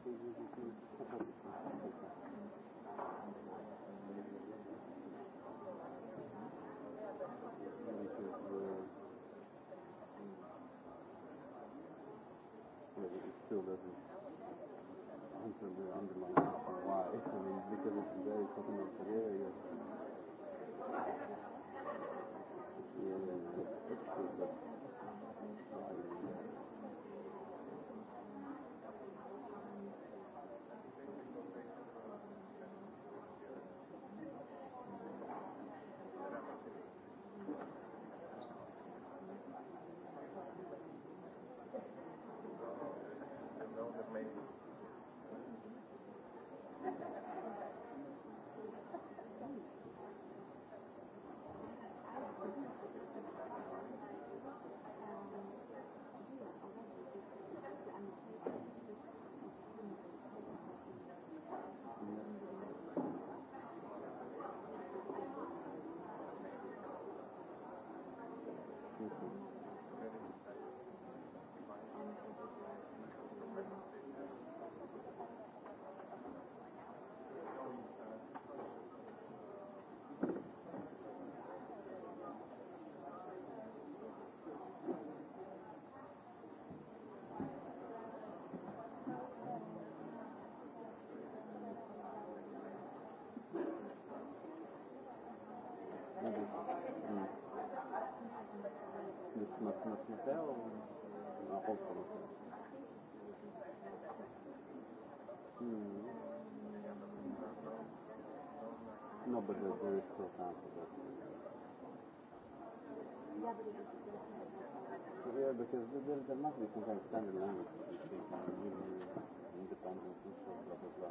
Speaker 1: still doesn't answer the underlying question why. I mean, because it's very fundamental area. Yeah, it's true, but why?
Speaker 4: на, на смотрел,
Speaker 1: на полку Но бы же знаешь, что там туда. Я бы сейчас дверь до нас, если там стали, наверное, independent, бла-бла-бла.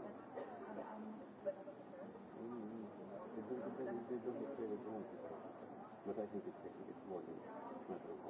Speaker 1: they don't explain it wrong. But I think it's, it's more than a matter of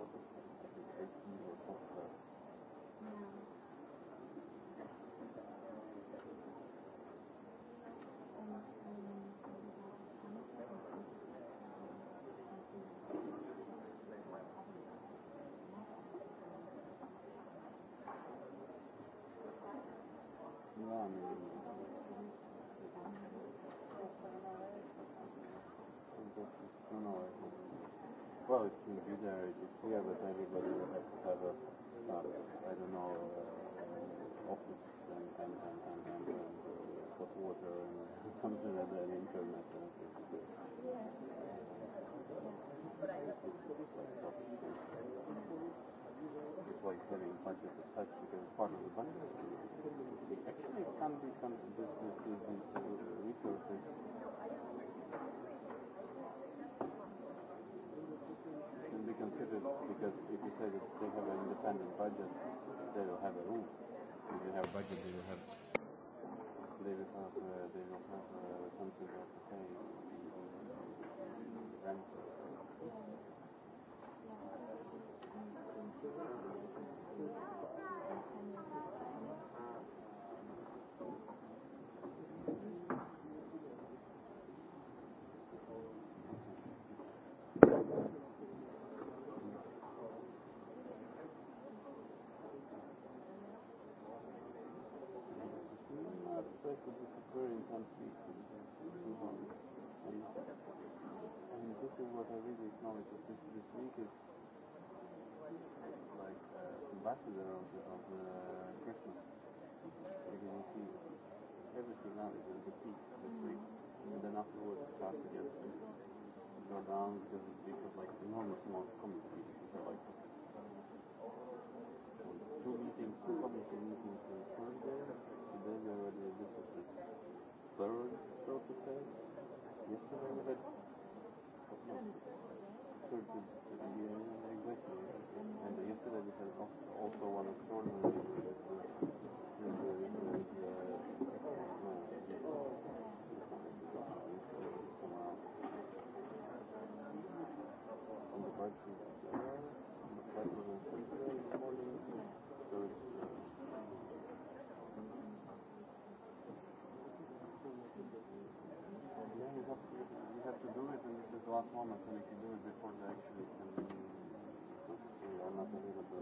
Speaker 1: because if you say that they have an independent budget, they will have a room. If they have budget, they will have they will have uh, they will have uh, something like pay. Bern sort of thing. Yesterday we had certain yeah, exactly. And yesterday we had also one extraordinary to do it, and this is the last moment when you can do it before the actually assembly. I'm not available.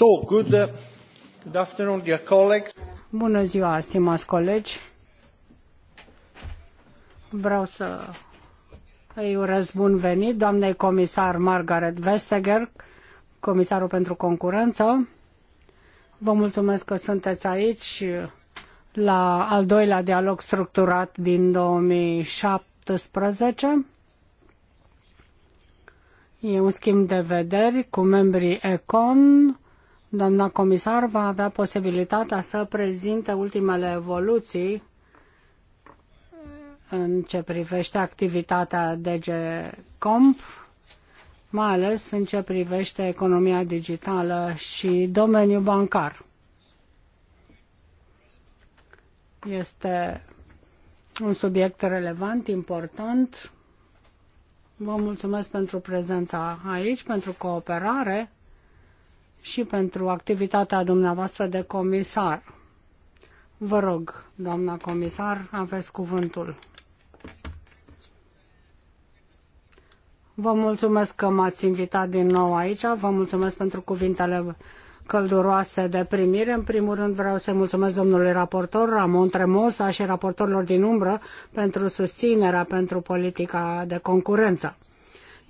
Speaker 1: Uh,
Speaker 3: Bună ziua, stimați colegi. Vreau să îi urez bun venit doamnei comisar Margaret Vestager, comisarul pentru concurență. Vă mulțumesc că sunteți aici la al doilea dialog structurat din 2017. E un schimb de vederi cu membrii ECON Doamna comisar va avea posibilitatea să prezinte ultimele evoluții în ce privește activitatea DG Comp, mai ales în ce privește economia digitală și domeniul bancar. Este un subiect relevant, important. Vă mulțumesc pentru prezența aici, pentru cooperare și pentru activitatea dumneavoastră de comisar. Vă rog, doamna comisar, aveți cuvântul. Vă mulțumesc că m-ați invitat din nou aici, vă mulțumesc pentru cuvintele călduroase de primire. În primul rând vreau să mulțumesc domnului raportor Ramon Tremosa și raportorilor din umbră pentru susținerea pentru politica de concurență.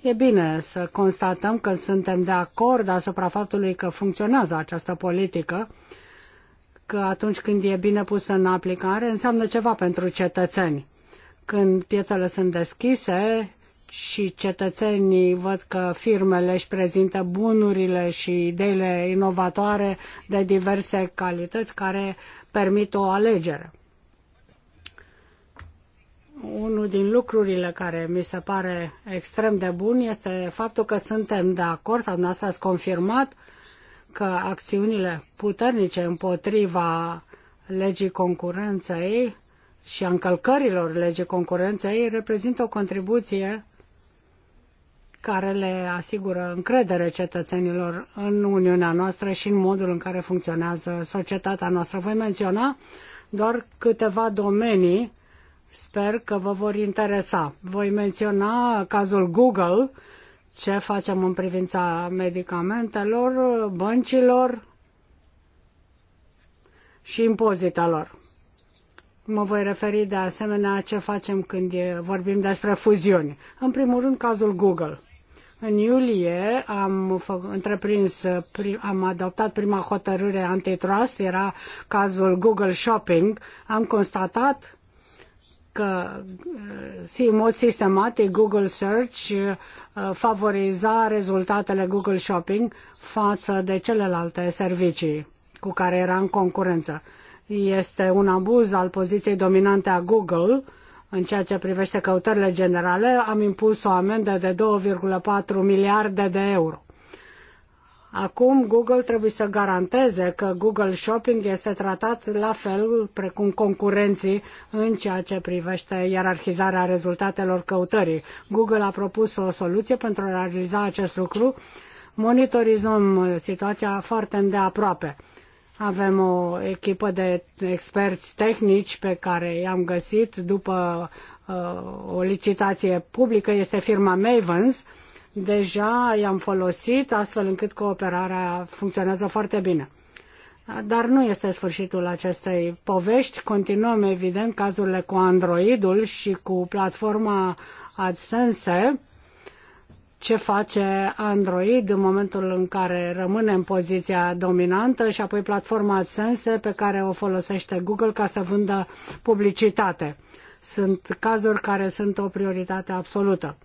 Speaker 3: E bine să constatăm că suntem de acord asupra faptului că funcționează această politică, că atunci când e bine pusă în aplicare, înseamnă ceva pentru cetățeni. Când piețele sunt deschise și cetățenii văd că firmele își prezintă bunurile și ideile inovatoare de diverse calități care permit o alegere unul din lucrurile care mi se pare extrem de bun este faptul că suntem de acord sau dumneavoastră ați confirmat că acțiunile puternice împotriva legii concurenței și a încălcărilor legii concurenței reprezintă o contribuție care le asigură încredere cetățenilor în Uniunea noastră și în modul în care funcționează societatea noastră. Voi menționa doar câteva domenii Sper că vă vor interesa. Voi menționa cazul Google, ce facem în privința medicamentelor, băncilor și impozitelor. Mă voi referi de asemenea ce facem când vorbim despre fuziuni. În primul rând, cazul Google. În iulie am întreprins, am adoptat prima hotărâre antitrust, era cazul Google Shopping. Am constatat că se uh, mod sistematic Google Search uh, favoriza rezultatele Google Shopping față de celelalte servicii cu care era în concurență. Este un abuz al poziției dominante a Google în ceea ce privește căutările generale. Am impus o amendă de 2,4 miliarde de euro. Acum Google trebuie să garanteze că Google Shopping este tratat la fel precum concurenții în ceea ce privește ierarhizarea rezultatelor căutării. Google a propus o soluție pentru a realiza acest lucru. Monitorizăm situația foarte îndeaproape. Avem o echipă de experți tehnici pe care i-am găsit după uh, o licitație publică, este firma Mavens, uh, deja i-am folosit astfel încât cooperarea funcționează foarte bine. Dar nu este sfârșitul acestei povești. Continuăm, evident, cazurile cu Androidul și cu platforma AdSense. Ce face Android în momentul în care rămâne în poziția dominantă și apoi platforma AdSense pe care o folosește Google ca să vândă publicitate. Sunt cazuri care sunt o prioritate absolută.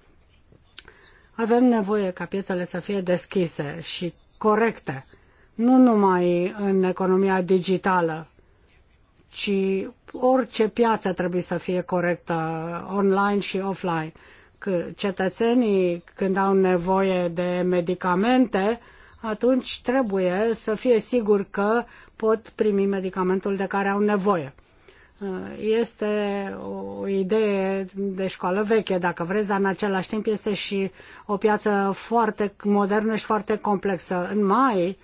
Speaker 3: Avem nevoie ca piețele să fie deschise și corecte, nu numai în economia digitală, ci orice piață trebuie să fie corectă, online și offline. Că cetățenii, când au nevoie de medicamente, atunci trebuie să fie siguri că pot primi medicamentul de care au nevoie este o idee de școală veche, dacă vreți, dar în același timp este și o piață foarte modernă și foarte complexă. În mai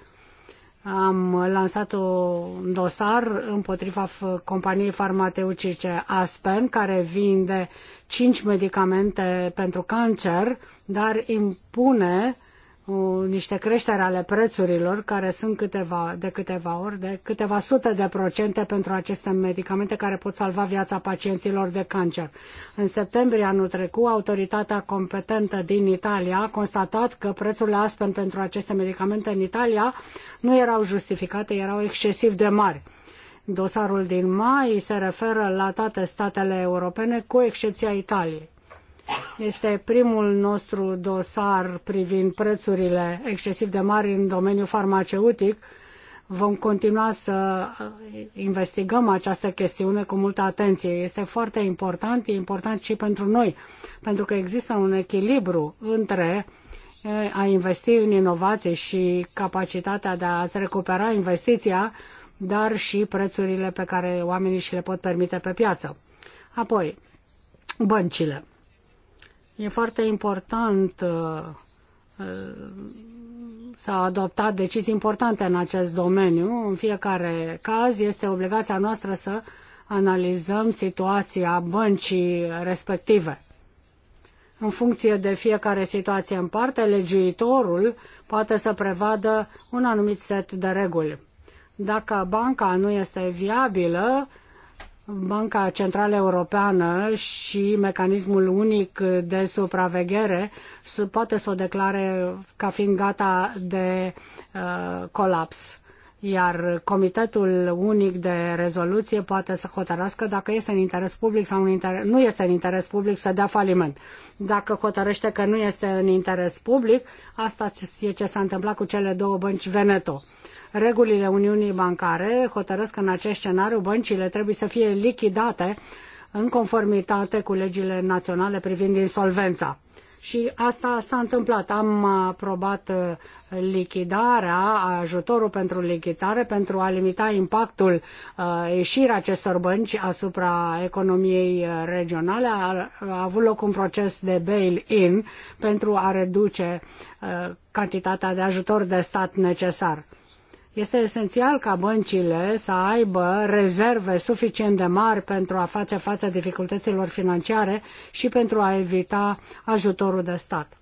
Speaker 3: am lansat un dosar împotriva companiei farmaceutice Aspen, care vinde cinci medicamente pentru cancer, dar impune uh, niște creșteri ale prețurilor care sunt câteva, de câteva ori, de câteva sute de procente pentru aceste medicamente care pot salva viața pacienților de cancer. În septembrie anul trecut, autoritatea competentă din Italia a constatat că prețurile astfel pentru aceste medicamente în Italia nu erau justificate, erau excesiv de mari. Dosarul din mai se referă la toate statele europene, cu excepția Italiei este primul nostru dosar privind prețurile excesiv de mari în domeniul farmaceutic. Vom continua să investigăm această chestiune cu multă atenție. Este foarte important, e important și pentru noi, pentru că există un echilibru între eh, a investi în inovație și capacitatea de a-ți recupera investiția, dar și prețurile pe care oamenii și le pot permite pe piață. Apoi, băncile. E foarte important uh, uh, s-a adoptat decizii importante în acest domeniu. În fiecare caz este obligația noastră să analizăm situația băncii respective. În funcție de fiecare situație în parte, legiuitorul poate să prevadă un anumit set de reguli. Dacă banca nu este viabilă, Banca Centrală Europeană și mecanismul unic de supraveghere poate să o declare ca fiind gata de uh, colaps iar Comitetul Unic de Rezoluție poate să hotărască dacă este în interes public sau în nu este în interes public să dea faliment. Dacă hotărăște că nu este în interes public, asta e ce s-a întâmplat cu cele două bănci Veneto. Regulile Uniunii Bancare hotărăsc că în acest scenariu băncile trebuie să fie lichidate în conformitate cu legile naționale privind insolvența și asta s-a întâmplat. Am aprobat uh, lichidarea, ajutorul pentru lichidare, pentru a limita impactul uh, ieșirii acestor bănci asupra economiei uh, regionale. A, avut loc un proces de bail-in pentru a reduce cantitatea de ajutor de stat necesar. Este esențial ca băncile să aibă rezerve suficient de mari pentru a face față dificultăților financiare și pentru a evita ajutorul de stat.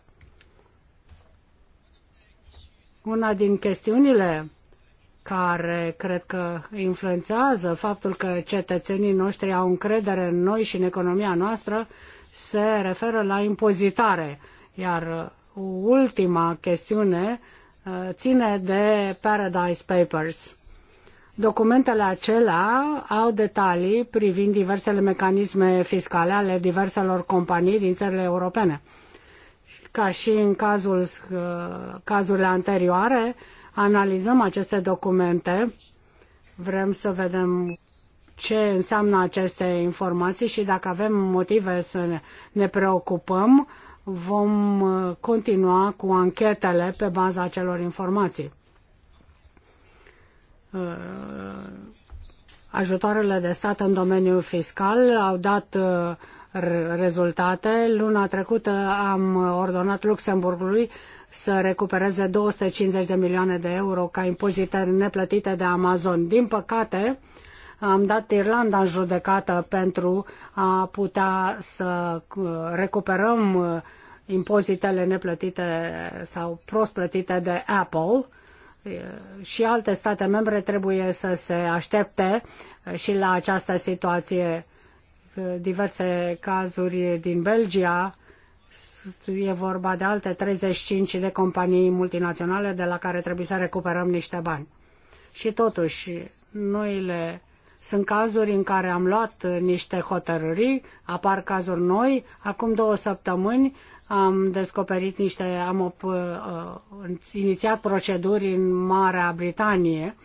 Speaker 3: Una din chestiunile care cred că influențează faptul că cetățenii noștri au încredere în noi și în economia noastră se referă la impozitare. Iar ultima chestiune Uh, ține de Paradise Papers. Documentele acelea au detalii privind diversele mecanisme fiscale ale diverselor companii din țările europene. Ca și în cazul, uh, cazurile anterioare, analizăm aceste documente, vrem să vedem ce înseamnă aceste informații și dacă avem motive să ne preocupăm, vom uh, continua cu anchetele pe baza acelor informații. Uh, ajutoarele de stat în domeniul fiscal au dat uh, rezultate. Luna trecută am ordonat Luxemburgului să recupereze 250 de milioane de euro ca impozite neplătite de Amazon. Din păcate, am dat Irlanda în judecată pentru a putea să uh, recuperăm uh, impozitele neplătite sau prost plătite de Apple uh, și alte state membre trebuie să se aștepte și la această situație. Diverse cazuri din Belgia, e vorba de alte 35 de companii multinaționale de la care trebuie să recuperăm niște bani. Și totuși, noile sunt cazuri în care am luat niște hotărâri, apar cazuri noi. Acum două săptămâni am descoperit niște, am op, uh, uh, inițiat proceduri în Marea Britanie.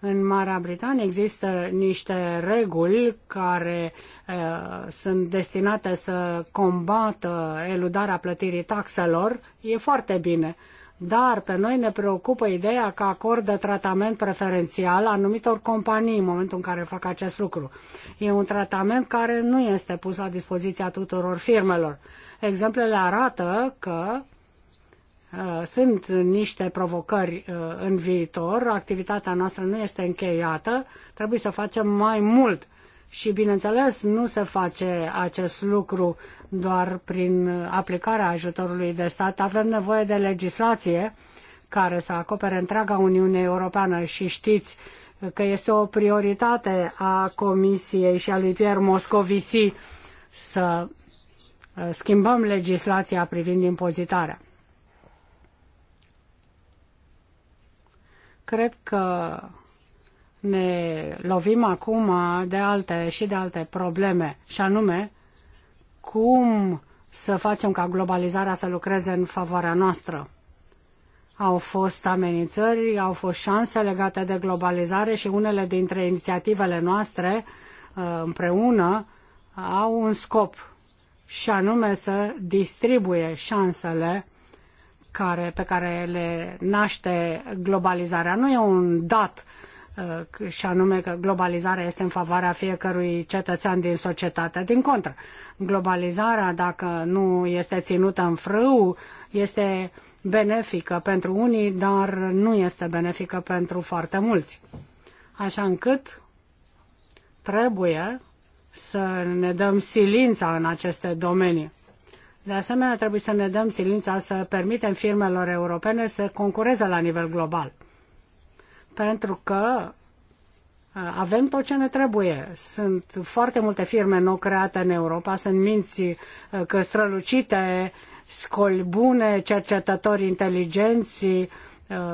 Speaker 3: În Marea Britanie există niște reguli care uh, sunt destinate să combată eludarea plătirii taxelor. E foarte bine. Uh, dar pe noi ne preocupă ideea că acordă tratament preferențial anumitor companii în momentul în care fac acest lucru. E un tratament care nu este pus la dispoziția tuturor firmelor. Exemplele arată că uh, sunt niște provocări uh, în viitor, activitatea noastră nu este încheiată, trebuie să facem mai mult și, bineînțeles, nu se face acest lucru doar prin aplicarea ajutorului de stat. Avem nevoie de legislație care să acopere întreaga Uniune Europeană și știți că este o prioritate a Comisiei și a lui Pierre Moscovici să uh, schimbăm legislația privind impozitarea. Cred că ne lovim acum de alte și de alte probleme, și anume cum să facem ca globalizarea să lucreze în favoarea noastră. Au fost amenințări, au fost șanse legate de globalizare și unele dintre inițiativele noastre uh, împreună au un scop și anume să distribuie șansele care, pe care le naște globalizarea. Nu e un dat Uh, și anume că globalizarea este în favoarea fiecărui cetățean din societate. Din contră, globalizarea, dacă nu este ținută în frâu, este benefică pentru unii, dar nu este benefică pentru foarte mulți. Așa încât trebuie să ne dăm silința în aceste domenii. De asemenea, trebuie să ne dăm silința să permitem firmelor europene să concureze la nivel global pentru că uh, avem tot ce ne trebuie. Sunt foarte multe firme nou create în Europa, sunt minți uh, că strălucite, scoli bune, cercetători inteligenți, uh,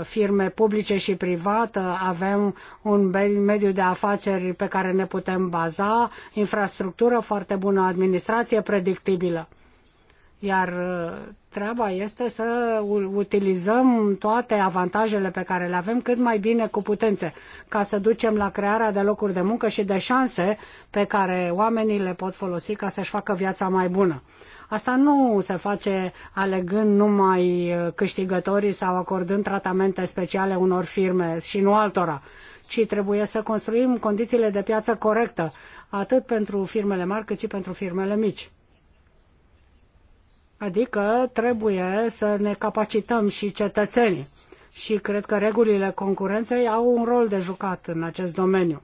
Speaker 3: firme publice și private, avem un mediu de afaceri pe care ne putem baza, infrastructură foarte bună, administrație predictibilă. Iar uh, treaba este să utilizăm toate avantajele pe care le avem cât mai bine cu putințe, ca să ducem la crearea de locuri de muncă și de șanse pe care oamenii le pot folosi ca să-și facă viața mai bună. Asta nu se face alegând numai uh, câștigătorii sau acordând tratamente speciale unor firme și nu altora, ci trebuie să construim condițiile de piață corectă, atât pentru firmele mari cât și pentru firmele mici. Adică trebuie să ne capacităm și cetățenii. Și cred că regulile concurenței au un rol de jucat în acest domeniu.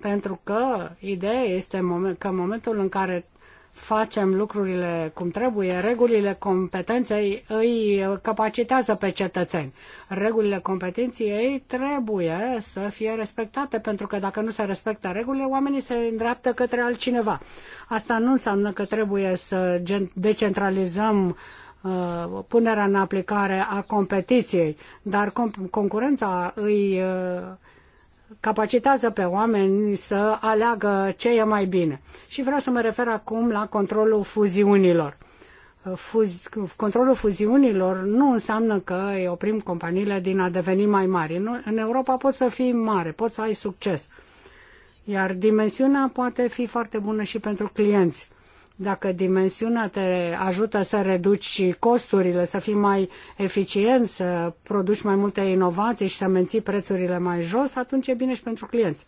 Speaker 3: Pentru că ideea este că în momentul în care facem lucrurile cum trebuie, regulile competenței îi capacitează pe cetățeni. Regulile competenței trebuie să fie respectate, pentru că dacă nu se respectă regulile, oamenii se îndreaptă către altcineva. Asta nu înseamnă că trebuie să decentralizăm uh, punerea în aplicare a competiției, dar concurența îi uh, capacitează pe oameni să aleagă ce e mai bine. Și vreau să mă refer acum la controlul fuziunilor. Fuz, controlul fuziunilor nu înseamnă că îi oprim companiile din a deveni mai mari. În, în Europa poți să fii mare, poți să ai succes. Iar dimensiunea poate fi foarte bună și pentru clienți. Dacă dimensiunea te ajută să reduci costurile, să fii mai eficient, să produci mai multe inovații și să menții prețurile mai jos, atunci e bine și pentru clienți.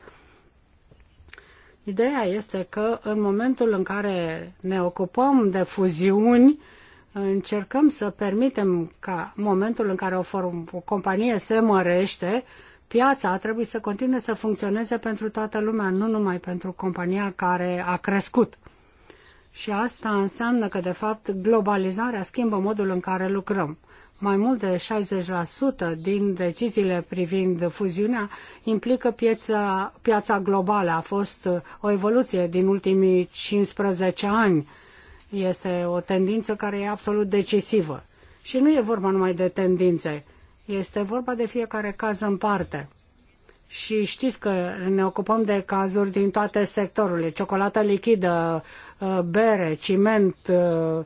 Speaker 3: Ideea este că în momentul în care ne ocupăm de fuziuni, încercăm să permitem ca momentul în care o, o companie se mărește, piața trebuie să continue să funcționeze pentru toată lumea, nu numai pentru compania care a crescut. Și asta înseamnă că, de fapt, globalizarea schimbă modul în care lucrăm. Mai mult de 60% din deciziile privind fuziunea implică piața, piața globală. A fost o evoluție din ultimii 15 ani. Este o tendință care e absolut decisivă. Și nu e vorba numai de tendințe, este vorba de fiecare caz în parte și știți că ne ocupăm de cazuri din toate sectorurile, ciocolată lichidă, uh, bere, ciment, uh,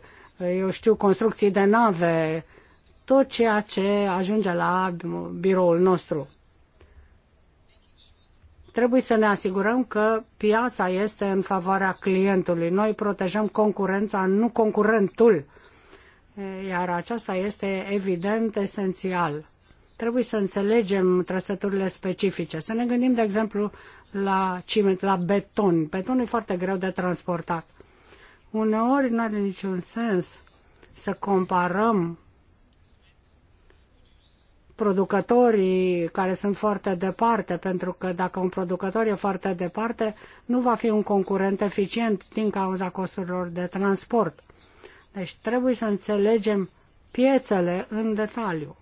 Speaker 3: eu știu, construcții de nave, tot ceea ce ajunge la biroul nostru. Trebuie să ne asigurăm că piața este în favoarea clientului. Noi protejăm concurența, nu concurentul. Iar aceasta este evident esențial Trebuie să înțelegem trăsăturile specifice. Să ne gândim, de exemplu, la ciment, la beton. Betonul e foarte greu de transportat. Uneori nu are niciun sens să comparăm producătorii care sunt foarte departe, pentru că dacă un producător e foarte departe, nu va fi un concurent eficient din cauza costurilor de transport. Deci trebuie să înțelegem piețele în detaliu.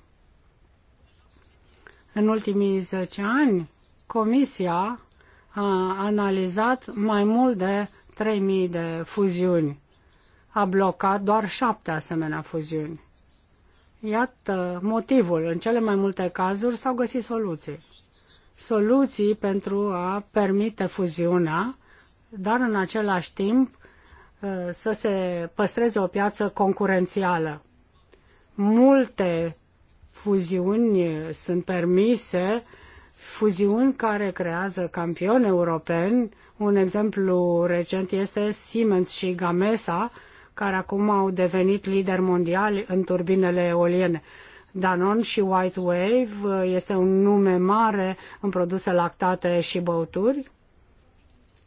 Speaker 3: În ultimii 10 ani, Comisia a analizat mai mult de 3.000 de fuziuni. A blocat doar șapte asemenea fuziuni. Iată motivul. În cele mai multe cazuri s-au găsit soluții. Soluții pentru a permite fuziunea, dar în același timp uh, să se păstreze o piață concurențială. Multe fuziuni sunt permise, fuziuni care creează campioni europeni. Un exemplu recent este Siemens și Gamesa, care acum au devenit lideri mondiali în turbinele eoliene. Danon și White Wave este un nume mare în produse lactate și băuturi.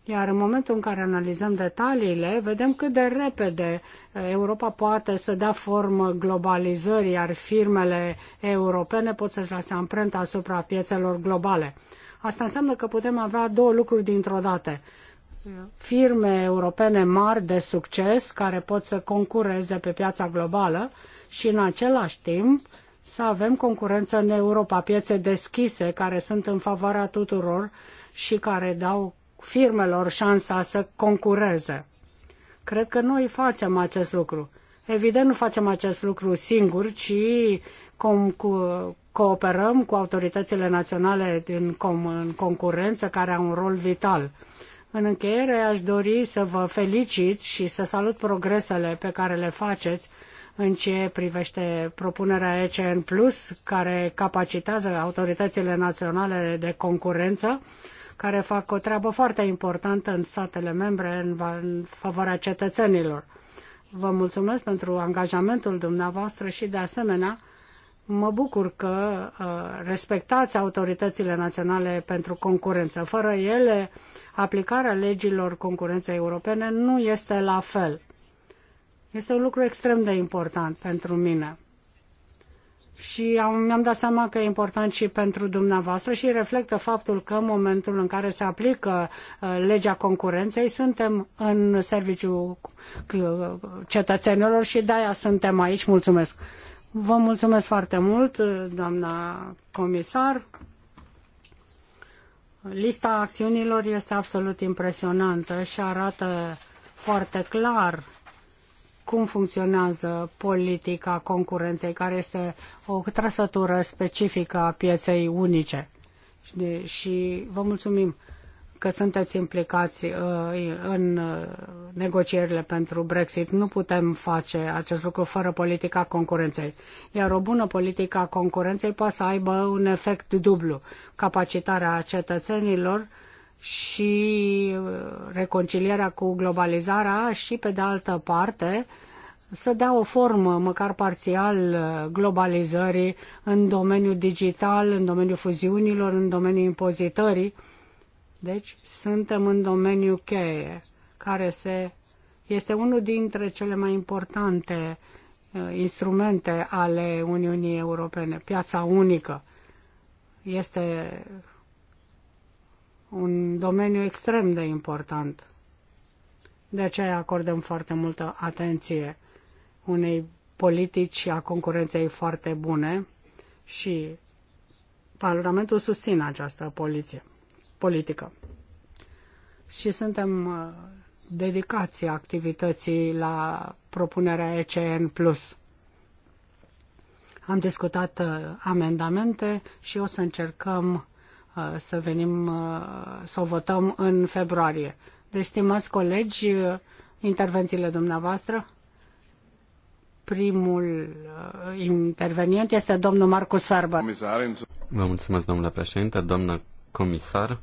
Speaker 3: Iar în momentul în care analizăm detaliile, vedem cât de repede uh, Europa poate să dea formă globalizării, iar firmele europene pot să-și lase amprenta asupra piețelor globale. Asta înseamnă că putem avea două lucruri dintr-o dată. Firme europene mari de succes care pot să concureze pe piața globală și în același timp să avem concurență în Europa, piețe deschise care sunt în favoarea tuturor și care dau firmelor șansa să concureze. Cred că noi facem acest lucru. Evident, nu facem acest lucru singur, ci com, cu, cooperăm cu autoritățile naționale din com, în concurență, care au un rol vital. În încheiere, aș dori să vă felicit și să salut progresele pe care le faceți în ce privește propunerea ECN+, care capacitează autoritățile naționale de concurență care fac o treabă foarte importantă în statele membre în, favoarea cetățenilor. Vă mulțumesc pentru angajamentul dumneavoastră și, de asemenea, mă bucur că uh, respectați autoritățile naționale pentru concurență. Fără ele, aplicarea legilor concurenței europene nu este la fel. Este un lucru extrem de important pentru mine și am, mi-am dat seama că e important și pentru dumneavoastră și reflectă faptul că în momentul în care se aplică uh, legea concurenței suntem în serviciu uh, cetățenilor și de-aia suntem aici. Mulțumesc! Vă mulțumesc foarte mult, uh, doamna comisar. Lista acțiunilor este absolut impresionantă și arată foarte clar cum funcționează politica concurenței, care este o trăsătură specifică a pieței unice. Și vă mulțumim că sunteți implicați uh, în uh, negocierile pentru Brexit. Nu putem face acest lucru fără politica concurenței. Iar o bună politică a concurenței poate să aibă un efect dublu. Capacitarea cetățenilor și uh, reconcilierea cu globalizarea și, pe de altă parte, să dea o formă, măcar parțial, uh, globalizării în domeniul digital, în domeniul fuziunilor, în domeniul impozitării. Deci, suntem în domeniul cheie, care se, este unul dintre cele mai importante uh, instrumente ale Uniunii Europene, piața unică. Este un domeniu extrem de important. De aceea acordăm foarte multă atenție unei politici a concurenței foarte bune și Parlamentul susține această poliție, politică. Și suntem uh, dedicați activității la propunerea ECN+. Am discutat uh, amendamente și o să încercăm Uh, să venim uh, să o votăm în februarie. Deci, stimați colegi, uh, intervențiile dumneavoastră. Primul intervenient este domnul Marcus Ferber.
Speaker 4: Vă mulțumesc, domnule președinte, doamnă comisar.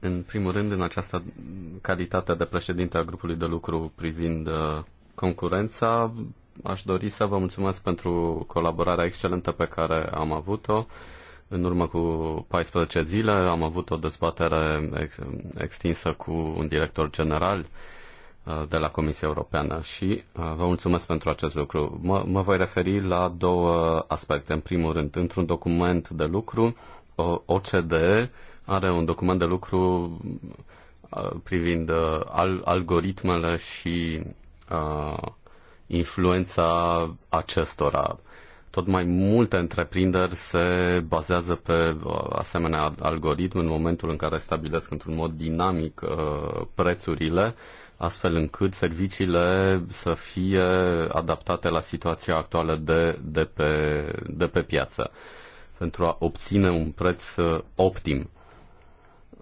Speaker 4: În primul rând, în această calitate de președinte a grupului de lucru privind concurența, aș dori să vă mulțumesc pentru colaborarea excelentă pe care am avut-o în urmă cu 14 zile am avut o dezbatere ex- extinsă cu un director general uh, de la Comisia Europeană și uh, vă mulțumesc pentru acest lucru. Mă, mă voi referi la două aspecte. În primul rând, într-un document de lucru, OCDE are un document de lucru uh, privind al, algoritmele și uh, influența acestora tot mai multe întreprinderi se bazează pe uh, asemenea algoritm în momentul în care stabilesc într-un mod dinamic uh, prețurile, astfel încât serviciile să fie adaptate la situația actuală de, de, pe, de pe piață pentru a obține un preț uh, optim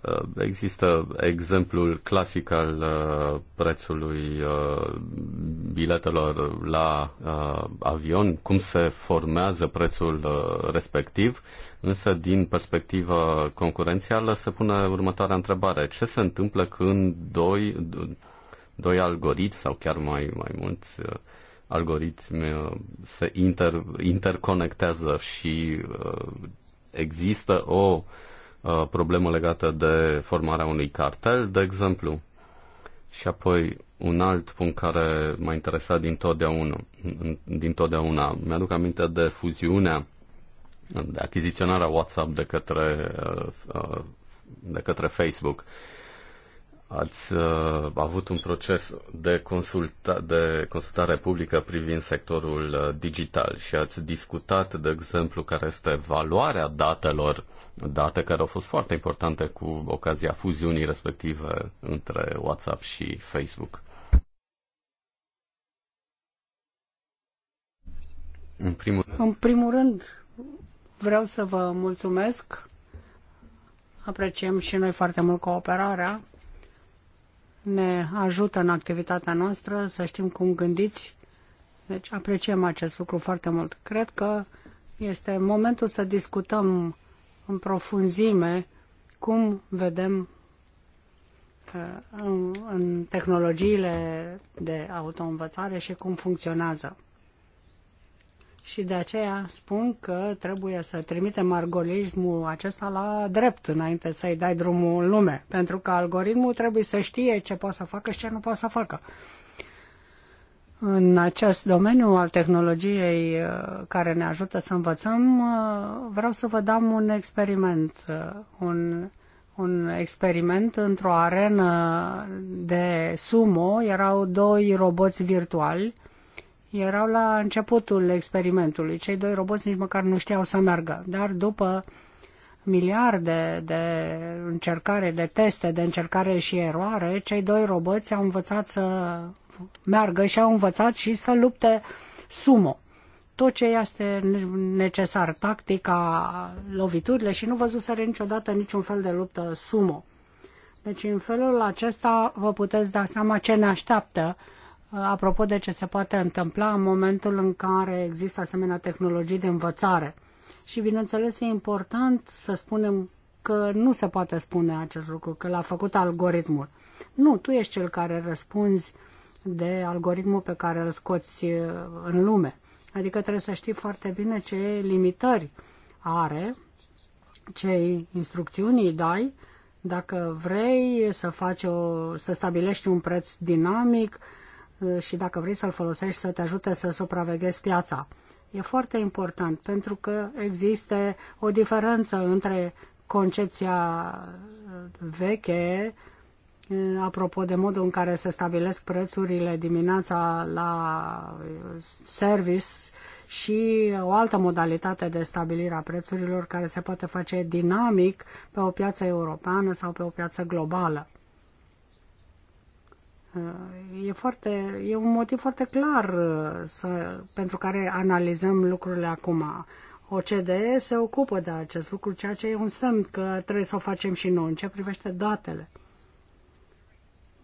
Speaker 4: Uh, există exemplul clasic al uh, prețului uh, biletelor la avion, cum se formează prețul respectiv, însă din perspectivă concurențială se pune următoarea întrebare. Ce se întâmplă când doi, doi algoritmi sau chiar mai, mai mulți algoritmi se inter, interconectează și există o uh, Uh, problemă legată de formarea unui cartel, de exemplu. Și apoi un alt punct care m-a interesat din totdeauna, din Mi-aduc aminte de fuziunea, de achiziționarea WhatsApp de către, uh, uh, de către Facebook. Ați uh, avut un proces de, consulta- de consultare publică privind sectorul uh, digital și ați discutat, de exemplu, care este valoarea datelor date care au fost foarte importante cu ocazia fuziunii respective între WhatsApp și Facebook. În primul, în
Speaker 3: primul rând, vreau să vă mulțumesc. Apreciem și noi foarte mult cooperarea. Ne ajută în activitatea noastră să știm cum gândiți. Deci apreciem acest lucru foarte mult. Cred că este momentul să discutăm în profunzime cum vedem în, în tehnologiile de autoînvățare și cum funcționează. Și de aceea spun că trebuie să trimitem algoritmul acesta la drept înainte să-i dai drumul în lume, pentru că algoritmul trebuie să știe ce poate să facă și ce nu poate să facă în acest domeniu al tehnologiei uh, care ne ajută să învățăm, uh, vreau să vă dau un experiment, uh, un, un experiment într-o arenă de sumo. Erau doi roboți virtuali, erau la începutul experimentului. Cei doi roboți nici măcar nu știau să meargă, dar după miliarde de încercare, de teste, de încercare și eroare, cei doi roboți au învățat să meargă și au învățat și să lupte sumo. Tot ce este necesar, tactica, loviturile și nu văzuseră niciodată niciun fel de luptă sumo. Deci în felul acesta vă puteți da seama ce ne așteaptă uh, apropo de ce se poate întâmpla în momentul în care există asemenea tehnologii de învățare. Și bineînțeles e important să spunem că nu se poate spune acest lucru, că l-a făcut algoritmul. Nu, tu ești cel care răspunzi uh, de algoritmul pe care îl scoți uh, în lume. Adică trebuie să știi foarte bine ce limitări are, ce instrucțiuni îi dai, dacă vrei să, faci o, să stabilești un preț dinamic uh, și dacă vrei să-l folosești să te ajute să supraveghezi piața. E foarte important pentru că există o diferență între concepția veche Apropo de modul în care se stabilesc prețurile dimineața la uh, service și o altă modalitate de stabilire a prețurilor care se poate face dinamic pe o piață europeană sau pe o piață globală. Uh, e, foarte, e un motiv foarte clar uh, să, pentru care analizăm lucrurile acum. OCDE se ocupă de acest lucru, ceea ce e un semn că trebuie să o facem și noi în ce privește datele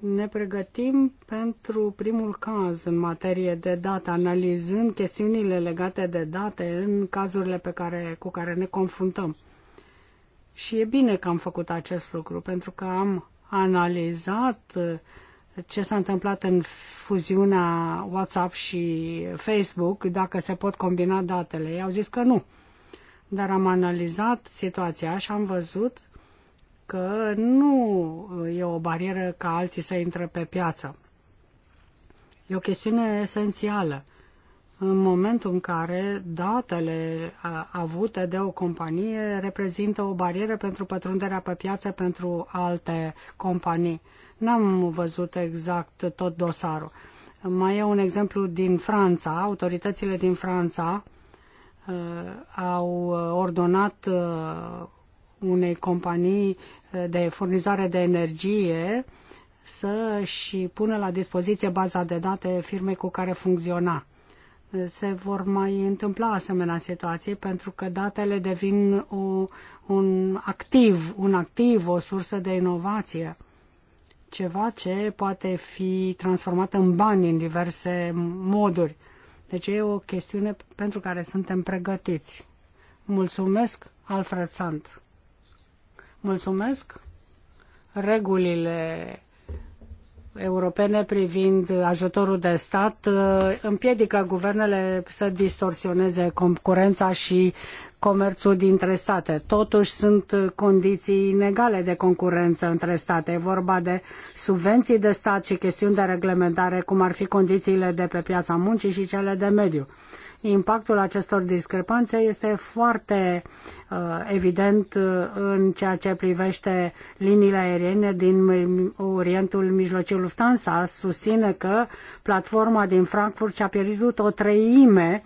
Speaker 3: ne pregătim pentru primul caz în materie de date, analizând chestiunile legate de date în cazurile pe care, cu care ne confruntăm. Și e bine că am făcut acest lucru, pentru că am analizat uh, ce s-a întâmplat în fuziunea WhatsApp și Facebook, dacă se pot combina datele. Ei au zis că nu. Dar am analizat situația și am văzut că nu e o barieră ca alții să intre pe piață. E o chestiune esențială. În momentul în care datele avute de o companie reprezintă o barieră pentru pătrunderea pe piață pentru alte companii. N-am văzut exact tot dosarul. Mai e un exemplu din Franța. Autoritățile din Franța uh, au ordonat uh, unei companii eh, de furnizare de energie să și pună la dispoziție baza de date firmei cu care funcționa. Se vor mai întâmpla asemenea situații pentru că datele devin o, un activ, un activ, o sursă de inovație, ceva ce poate fi transformat în bani în diverse moduri. Deci e o chestiune pentru care suntem pregătiți. Mulțumesc, Alfred Sant. Mulțumesc. Regulile europene privind ajutorul de stat uh, împiedică guvernele să distorsioneze concurența și comerțul dintre state. Totuși sunt condiții inegale de concurență între state. E vorba de subvenții de stat și chestiuni de reglementare, cum ar fi condițiile de pe piața muncii și cele de mediu. Impactul acestor discrepanțe este foarte uh, evident uh, în ceea ce privește liniile aeriene din Orientul Mijlociu. Lufthansa susține că platforma din Frankfurt și-a pierdut o treime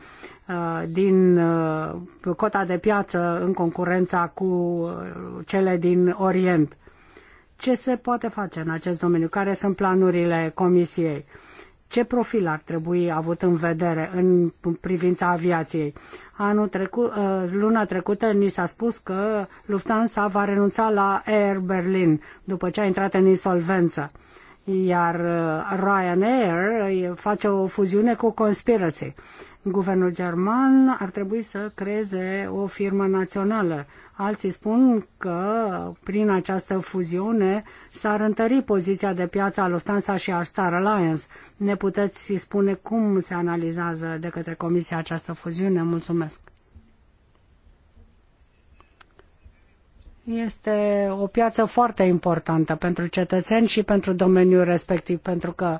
Speaker 3: uh, din uh, cota de piață în concurența cu cele din Orient. Ce se poate face în acest domeniu? Care sunt planurile Comisiei? ce profil ar trebui avut în vedere în privința aviației. Anul trecut, uh, luna trecută ni s-a spus că Lufthansa va renunța la Air Berlin după ce a intrat în insolvență. Iar uh, Ryanair uh, face o fuziune cu Conspiracy. Guvernul german ar trebui să creeze o firmă națională. Alții spun că prin această fuziune s-ar întări poziția de piață a Lufthansa și a Star Alliance. Ne puteți spune cum se analizează de către Comisia această fuziune? Mulțumesc! Este o piață foarte importantă pentru cetățeni și pentru domeniul respectiv, pentru că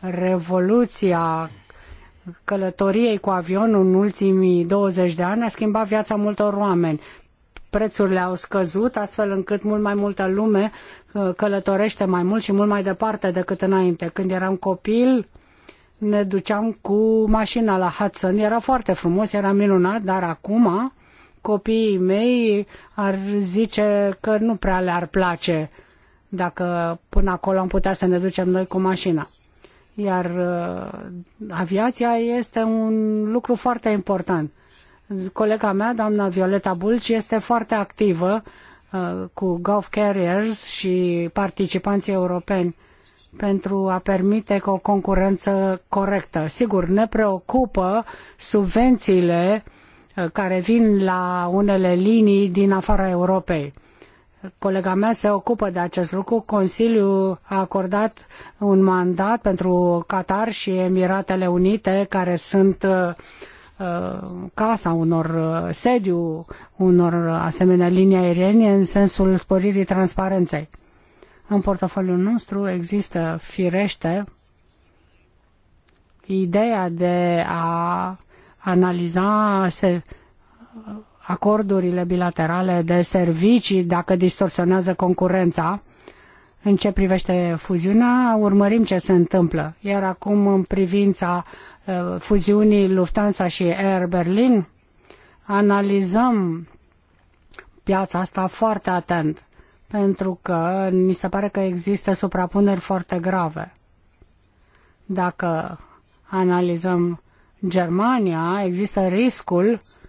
Speaker 3: revoluția călătoriei cu avionul în ultimii 20 de ani a schimbat viața multor oameni. Prețurile au scăzut astfel încât mult mai multă lume uh, călătorește mai mult și mult mai departe decât înainte. Când eram copil, ne duceam cu mașina la Hudson. Era foarte frumos, era minunat, dar acum copiii mei ar zice că nu prea le-ar place dacă până acolo am putea să ne ducem noi cu mașina. Iar uh, aviația este un lucru foarte important. Colega mea, doamna Violeta Bulci, este foarte activă uh, cu Gulf Carriers și participanții europeni pentru a permite o concurență corectă. Sigur, ne preocupă subvențiile uh, care vin la unele linii din afara Europei. Colega mea se ocupă de acest lucru. Consiliul a acordat un mandat pentru Qatar și Emiratele Unite, care sunt uh, uh, casa unor uh, sediu, unor asemenea linii aeriene în sensul sporirii transparenței. În portofoliul nostru există firește ideea de a analiza se, acordurile bilaterale de servicii dacă distorsionează concurența. În ce privește fuziunea, urmărim ce se întâmplă. Iar acum, în privința uh, fuziunii Lufthansa și Air Berlin, analizăm piața asta foarte atent, pentru că ni se pare că există suprapuneri foarte grave. Dacă analizăm Germania, există riscul uh,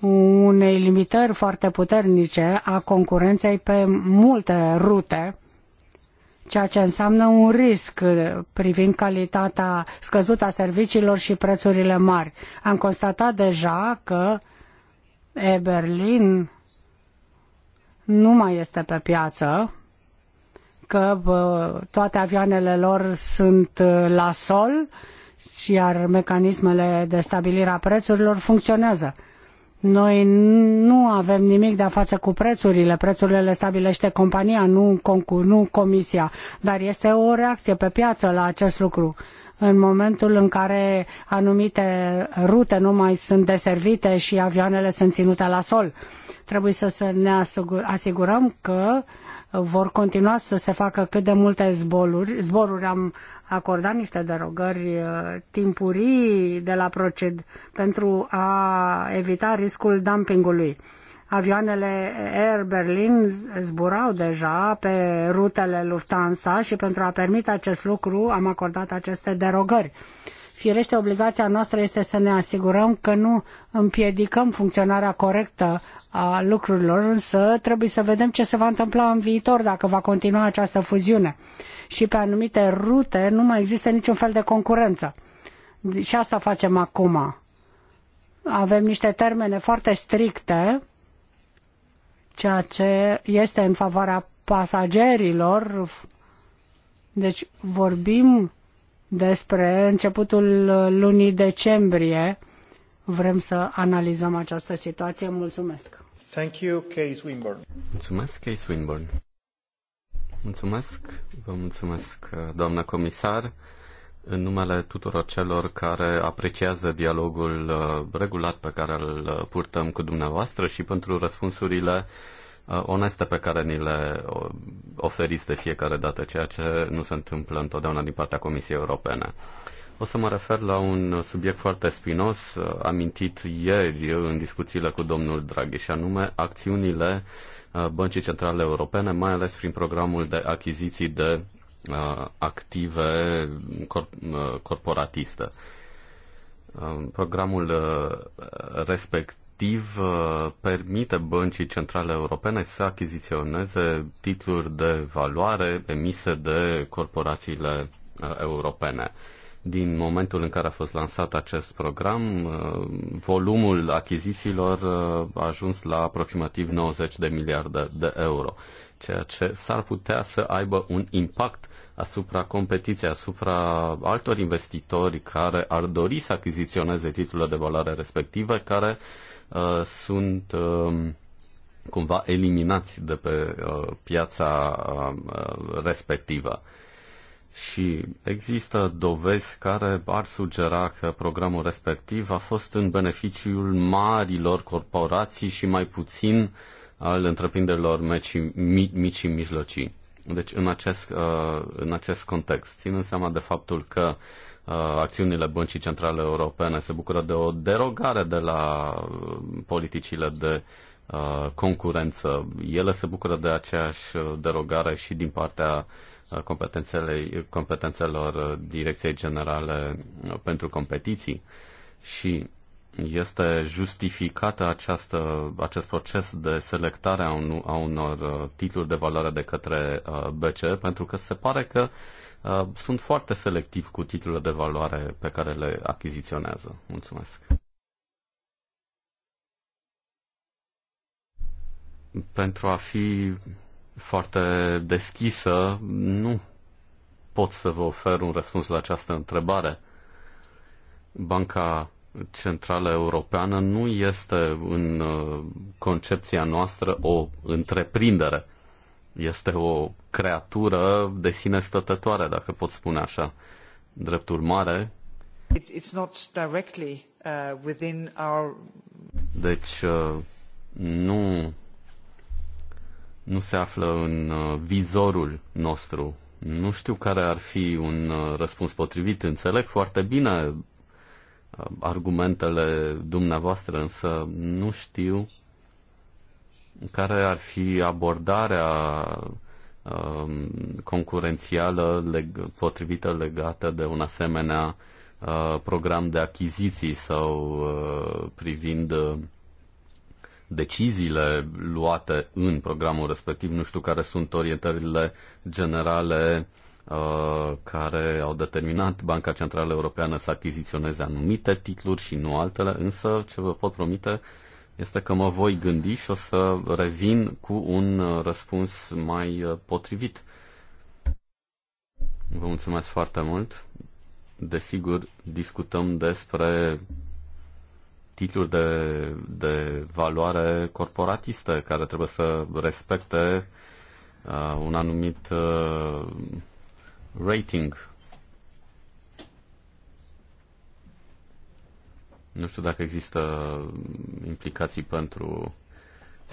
Speaker 3: unei limitări foarte puternice a concurenței pe multe rute, ceea ce înseamnă un risc privind calitatea scăzută a serviciilor și prețurile mari. Am constatat deja că Eberlin nu mai este pe piață, că toate avioanele lor sunt uh, la sol, iar mecanismele de stabilire a prețurilor funcționează. Noi nu avem nimic de-a față cu prețurile, prețurile le stabilește compania, nu, nu comisia, dar este o reacție pe piață la acest lucru. În momentul în care anumite rute nu mai sunt deservite și avioanele sunt ținute la sol, trebuie să ne asigurăm că vor continua să se facă cât de multe zboruri. zboruri. Am acorda niște derogări uh, timpurii de la proced pentru a evita riscul dumpingului. Avioanele Air Berlin zburau deja pe rutele Lufthansa și pentru a permite acest lucru am acordat aceste derogări. Firește, obligația noastră este să ne asigurăm că nu împiedicăm funcționarea corectă a lucrurilor, însă trebuie să vedem ce se va întâmpla în viitor dacă va continua această fuziune. Și pe anumite rute nu mai există niciun fel de concurență. Și asta facem acum. Avem niște termene foarte stricte, ceea ce este în favoarea pasagerilor. Deci vorbim despre începutul lunii decembrie. Vrem să analizăm această situație. Mulțumesc!
Speaker 1: Thank you, Kay Swinburne.
Speaker 4: Mulțumesc, Kay Swinburne. Mulțumesc, vă mulțumesc, doamnă comisar în numele tuturor celor care apreciază dialogul uh, regulat pe care îl uh, purtăm cu dumneavoastră și pentru răspunsurile Uh, oneste pe care ni le uh, oferiți de fiecare dată, ceea ce nu se întâmplă întotdeauna din partea Comisiei Europene. O să mă refer la un subiect foarte spinos, uh, amintit ieri în discuțiile cu domnul Draghi, și anume acțiunile Băncii Centrale Europene, mai ales prin programul de achiziții de active corporatiste programul respect, directiv uh, permite băncii centrale europene să achiziționeze titluri de valoare emise de corporațiile uh, europene. Din momentul în care a fost lansat acest program, uh, volumul achizițiilor a ajuns la aproximativ 90 de miliarde de euro, ceea ce s-ar putea să aibă un impact asupra competiției, asupra altor investitori care ar dori să achiziționeze titlurile de valoare respective, care uh, Uh, sunt um, cumva eliminați de pe uh, piața um, uh, respectivă. Și există dovezi care ar sugera că programul respectiv a fost în beneficiul marilor corporații și mai puțin al întreprinderilor mici, mici și mijlocii. Deci, în acest, în acest context, ținând seama de faptul că Uh, acțiunile Băncii Centrale Europene se bucură de o derogare de la uh, politicile de uh, concurență. Ele se bucură de aceeași derogare și din partea competențelor Direcției Generale pentru Competiții și este justificată această, acest proces de selectare a, un, a unor titluri de valoare de către BCE pentru că se pare că Uh, sunt foarte selectiv cu titlurile de valoare pe care le achiziționează. Mulțumesc. Pentru a fi foarte deschisă, nu pot să vă ofer un răspuns la această întrebare. Banca Centrală Europeană nu este în uh, concepția noastră o întreprindere este o creatură de sine stătătoare, dacă pot spune așa. Drept urmare,
Speaker 1: it's not directly uh, within our
Speaker 4: deci uh, nu nu se află în uh, vizorul nostru. Nu știu care ar fi un răspuns potrivit. Înțeleg foarte bine argumentele dumneavoastră, însă nu știu care ar fi abordarea um, concurențială leg- potrivită legată de un asemenea uh, program de achiziții sau uh, privind uh, deciziile luate în programul respectiv. Nu știu care sunt orientările generale care au determinat Banca Centrală Europeană să achiziționeze anumite titluri și nu altele, însă ce vă pot promite este că mă voi gândi și o să revin cu un uh, răspuns mai uh, potrivit. Vă mulțumesc foarte mult. Desigur, discutăm despre titluri de, de valoare corporatistă care trebuie să respecte uh, un anumit uh, rating Nu știu dacă există implicații pentru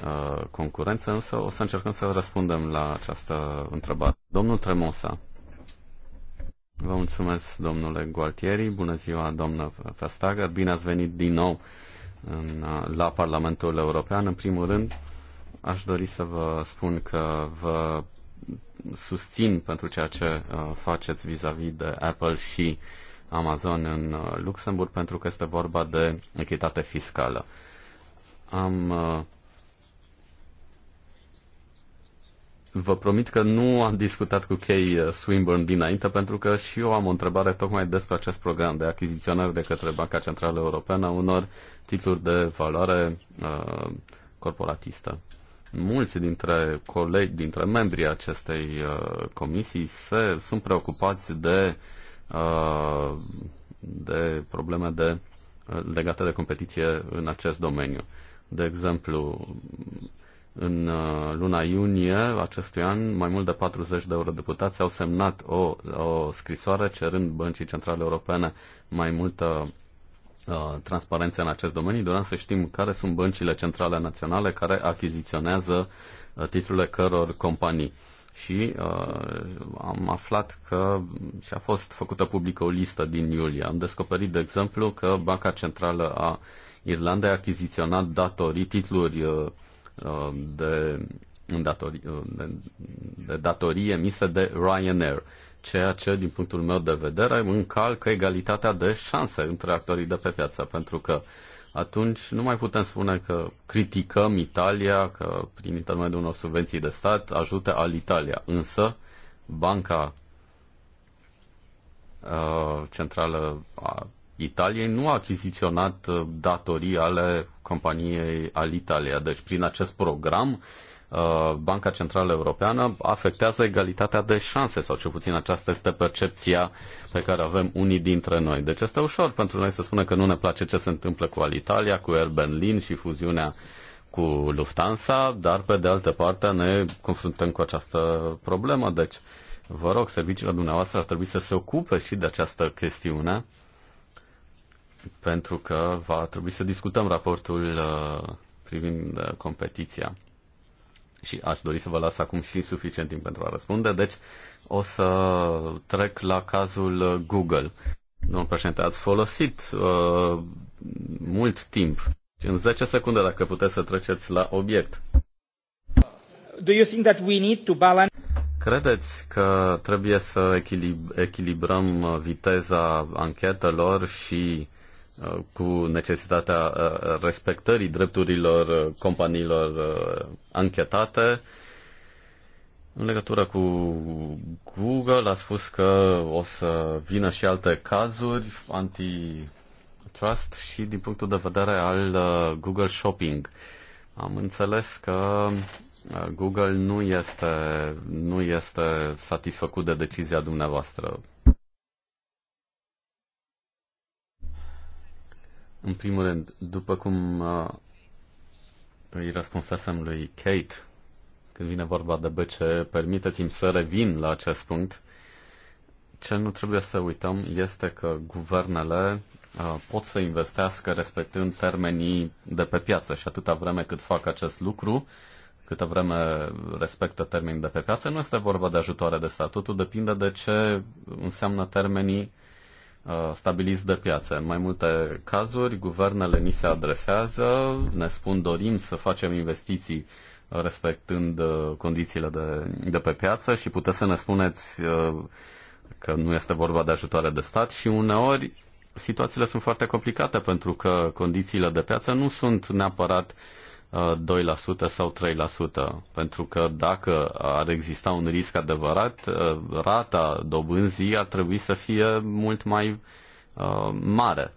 Speaker 4: uh, concurență, însă o să încercăm să răspundem la această întrebare. Domnul Tremosa. Vă mulțumesc, domnule Gualtieri. Bună ziua, doamnă Fastager. Bine ați venit din nou în, uh, la Parlamentul European. În primul rând, aș dori să vă spun că vă susțin pentru ceea ce uh, faceți vis-a-vis -vis de Apple și uh, Amazon în uh, Luxemburg pentru că este vorba de echitate fiscală. Am uh, Vă promit că nu am discutat cu Kay uh, Swinburne dinainte, pentru că și eu am o întrebare tocmai despre acest program de achiziționare de către Banca Centrală Europeană a unor titluri de valoare uh, corporatistă. Mulți dintre colegi, dintre membrii acestei uh, comisii se, sunt preocupați de uh, Uh, de probleme de, legate de competiție în acest domeniu. De exemplu, în uh, luna iunie acestui an, mai mult de 40 de eurodeputați au semnat o, o scrisoare cerând Băncii Centrale Europene mai multă uh, transparență în acest domeniu. Doar să știm care sunt băncile centrale naționale care achiziționează titlurile căror companii și uh, am aflat că și-a fost făcută publică o listă din iulie. Am descoperit, de exemplu, că Banca Centrală a Irlandei a achiziționat datorii, titluri uh, uh de, datori, uh, de, de datorii emise de Ryanair, ceea ce, din punctul meu de vedere, încalcă egalitatea de șanse între actorii de pe piață, pentru că uh, atunci nu mai putem spune că criticăm Italia, că prin intermediul unor subvenții de stat ajută al Italia. Însă, Banca uh, Centrală a Italiei nu a achiziționat uh, datorii ale companiei al Italia. Deci, prin acest program, uh, Uh, Banca Centrală Europeană afectează egalitatea de șanse, sau cel puțin aceasta este percepția pe care avem unii dintre noi. Deci este ușor pentru noi să spunem că nu ne place ce se întâmplă cu Alitalia, cu Air Berlin și fuziunea cu Lufthansa, dar pe de altă parte ne confruntăm cu această problemă. Deci, vă rog, serviciile dumneavoastră ar trebui să se ocupe și de această chestiune, pentru că va trebui să discutăm raportul uh, privind uh, competiția și aș dori să vă las acum și suficient timp pentru a răspunde, deci o să trec la cazul Google. Domnul președinte, ați folosit uh, mult timp. În 10 secunde, dacă puteți să treceți la obiect.
Speaker 1: Do you think that we need to balance...
Speaker 4: Credeți că trebuie să echilib- echilibrăm viteza anchetelor și Uh, cu necesitatea uh, respectării drepturilor uh, companiilor anchetate. În legătură cu Google, a spus că o să vină și alte cazuri antitrust și din punctul de vedere al Google Shopping. Am înțeles că Google nu este, nu este satisfăcut de decizia dumneavoastră În primul rând, după cum uh, îi răspunsesem lui Kate, când vine vorba de BC, permiteți-mi să revin la acest punct. Ce nu trebuie să uităm este că guvernele uh, pot să investească respectând termenii de pe piață și atâta vreme cât fac acest lucru, câtă vreme respectă termenii de pe piață, nu este vorba de ajutoare de stat. Totul depinde de ce înseamnă termenii Uh, stabiliți de piață. În mai multe cazuri, guvernele ni se adresează, ne spun dorim să facem investiții uh, respectând uh, condițiile de, de pe piață și puteți să ne spuneți că nu este vorba de ajutoare de stat și uneori situațiile sunt foarte complicate pentru că condițiile de piață nu sunt neapărat uh, 2% sau 3%, pentru că dacă ar exista un risc adevărat, uh, rata dobânzii ar trebui să fie mult mai uh, mare.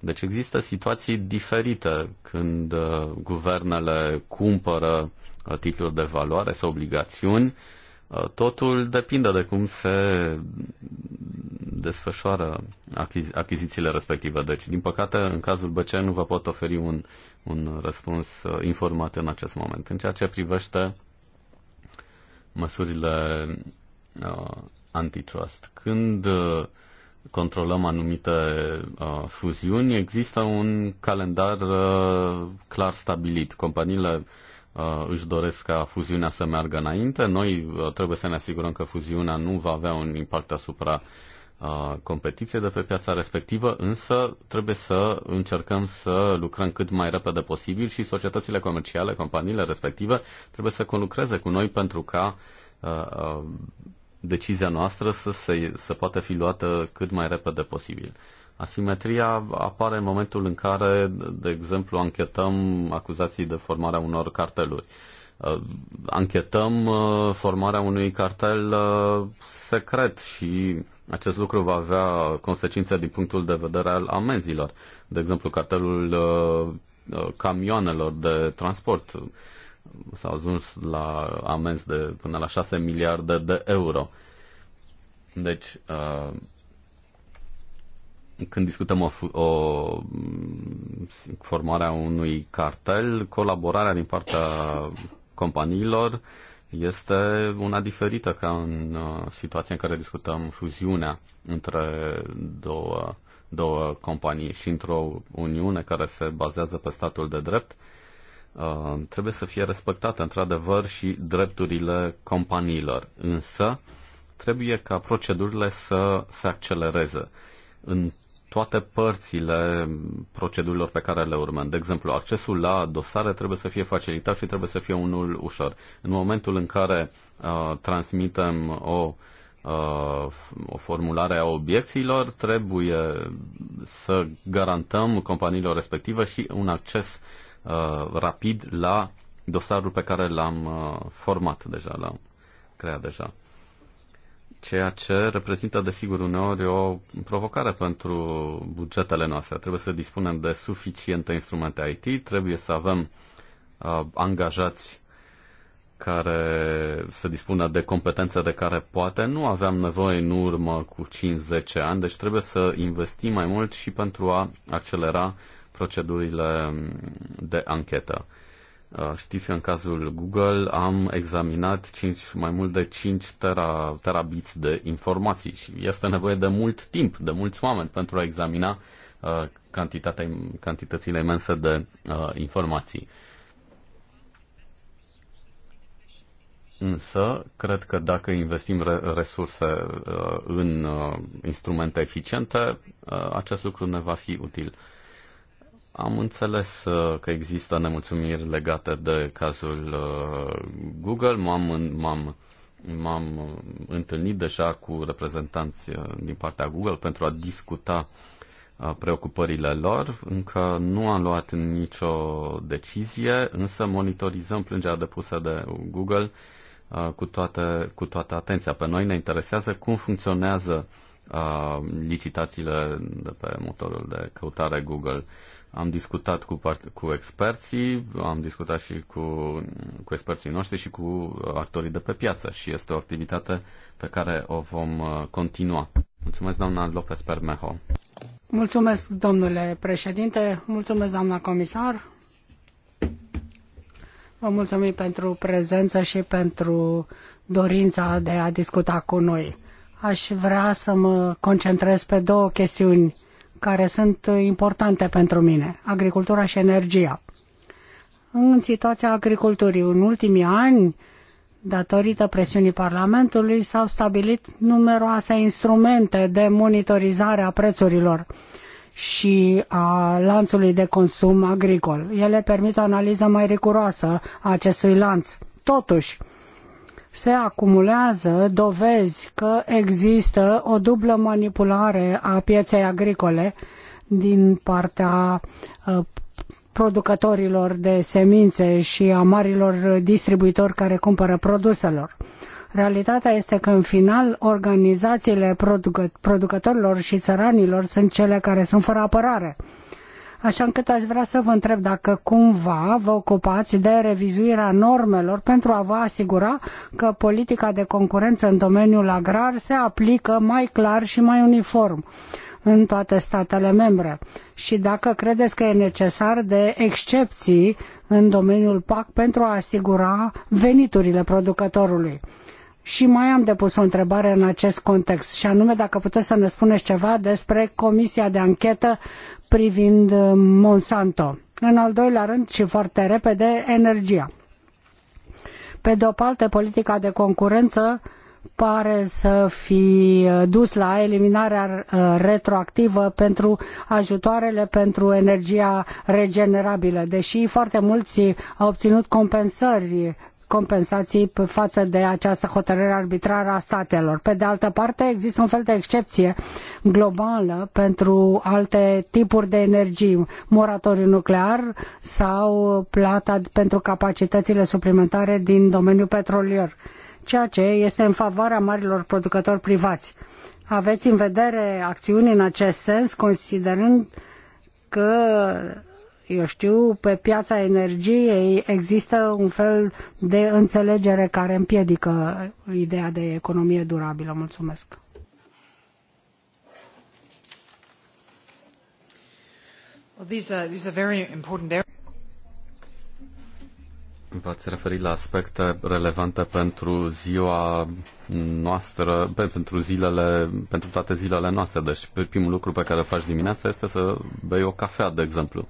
Speaker 4: Deci există situații diferite când uh, guvernele cumpără titluri de valoare sau obligațiuni Totul depinde de cum se desfășoară achizi- achizițiile respective. Deci, din păcate, în cazul BC nu vă pot oferi un, un răspuns uh, informat în acest moment. În ceea ce privește măsurile uh, antitrust, când uh, controlăm anumite uh, fuziuni, există un calendar uh, clar stabilit. Companiile uh, Uh, își doresc ca fuziunea să meargă înainte. Noi uh, trebuie să ne asigurăm că fuziunea nu va avea un impact asupra uh, competiție de pe piața respectivă, însă trebuie să încercăm să lucrăm cât mai repede posibil și societățile comerciale, companiile respective, trebuie să conlucreze cu noi pentru ca uh, decizia noastră să, se, să poată fi luată cât mai repede posibil. Asimetria apare în momentul în care, de exemplu, anchetăm acuzații de formarea unor carteluri. Uh, anchetăm uh, formarea unui cartel uh, secret și acest lucru va avea consecințe din punctul de vedere al amenzilor. De exemplu, cartelul camioanelor de transport s-a ajuns la amenzi de până la 6 miliarde de euro. Deci, când discutăm o, o formarea unui cartel, colaborarea din partea companiilor este una diferită ca în uh, situația în care discutăm fuziunea între două, două companii și într-o uniune care se bazează pe statul de drept, uh, trebuie să fie respectate într-adevăr și drepturile companiilor. Însă, trebuie ca procedurile să se accelereze. În toate părțile procedurilor pe care le urmăm. De exemplu, accesul la dosare trebuie să fie facilitat și trebuie să fie unul ușor. În momentul în care uh, transmitem o, uh, o formulare a obiecțiilor, trebuie să garantăm companiilor respective și un acces uh, rapid la dosarul pe care l-am uh, format deja, l-am creat deja ceea ce reprezintă, desigur, uneori o provocare pentru bugetele noastre. Trebuie să dispunem de suficiente instrumente IT, trebuie să avem uh, angajați care să dispună de competențe de care poate nu aveam nevoie în urmă cu 5-10 ani, deci trebuie să investim mai mult și pentru a accelera procedurile mm, de anchetă. Uh, știți că în cazul Google am examinat 5, mai mult de 5 tera, terabits de informații și este nevoie de mult timp, de mulți oameni pentru a examina uh, cantitatea, cantitățile imense de uh, informații. Însă, cred că dacă investim re- resurse uh, în uh, instrumente eficiente, uh, acest lucru ne va fi util. Uh, am înțeles uh, că există nemulțumiri legate de cazul uh, Google. M-am, m-am, m-am uh, întâlnit deja cu reprezentanți din partea Google pentru a discuta preocupările lor. Încă nu am luat nicio decizie, însă monitorizăm plângerea depusă de Google cu toată, cu toată atenția. Pe noi ne interesează cum funcționează licitațiile de pe motorul de căutare Google. Am discutat cu, cu experții, am discutat și cu, cu experții noștri și cu uh, actorii de pe piață și este o activitate pe care o vom uh, continua. Mulțumesc, doamna Lopez Permejo.
Speaker 3: Mulțumesc, domnule președinte, mulțumesc, doamna comisar. Vă mulțumim pentru prezență și pentru dorința de a discuta cu noi. Aș vrea să mă concentrez pe două chestiuni care sunt importante pentru mine, agricultura și energia. În situația agriculturii, în ultimii ani, datorită presiunii Parlamentului, s-au stabilit numeroase instrumente de monitorizare a prețurilor și a lanțului de consum agricol. Ele permit o analiză mai riguroasă a acestui lanț. Totuși, se acumulează dovezi că există o dublă manipulare a pieței agricole din partea uh, producătorilor de semințe și a marilor distribuitori care cumpără produselor. Realitatea este că, în final, organizațiile producătorilor și țăranilor sunt cele care sunt fără apărare așa încât aș vrea să vă întreb dacă cumva vă ocupați de revizuirea normelor pentru a vă asigura că politica de concurență în domeniul agrar se aplică mai clar și mai uniform în toate statele membre și dacă credeți că e necesar de excepții în domeniul PAC pentru a asigura veniturile producătorului. Și mai am depus o întrebare în acest context, și anume dacă puteți să ne spuneți ceva despre Comisia de Anchetă privind uh, Monsanto. În al doilea rând și foarte repede, energia. Pe de o parte, politica de concurență pare să fi uh, dus la eliminarea uh, retroactivă pentru ajutoarele pentru energia regenerabilă, deși foarte mulți au obținut compensări compensații față de această hotărâre arbitrară a statelor. Pe de altă parte, există un fel de excepție globală pentru alte tipuri de energii, moratoriu nuclear sau plata pentru capacitățile suplimentare din domeniul petrolier, ceea ce este în favoarea marilor producători privați. Aveți în vedere acțiuni în acest sens, considerând că eu știu, pe piața energiei există un fel de înțelegere care împiedică ideea de economie durabilă. Mulțumesc.
Speaker 4: V-ați referit la aspecte relevante pentru ziua noastră, pentru zilele, pentru toate zilele noastre. Deci primul lucru pe care îl faci dimineața este să bei o cafea, de exemplu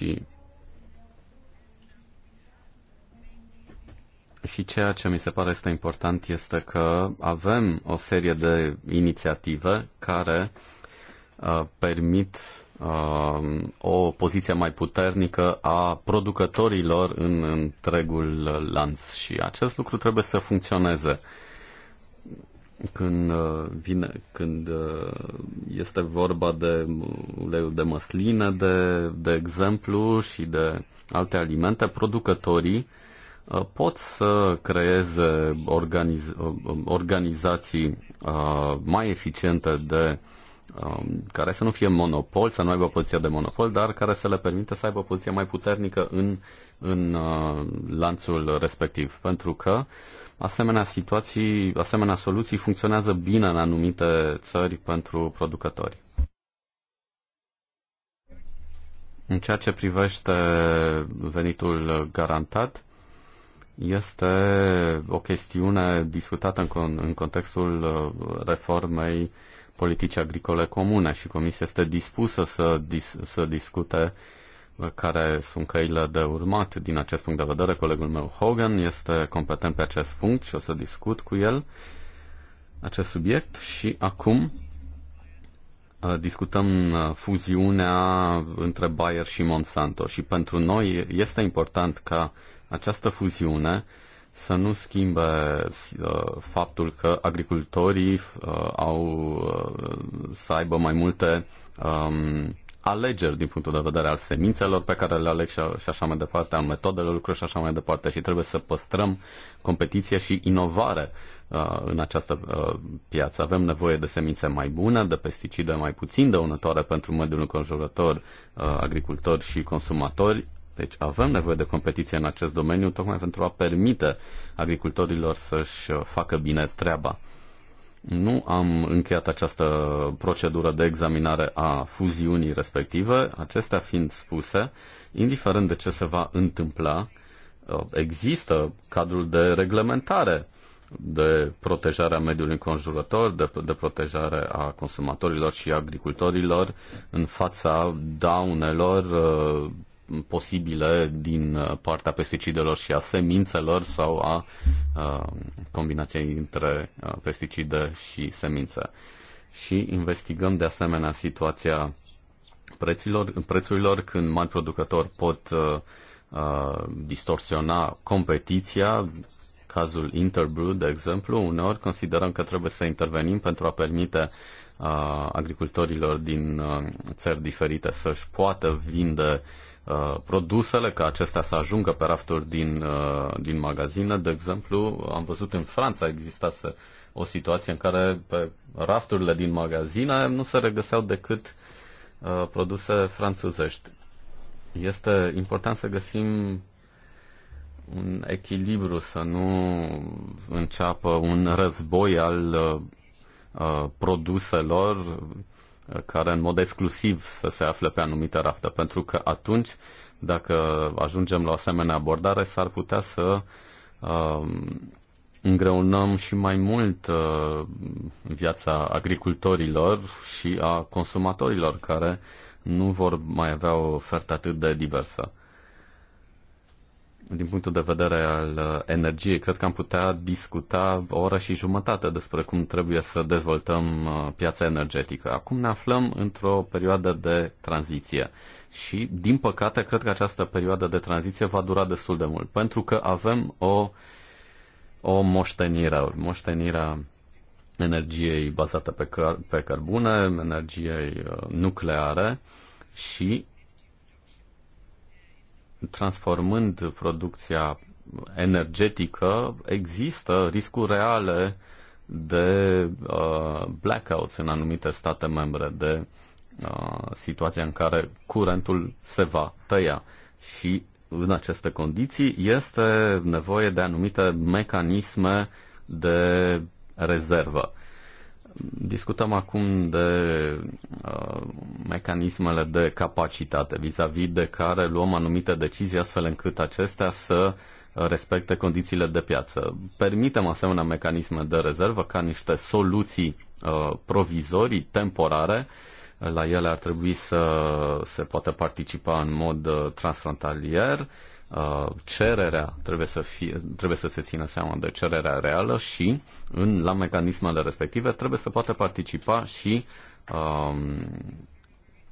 Speaker 4: și și ceea ce mi se pare este important este că avem o serie de inițiative care uh, permit uh, o poziție mai puternică a producătorilor în întregul lanț și acest lucru trebuie să funcționeze. Uh, când, uh, vine, când uh, este vorba de uleiul de măsline, de, de exemplu, și de alte alimente, producătorii uh, pot să creeze organiz, um, organizații mai eficiente de um, care să nu fie monopol, să nu aibă poziția de monopol, dar care să le permită să aibă poziția mai puternică în, în lanțul respectiv. Pentru că Asemenea situații, asemenea soluții funcționează bine în anumite țări pentru producători. În ceea ce privește venitul garantat, este o chestiune discutată în, con- în contextul uh, reformei politicii agricole comune și Comisia este dispusă să, dis- să discute care sunt căile de urmat din acest punct de vedere. Colegul meu Hogan este competent pe acest punct și o să discut cu el acest subiect și acum uh, discutăm uh, fuziunea între Bayer și Monsanto și pentru noi este important ca această fuziune să nu schimbe uh, faptul că agricultorii au să aibă mai multe um, alegeri din punctul de vedere al semințelor pe care le aleg și așa mai departe, al metodelor lucru și așa mai departe și trebuie să păstrăm competiție și inovare uh, în această uh, piață. Avem nevoie de semințe mai bune, de pesticide mai puțin dăunătoare pentru mediul înconjurător, uh, agricultori și consumatori. Deci avem nevoie de competiție în acest domeniu tocmai pentru a permite agricultorilor să-și uh, facă bine treaba nu am încheiat această procedură de examinare a fuziunii respective. Acestea fiind spuse, indiferent de ce se va întâmpla, uh, există cadrul de reglementare de protejare a mediului înconjurător, de, de protejare a consumatorilor și agricultorilor în fața daunelor uh, posibile din uh, partea pesticidelor și a semințelor sau a, a uh, combinației între uh, pesticide și semințe. Și investigăm de asemenea situația preților, prețurilor când mari producători pot distorsiona competiția, cazul Interbrew, de exemplu, uneori considerăm că trebuie să intervenim pentru a permite uh, agricultorilor din uh, țări diferite să-și poată vinde Uh, produsele, ca acestea să ajungă pe rafturi din, uh, din magazine. De exemplu, am văzut în Franța existase o situație în care pe rafturile din magazine nu se regăseau decât uh, produse franțuzești. Este important să găsim un echilibru, să nu înceapă un război al uh, produselor care în mod exclusiv să se afle pe anumite rafte, pentru că atunci, dacă ajungem la o asemenea abordare, s-ar putea să uh, îngreunăm și mai mult uh, viața agricultorilor și a consumatorilor care nu vor mai avea o ofertă atât de diversă din punctul de vedere al uh, energiei, cred că am putea discuta o oră și jumătate despre cum trebuie să dezvoltăm uh, piața energetică. Acum ne aflăm într-o perioadă de tranziție și, din păcate, cred că această perioadă de tranziție va dura destul de mult, pentru că avem o, o moștenire, moștenirea energiei bazată pe, car- pe cărbune, energiei uh, nucleare și transformând producția energetică, există riscuri reale de uh, blackouts în anumite state membre, de uh, situația în care curentul se va tăia. Și în aceste condiții este nevoie de anumite mecanisme de rezervă. Discutăm acum de uh, mecanismele de capacitate vis-a-vis -vis de care luăm anumite decizii astfel încât acestea să respecte condițiile de piață. Permitem asemenea mecanisme de rezervă ca niște soluții uh, provizorii, temporare. La ele ar trebui să se poată participa în mod uh, transfrontalier Uh, cererea trebuie să, fie, trebuie să se țină seama de cererea reală și în, la mecanismele respective trebuie să poată participa și um,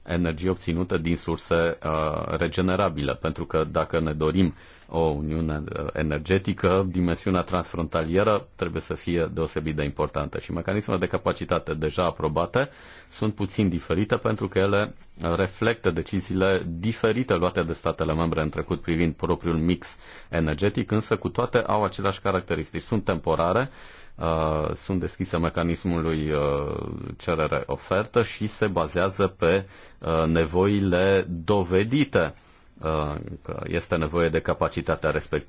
Speaker 4: energie obținută din surse uh, regenerabile, pentru că dacă ne dorim o uniune uh, energetică, dimensiunea transfrontalieră trebuie să fie deosebit de importantă și mecanismele de capacitate deja aprobate sunt puțin diferite pentru că ele uh, reflectă deciziile diferite luate de statele membre în trecut privind propriul mix energetic, însă cu toate au aceleași caracteristici. Sunt temporare, Uh, sunt deschise mecanismului uh, cerere-ofertă și se bazează pe uh, nevoile dovedite uh, că este nevoie de capacitatea uh,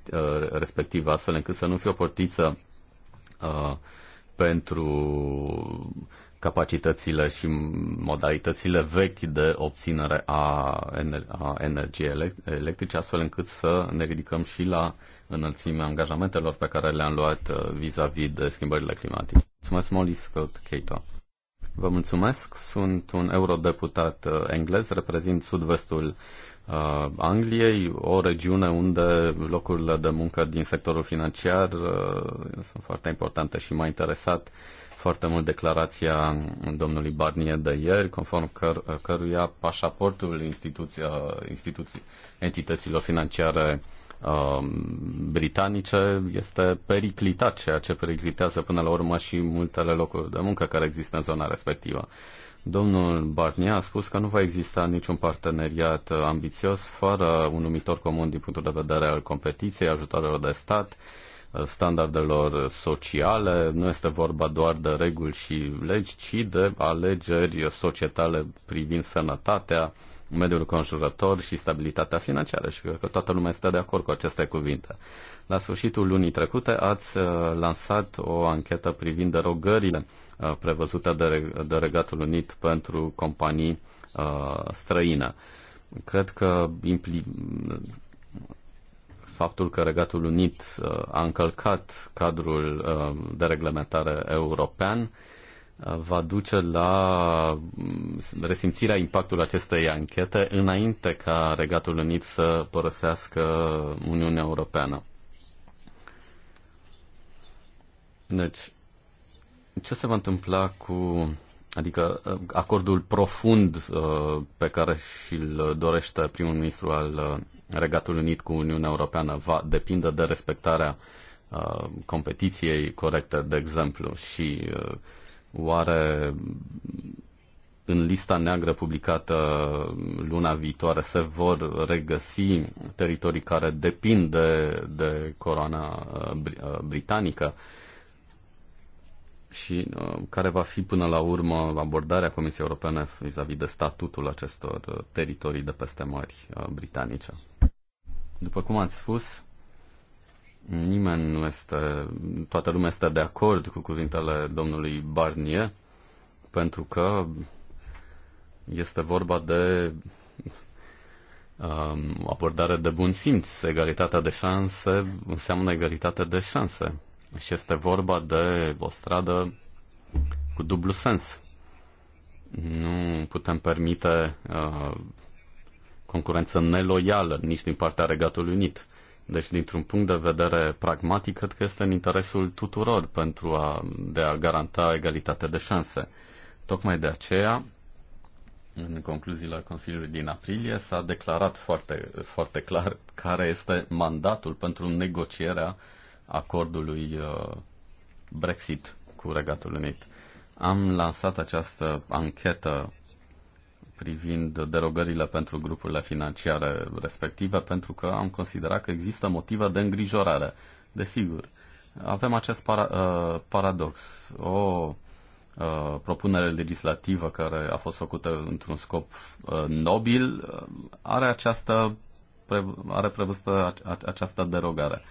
Speaker 4: respectivă, astfel încât să nu fie o portiță pentru capacitățile și modalitățile vechi de obținere a energiei electrice, astfel încât să ne ridicăm și la înălțimea angajamentelor pe care le-am luat uh, vis-a-vis -vis de schimbările climatice. Mulțumesc, Molly Scott Cato. Vă mulțumesc, sunt un eurodeputat uh, englez, reprezint sud-vestul uh, Angliei, o regiune unde locurile de muncă din sectorul financiar uh, sunt foarte importante și m-a interesat foarte mult declarația domnului Barnier de ieri, conform căr- uh, căruia pașaportul instituția, instituții, entităților financiare Um, britanice este periclitat, ceea ce periclitează până la urmă și multele locuri de muncă care există în zona respectivă. Domnul Barnier a spus că nu va exista niciun parteneriat ambițios fără un numitor comun din punctul de vedere al competiției, ajutoarelor de stat, standardelor sociale. Nu este vorba doar de reguli și legi, ci de alegeri societale privind sănătatea, mediul conjurător și stabilitatea financiară și cred că toată lumea este de acord cu aceste cuvinte. La sfârșitul lunii trecute ați uh, lansat o anchetă privind derogările uh, prevăzute de, de Regatul Unit pentru companii uh, străine. Cred că impli... faptul că Regatul Unit uh, a încălcat cadrul uh, de reglementare european va duce la mm, resimțirea impactului acestei anchete înainte ca Regatul Unit să părăsească Uniunea Europeană. Deci, ce se va întâmpla cu adică acordul profund uh, pe care și-l dorește primul ministru al uh, Regatului Unit cu Uniunea Europeană va depinde de respectarea uh, competiției corecte, de exemplu, și Oare în lista neagră publicată luna viitoare se vor regăsi teritorii care depind de, de coroana uh, uh, britanică și uh, care va fi până la urmă abordarea Comisiei Europene vis-a-vis -vis de statutul acestor teritorii de peste mări britanice. După cum ați spus, Nimeni nu este, toată lumea este de acord cu cuvintele domnului Barnier, pentru că este vorba de um, abordare de bun simț. Egalitatea de șanse înseamnă egalitate de șanse. Și este vorba de o stradă cu dublu sens. Nu putem permite uh, concurență neloială nici din partea Regatului Unit. Deci, dintr-un punct de vedere pragmatic, cred că este în interesul tuturor pentru a, de a garanta egalitate de șanse. Tocmai de aceea, în concluziile Consiliului din aprilie, s-a declarat foarte, foarte clar care este mandatul pentru negocierea acordului uh, Brexit cu Regatul Unit. Am lansat această anchetă privind derogările pentru grupurile financiare respective, pentru că am considerat că există motive de îngrijorare. Desigur, avem acest para, uh, paradox. O uh, propunere legislativă care a fost făcută într-un scop uh, nobil uh, are această pre, are prevăzută această derogare.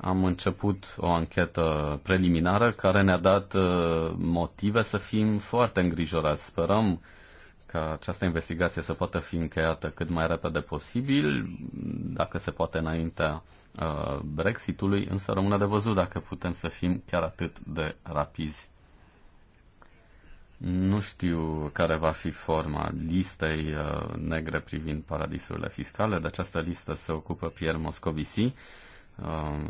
Speaker 4: Am început o anchetă preliminară care ne-a dat uh, motive să fim foarte îngrijorați. Sperăm ca această investigație să poată fi încheiată cât mai repede posibil, dacă se poate înaintea uh, Brexitului, însă rămâne de văzut dacă putem să fim chiar atât de rapizi. Nu știu care va fi forma listei uh, negre privind paradisurile fiscale. De această listă se ocupă Pierre Moscovici. Uh,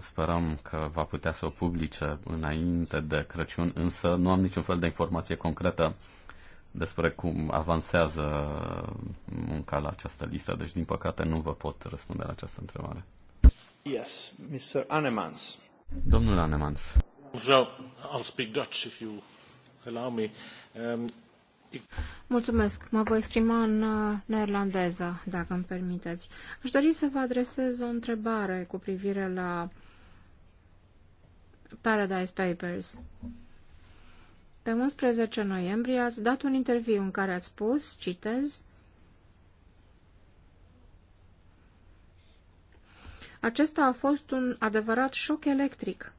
Speaker 4: sperăm că va putea să o publice înainte de Crăciun, însă nu am niciun fel de informație concretă despre cum avansează munca la această listă, deci din păcate nu vă pot răspunde la această întrebare.
Speaker 1: Yes, Mr. Anemans.
Speaker 4: Domnul Anemans.
Speaker 1: Well, I'll speak Dutch if you allow me. Um,
Speaker 2: Mulțumesc. Mă voi exprima în uh, neerlandeză, dacă îmi permiteți. Aș dori să vă adresez o întrebare cu privire la Paradise Papers. Pe 11 noiembrie ați dat un interviu în care ați spus, citez, Acesta a fost un adevărat șoc electric.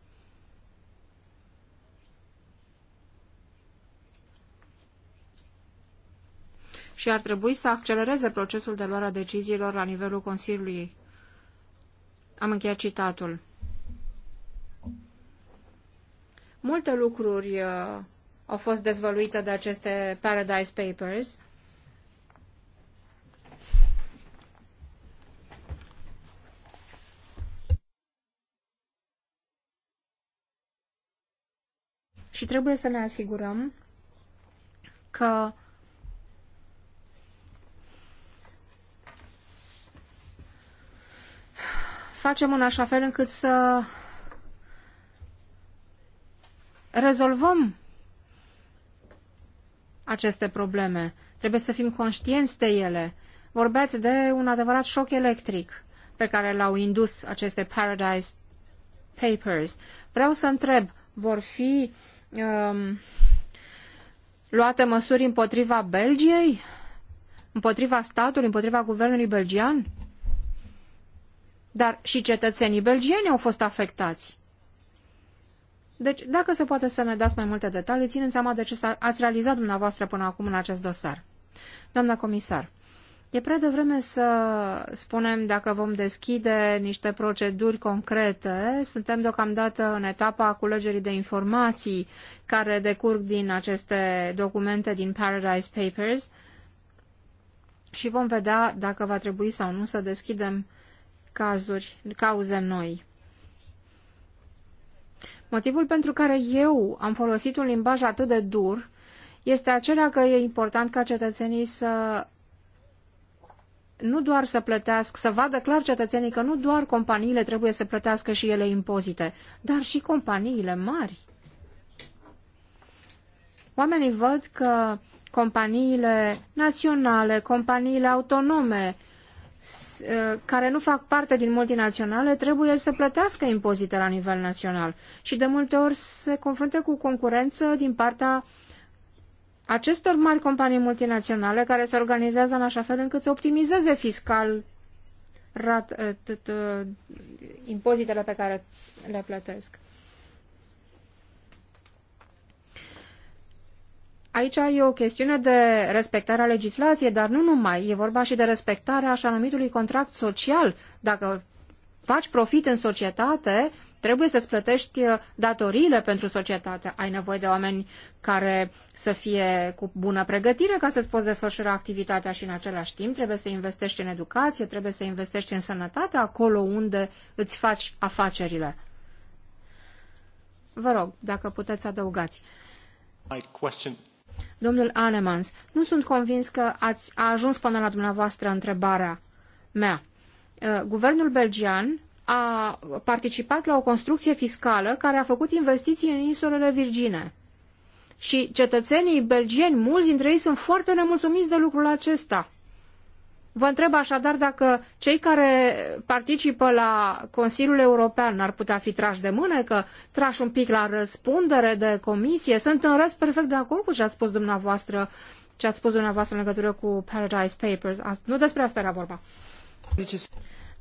Speaker 2: și ar trebui să accelereze procesul de luare a deciziilor la nivelul Consiliului. Am încheiat citatul. Multe lucruri uh, au fost dezvăluite de aceste Paradise Papers. Și trebuie să ne asigurăm că facem în așa fel încât să rezolvăm aceste probleme. Trebuie să fim conștienți de ele. Vorbeați de un adevărat șoc electric pe care l-au indus aceste Paradise Papers. Vreau să întreb, vor fi um, luate măsuri împotriva Belgiei? Împotriva statului, împotriva guvernului belgian? Dar și cetățenii belgieni au fost afectați. Deci, dacă se poate să ne dați mai multe detalii, ținând seama de ce ați realizat dumneavoastră până acum în acest dosar. Doamna comisar, e prea devreme să spunem dacă vom deschide niște proceduri concrete. Suntem deocamdată în etapa culegerii de informații care decurg din aceste documente din Paradise Papers și vom vedea dacă va trebui sau nu să deschidem cazuri, cauze noi. Motivul pentru care eu am folosit un limbaj atât de dur este acela că e important ca cetățenii să nu doar să plătească, să vadă clar cetățenii că nu doar companiile trebuie să plătească și ele impozite, dar și companiile mari. Oamenii văd că companiile naționale, companiile autonome, Uh, care nu fac parte din multinaționale trebuie să plătească impozite la nivel național și de multe ori se confruntă cu concurență din partea acestor mari companii multinaționale care se organizează în așa fel încât să optimizeze fiscal rat, uh, t -t -t uh, impozitele pe care le plătesc. Aici e o chestiune de respectare a legislației, dar nu numai. E vorba și de respectarea așa numitului contract social. Dacă faci profit în societate, trebuie să-ți plătești uh, datoriile pentru societate. Ai nevoie de oameni care să fie cu bună pregătire ca să-ți poți desfășura activitatea și în același timp trebuie să investești în educație, trebuie să investești în sănătate, acolo unde îți faci afacerile. Vă rog, dacă puteți adăugați.
Speaker 1: My question
Speaker 2: Domnul Anemans, nu sunt convins că ați a ajuns până la dumneavoastră întrebarea mea. Uh, guvernul belgian a participat la o construcție fiscală care a făcut investiții în insulele Virgine. Și cetățenii belgieni, mulți dintre ei, sunt foarte nemulțumiți de lucrul acesta. Vă întreb așadar dacă cei care participă la Consiliul European ar putea fi trași de mână, că trași un pic la răspundere de comisie. Sunt în rest perfect de acord cu ce ați spus dumneavoastră, ce ați spus dumneavoastră în legătură cu Paradise Papers. Nu despre asta era vorba.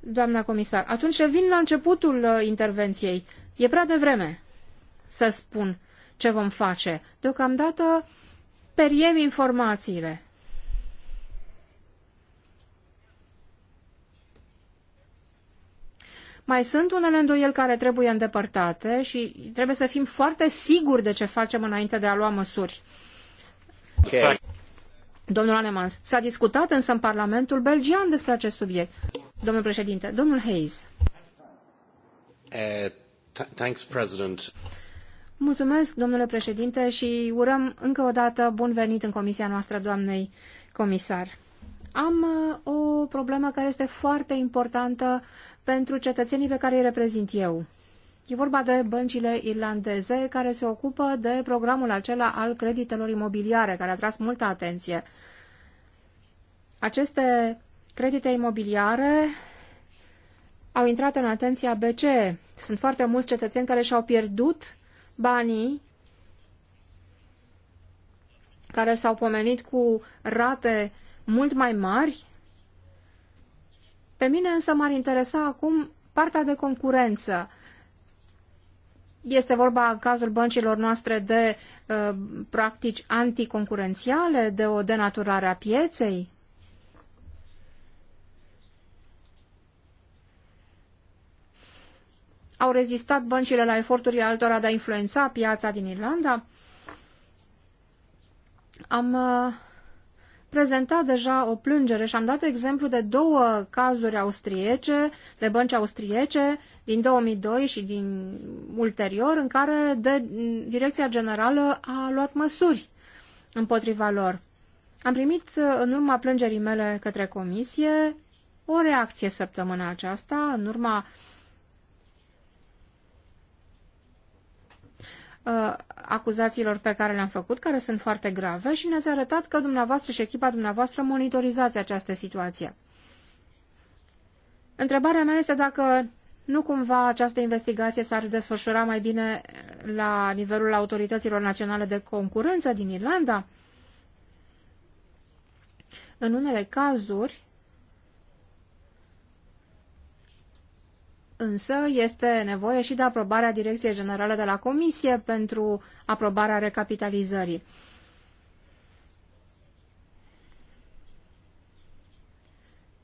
Speaker 2: Doamna comisar, atunci revin la începutul uh, intervenției. E prea devreme să spun ce vom face. Deocamdată periem informațiile. Mai sunt unele îndoieli care trebuie îndepărtate și trebuie să fim foarte siguri de ce facem înainte de a lua măsuri. Okay. Domnul Anemans, s-a discutat însă în Parlamentul belgian despre acest subiect. Domnul președinte, domnul Hayes.
Speaker 4: Uh, thanks, President.
Speaker 2: Mulțumesc, domnule președinte, și urăm încă o dată bun venit în comisia noastră, doamnei comisar. Am uh, o problemă care este foarte importantă pentru cetățenii pe care îi reprezint eu. E vorba de băncile irlandeze care se ocupă de programul acela al creditelor imobiliare, care a tras multă atenție. Aceste credite imobiliare au intrat în atenția BCE. Sunt foarte mulți cetățeni care și-au pierdut banii care s-au pomenit cu rate mult mai mari. Pe mine însă m-ar interesa acum partea de concurență. Este vorba în cazul băncilor noastre de uh, practici anticoncurențiale, de o denaturare a pieței? Au rezistat băncile la eforturile altora de a influența piața din Irlanda? Am uh, prezentat deja o plângere și am dat exemplu de două cazuri austriece, de bănci austriece, din 2002 și din ulterior, în care de, Direcția Generală a luat măsuri împotriva lor. Am primit, în urma plângerii mele către comisie, o reacție săptămâna aceasta, în urma uh, Uh, acuzațiilor pe care le-am făcut, care sunt foarte grave, și ne-ați arătat că dumneavoastră și echipa dumneavoastră monitorizați această situație. Întrebarea mea este dacă nu cumva această investigație s-ar desfășura mai bine la nivelul autorităților naționale de concurență din Irlanda? În unele cazuri, Însă este nevoie și de aprobarea Direcției Generale de la Comisie pentru aprobarea recapitalizării.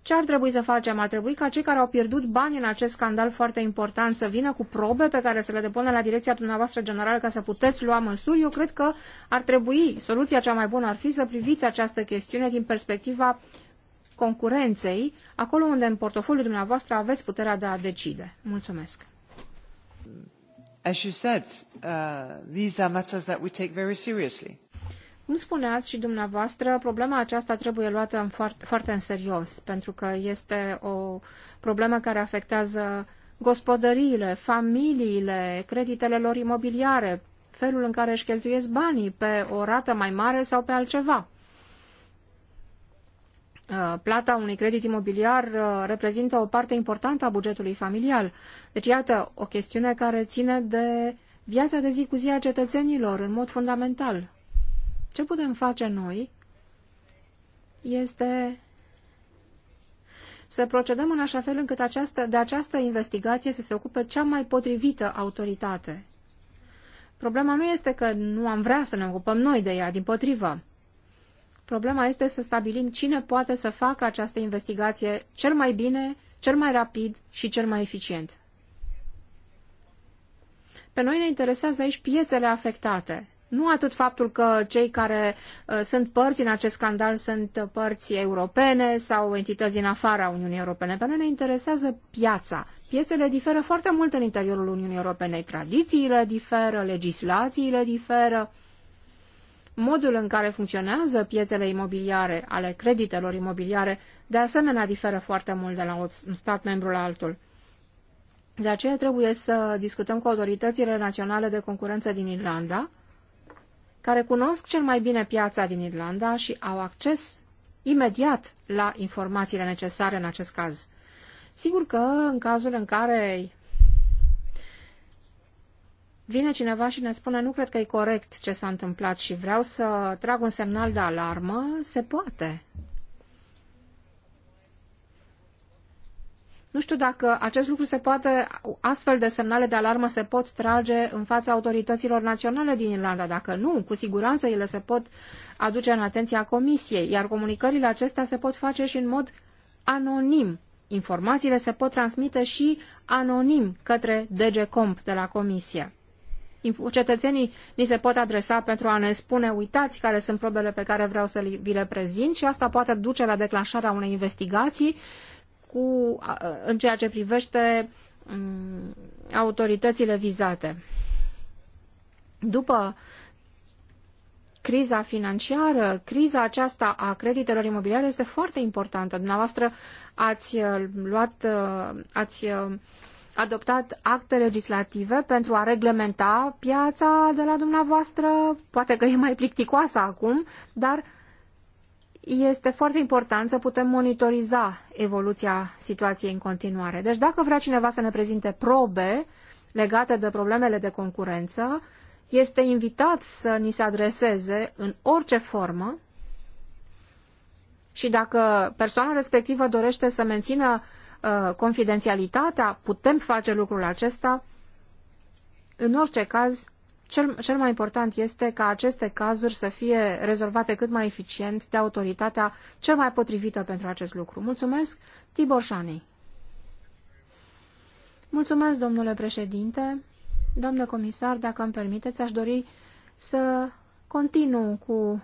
Speaker 2: Ce ar trebui să facem? Ar trebui ca cei care au pierdut bani în acest scandal foarte important să vină cu probe pe care să le depună la direcția dumneavoastră generală ca să puteți lua măsuri? Eu cred că ar trebui, soluția cea mai bună ar fi să priviți această chestiune din perspectiva concurenței, acolo unde în portofoliul dumneavoastră aveți puterea de a decide.
Speaker 1: Mulțumesc. As you said, uh, these are matters that we take very seriously.
Speaker 2: Cum spuneați și dumneavoastră, problema aceasta trebuie luată în foarte, foarte în serios, pentru că este o problemă care afectează gospodăriile, familiile, creditele lor imobiliare, felul în care își cheltuiesc banii pe o rată mai mare sau pe altceva. Uh, plata unui credit imobiliar uh, reprezintă o parte importantă a bugetului familial. Deci, iată, o chestiune care ține de viața de zi cu zi a cetățenilor, în mod fundamental. Ce putem face noi este să procedăm în așa fel încât această, de această investigație să se ocupe cea mai potrivită autoritate. Problema nu este că nu am vrea să ne ocupăm noi de ea, din potrivă. Problema este să stabilim cine poate să facă această investigație cel mai bine, cel mai rapid și cel mai eficient. Pe noi ne interesează aici piețele afectate. Nu atât faptul că cei care uh, sunt părți în acest scandal sunt părți europene sau entități din afara Uniunii Europene. Pe noi ne interesează piața. Piețele diferă foarte mult în interiorul Uniunii Europene. Tradițiile diferă, legislațiile diferă. Modul în care funcționează piețele imobiliare, ale creditelor imobiliare, de asemenea diferă foarte mult de la un stat membru la altul. De aceea trebuie să discutăm cu autoritățile naționale de concurență din Irlanda, care cunosc cel mai bine piața din Irlanda și au acces imediat la informațiile necesare în acest caz. Sigur că în cazul în care vine cineva și ne spune nu cred că e corect ce s-a întâmplat și vreau să trag un semnal de alarmă, se poate. Nu știu dacă acest lucru se poate, astfel de semnale de alarmă se pot trage în fața autorităților naționale din Irlanda. Dacă nu, cu siguranță ele se pot aduce în atenția Comisiei, iar comunicările acestea se pot face și în mod anonim. Informațiile se pot transmite și anonim către DG Comp de la Comisie. Cetățenii ni se pot adresa pentru a ne spune, uitați care sunt probele pe care vreau să vi le prezint și asta poate duce la declanșarea unei investigații cu, în ceea ce privește autoritățile vizate. După criza financiară, criza aceasta a creditelor imobiliare este foarte importantă. Dumneavoastră ați uh, luat, uh, ați uh, adoptat acte legislative pentru a reglementa piața de la dumneavoastră. Poate că e mai plicticoasă acum, dar este foarte important să putem monitoriza evoluția situației în continuare. Deci dacă vrea cineva să ne prezinte probe legate de problemele de concurență, este invitat să ni se adreseze în orice formă și dacă persoana respectivă dorește să mențină uh, confidențialitatea, putem face lucrul acesta. În orice caz, cel, cel mai important este ca aceste cazuri să fie rezolvate cât mai eficient de autoritatea cel mai potrivită pentru acest lucru. Mulțumesc, Tibor Șani. Mulțumesc, domnule președinte. Doamnă comisar, dacă îmi permiteți, aș dori să continu cu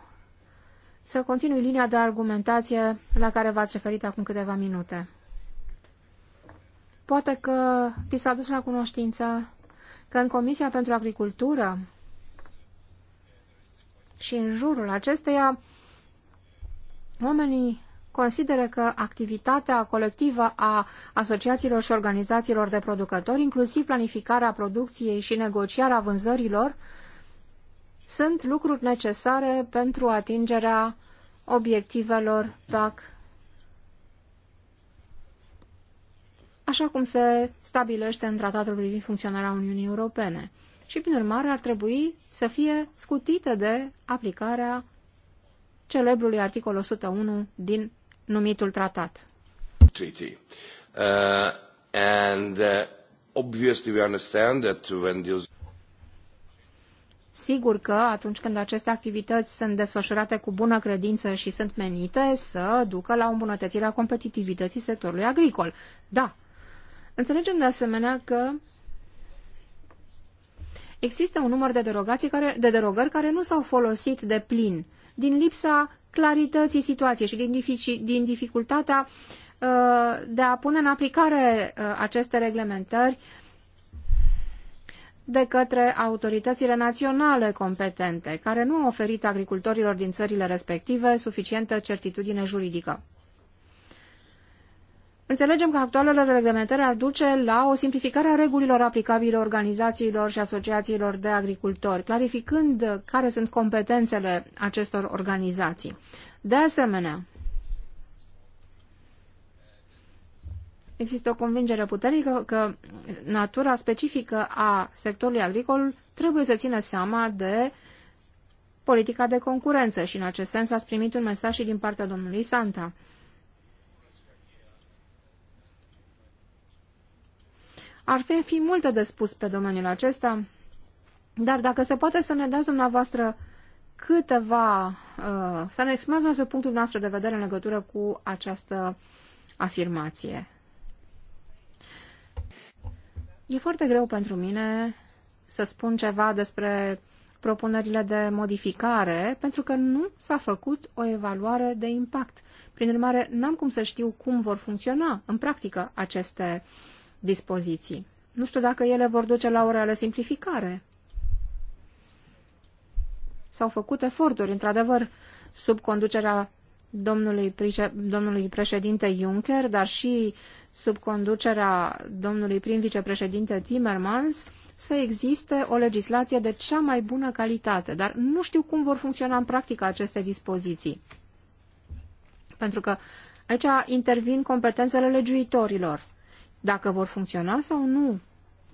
Speaker 2: să continui linia de argumentație la care v-ați referit acum câteva minute. Poate că vi s-a dus la cunoștință că în Comisia pentru Agricultură și în jurul acesteia oamenii consideră că activitatea colectivă a asociațiilor și organizațiilor de producători, inclusiv planificarea producției și negociarea vânzărilor, sunt lucruri necesare pentru atingerea obiectivelor PAC așa cum se stabilește în tratatul privind funcționarea Uniunii Europene. Și, prin urmare, ar trebui să fie scutită de aplicarea celebrului articol 101 din numitul tratat.
Speaker 1: Treaty. Uh, and, uh, obviously we understand that when those...
Speaker 2: Sigur că atunci când aceste activități sunt desfășurate cu bună credință și sunt menite să ducă la îmbunătățirea competitivității sectorului agricol. Da, Înțelegem de asemenea că există un număr de, derogații care, de derogări care nu s-au folosit de plin din lipsa clarității situației și din, dificil, din dificultatea uh, de a pune în aplicare uh, aceste reglementări de către autoritățile naționale competente, care nu au oferit agricultorilor din țările respective suficientă certitudine juridică. Înțelegem că actualele reglementări ar duce la o simplificare a regulilor aplicabile organizațiilor și asociațiilor de agricultori, clarificând care sunt competențele acestor organizații. De asemenea, Există o convingere puternică că natura specifică a sectorului agricol trebuie să țină seama de politica de concurență și în acest sens ați primit un mesaj și din partea domnului Santa. Ar fi, fi multe de spus pe domeniul acesta, dar dacă se poate să ne dați dumneavoastră câteva, uh, să ne exprimați dumneavoastră punctul noastră de vedere în legătură cu această afirmație. E foarte greu pentru mine să spun ceva despre propunerile de modificare, pentru că nu s-a făcut o evaluare de impact. Prin urmare, n-am cum să știu cum vor funcționa în practică aceste uh, dispoziții. Nu știu dacă ele vor duce la o reală simplificare. S-au făcut eforturi, într-adevăr, sub conducerea domnului, domnului președinte Juncker, dar și sub conducerea domnului prim-vicepreședinte Timmermans, să existe o legislație de cea mai bună calitate, dar nu știu cum vor funcționa în practică aceste dispoziții. Pentru că aici intervin competențele legiuitorilor dacă vor funcționa sau nu.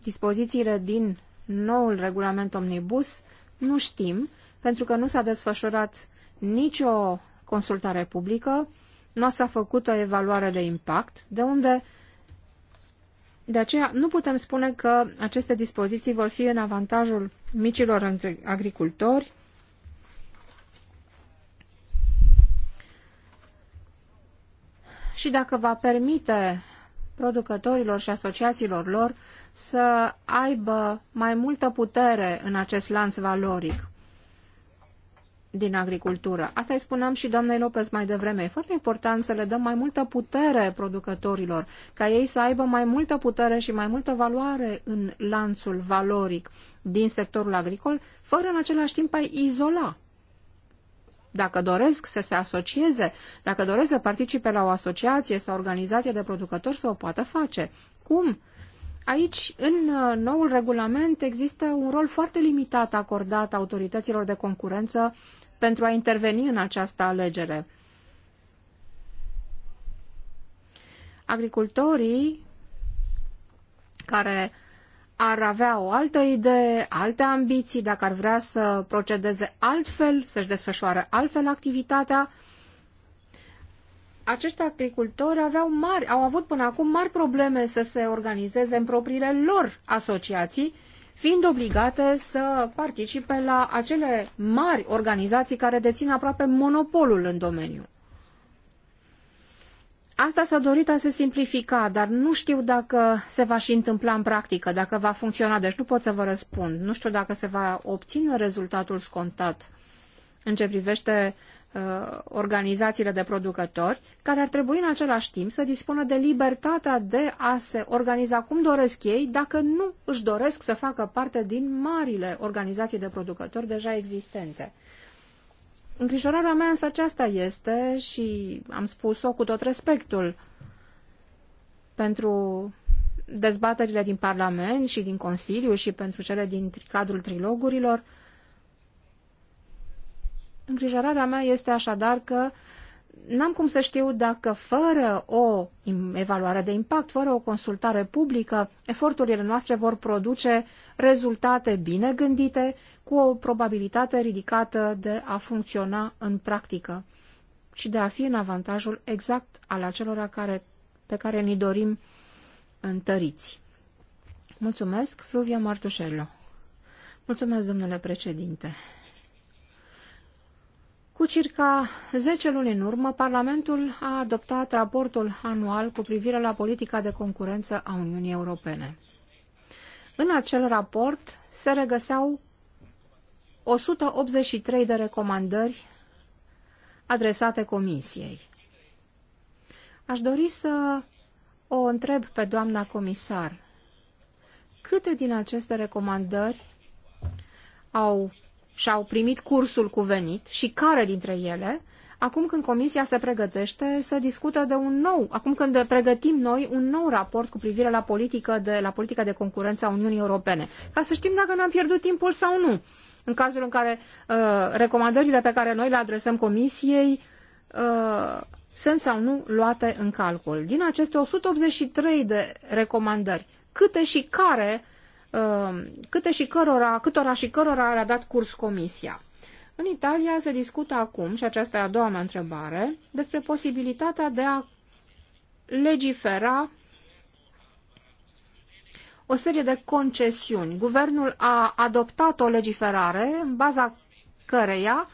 Speaker 2: Dispozițiile din noul regulament omnibus nu știm, pentru că nu s-a desfășurat nicio consultare publică, nu s-a făcut o evaluare de impact, de unde de aceea nu putem spune că aceste dispoziții vor fi în avantajul micilor agricultori, și dacă va permite producătorilor și asociațiilor lor să aibă mai multă putere în acest lanț valoric din agricultură. Asta îi spuneam și doamnei Lopez mai devreme. E foarte important să le dăm mai multă putere producătorilor, ca ei să aibă mai multă putere și mai multă valoare în lanțul valoric din sectorul agricol, fără în același timp a izola dacă doresc să se asocieze, dacă doresc să participe la o asociație sau organizație de producători, să o poată face. Cum? Aici, în uh, noul regulament, există un rol foarte limitat acordat autorităților de concurență pentru a interveni în această alegere. Agricultorii care ar avea o altă idee, alte ambiții, dacă ar vrea să procedeze altfel, să-și desfășoare altfel activitatea, acești agricultori aveau mari, au avut până acum mari probleme să se organizeze în propriile lor asociații, fiind obligate să participe la acele mari organizații care dețin aproape monopolul în domeniu. Asta s-a dorit a se simplifica, dar nu știu dacă se va și întâmpla în practică, dacă va funcționa, deci nu pot să vă răspund. Nu știu dacă se va obține rezultatul scontat în ce privește uh, organizațiile de producători, care ar trebui în același timp să dispună de libertatea de a se organiza cum doresc ei, dacă nu își doresc să facă parte din marile organizații de producători deja existente. Îngrijorarea mea însă aceasta este și am spus-o cu tot respectul pentru dezbaterile din Parlament și din Consiliu și pentru cele din cadrul trilogurilor. Îngrijorarea mea este așadar că n-am cum să știu dacă fără o evaluare de impact, fără o consultare publică, eforturile noastre vor produce rezultate bine gândite, cu o probabilitate ridicată de a funcționa în practică și de a fi în avantajul exact al acelora care, pe care ni dorim întăriți. Mulțumesc, Fluvia Martușello. Mulțumesc, domnule președinte. Cu circa 10 luni în urmă, Parlamentul a adoptat raportul anual cu privire la politica de concurență a Uniunii Europene. În acel raport se regăseau 183 de recomandări adresate Comisiei. Aș dori să o întreb pe doamna comisar câte din aceste recomandări au și-au primit cursul cuvenit și care dintre ele, acum când Comisia se pregătește să discută de un nou, acum când pregătim noi un nou raport cu privire la, politică de, la politica de concurență a Uniunii Europene, ca să știm dacă ne-am pierdut timpul sau nu. În cazul în care uh, recomandările pe care noi le adresăm Comisiei uh, sunt sau nu luate în calcul. Din aceste 183 de recomandări, câte și care uh, Um, câte și cărora, câtora și cărora le-a dat curs comisia. În Italia se discută acum, și aceasta e a doua mea întrebare, despre posibilitatea de a legifera o serie de concesiuni. Guvernul a adoptat o legiferare în baza căreia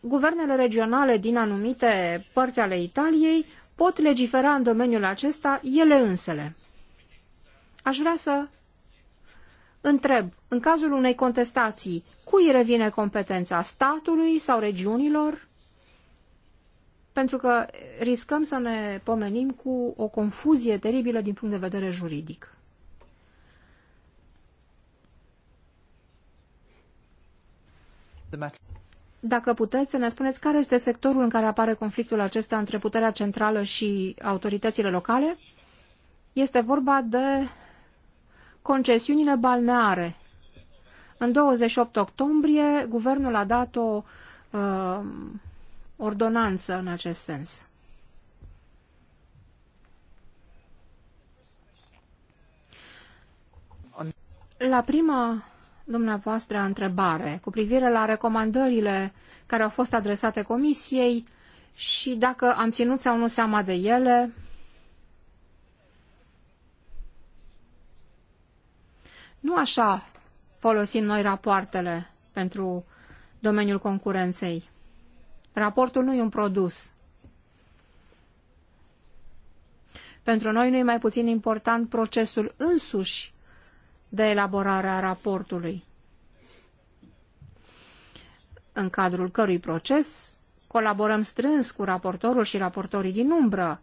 Speaker 2: guvernele regionale din anumite părți ale Italiei pot legifera în domeniul acesta ele însele. Aș vrea să Întreb, în cazul unei contestații, cui revine competența? Statului sau regiunilor? Pentru că riscăm să ne pomenim cu o confuzie teribilă din punct de vedere juridic. Dacă puteți să ne spuneți care este sectorul în care apare conflictul acesta între puterea centrală și autoritățile locale? Este vorba de concesiunile balneare. În 28 octombrie, guvernul a dat o uh, ordonanță în acest sens. La prima dumneavoastră întrebare cu privire la recomandările care au fost adresate Comisiei și dacă am ținut sau nu seama de ele, Nu așa folosim noi rapoartele pentru domeniul concurenței. Raportul nu e un produs. Pentru noi nu e mai puțin important procesul însuși de elaborare a raportului, în cadrul cărui proces colaborăm strâns cu raportorul și raportorii din umbră,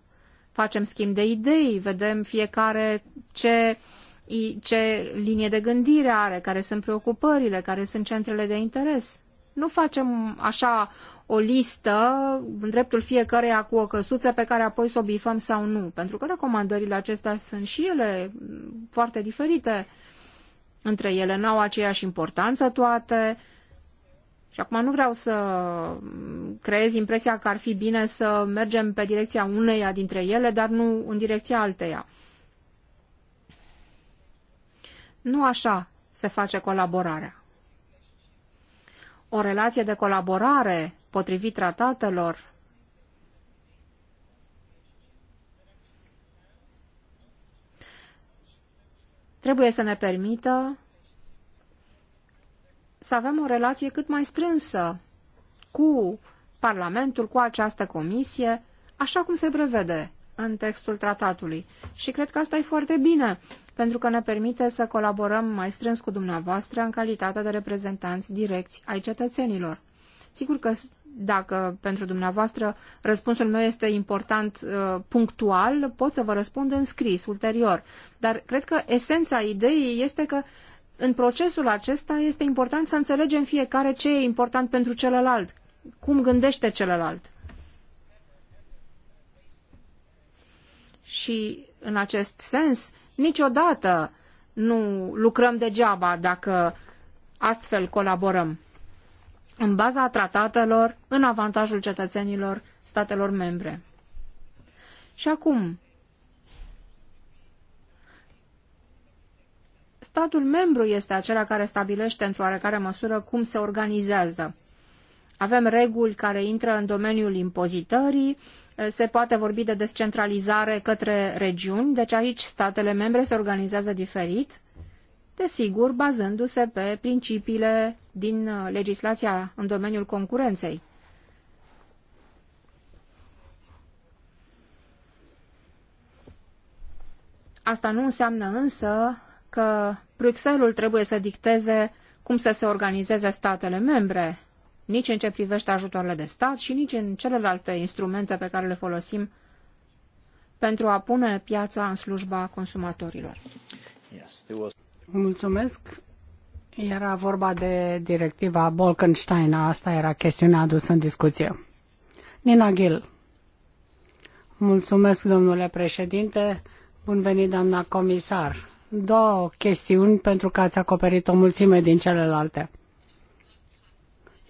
Speaker 2: facem schimb de idei, vedem fiecare ce uh, ce linie de gândire are, care sunt preocupările, care sunt centrele de interes. Nu facem așa o listă în dreptul fiecăreia cu o căsuță pe care apoi să o bifăm sau nu, pentru că recomandările acestea sunt și ele foarte diferite între ele, n-au aceeași importanță toate, și acum nu vreau să creez impresia că ar fi bine să mergem pe direcția uneia dintre ele, dar nu în direcția alteia. Nu așa se face colaborarea. O relație de colaborare potrivit tratatelor trebuie să ne permită să avem o relație cât mai strânsă cu Parlamentul, cu această comisie, așa cum se prevede în textul tratatului. Și cred că asta e foarte bine, pentru că ne permite să colaborăm mai strâns cu dumneavoastră în calitate de reprezentanți direcți ai cetățenilor. Sigur că dacă pentru dumneavoastră răspunsul meu este important uh, punctual, pot să vă răspund în scris ulterior. Dar cred că esența ideii este că în procesul acesta este important să înțelegem fiecare ce e important pentru celălalt, cum gândește celălalt. Și în acest sens, Niciodată nu lucrăm degeaba dacă astfel colaborăm. În baza tratatelor, în avantajul cetățenilor statelor membre. Și acum, statul membru este acela care stabilește într-o oarecare măsură cum se organizează. Avem reguli care intră în domeniul impozitării, Eh, se poate vorbi de descentralizare către regiuni, deci aici statele membre se organizează diferit, desigur, bazându-se pe principiile din eh, legislația în domeniul concurenței. Asta nu înseamnă însă că Bruxelles trebuie să dicteze cum să se organizeze statele membre nici în ce privește ajutoarele de stat și nici în celelalte instrumente pe care le folosim
Speaker 3: pentru a pune piața în slujba consumatorilor. Mulțumesc. Era vorba de directiva Bolkenstein, asta era chestiunea adusă în discuție. Nina Gil. Mulțumesc, domnule președinte. Bun venit, doamna comisar. Două chestiuni pentru că ați acoperit o mulțime din celelalte.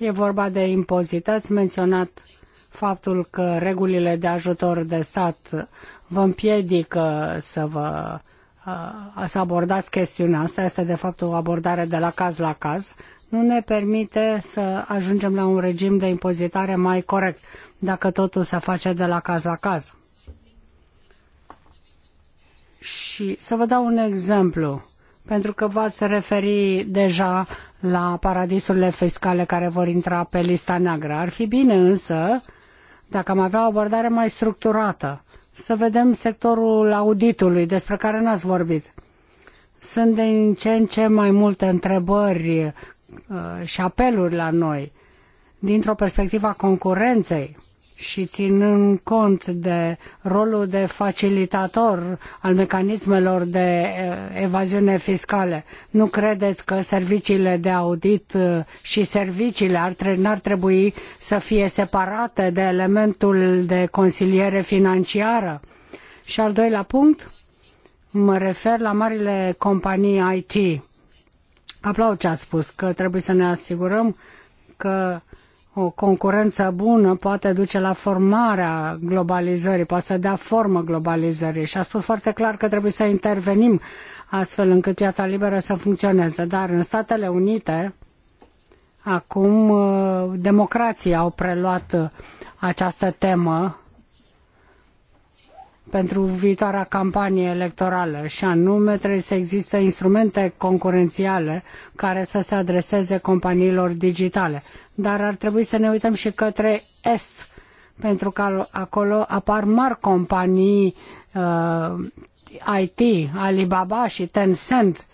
Speaker 3: E vorba de impozit. Ați menționat faptul că regulile de ajutor de stat vă împiedică să vă uh, să abordați chestiunea asta, este de fapt o abordare de la caz la caz, nu ne permite să ajungem la un regim de impozitare mai corect, dacă totul se face de la caz la caz. Și să vă dau un exemplu pentru că v-ați referi deja la paradisurile fiscale care vor intra pe lista neagră. Ar fi bine însă dacă am avea o abordare mai structurată, să vedem sectorul auditului despre care n-ați vorbit. Sunt din ce în ce mai multe întrebări uh, și apeluri la noi dintr-o perspectivă a concurenței și ținând cont de rolul de facilitator al mecanismelor de eh, evaziune fiscale, nu credeți că serviciile de audit eh, și serviciile ar tre- n-ar trebui să fie separate de elementul de consiliere financiară? Și al doilea punct, mă refer la marile companii IT. Aplaud ce a spus, că trebuie să ne asigurăm că o concurență bună poate duce la formarea globalizării, poate să dea formă globalizării și a spus foarte clar că trebuie să intervenim astfel încât piața liberă să funcționeze. Dar în Statele Unite, acum, uh, democrații au preluat uh, această temă pentru viitoarea campanie electorală și anume trebuie să existe instrumente concurențiale care să se adreseze companiilor digitale dar ar trebui să ne uităm și către est, pentru că acolo apar mari companii uh, IT, Alibaba și Tencent,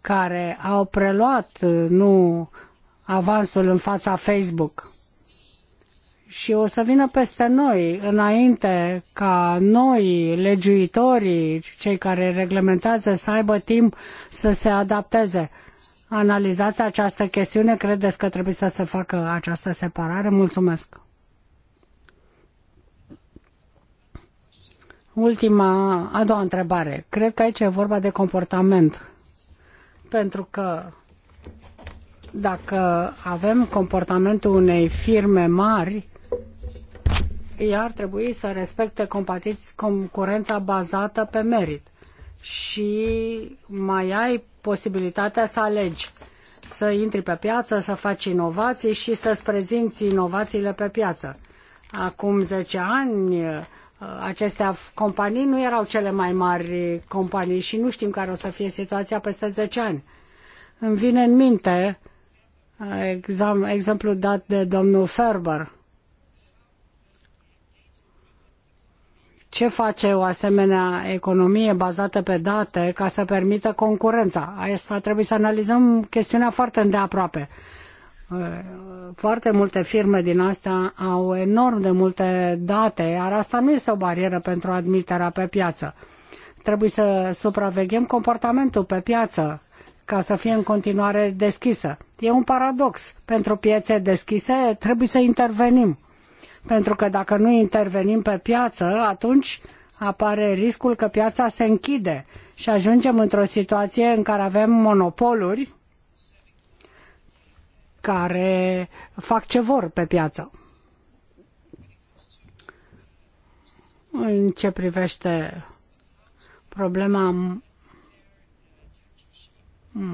Speaker 3: care au preluat uh, nu avansul în fața Facebook. Și o să vină peste noi, înainte ca noi, legiuitorii, cei care reglementează, să aibă timp să se adapteze analizați această chestiune? Credeți că trebuie să se facă această separare? Mulțumesc! Ultima, a doua întrebare. Cred că aici e vorba de comportament. Pentru că dacă avem comportamentul unei firme mari, ea ar trebui să respecte concurența bazată pe merit și mai ai posibilitatea să alegi să intri pe piață, să faci inovații și să-ți prezinți inovațiile pe piață. Acum 10 ani aceste companii nu erau cele mai mari companii și nu știm care o să fie situația peste 10 ani. Îmi vine în minte exemplul dat de domnul Ferber ce face o asemenea economie bazată pe date ca să permită concurența. Asta trebuie să analizăm chestiunea foarte îndeaproape. Uh, foarte multe firme din astea au enorm de multe date, iar asta nu este o barieră pentru admiterea pe piață. Trebuie să supraveghem comportamentul pe piață ca să fie în continuare deschisă. E un paradox. Pentru piețe deschise trebuie să intervenim pentru că dacă nu intervenim pe piață, atunci apare riscul că piața se închide și ajungem într-o situație în care avem monopoluri care fac ce vor pe piață. În ce privește problema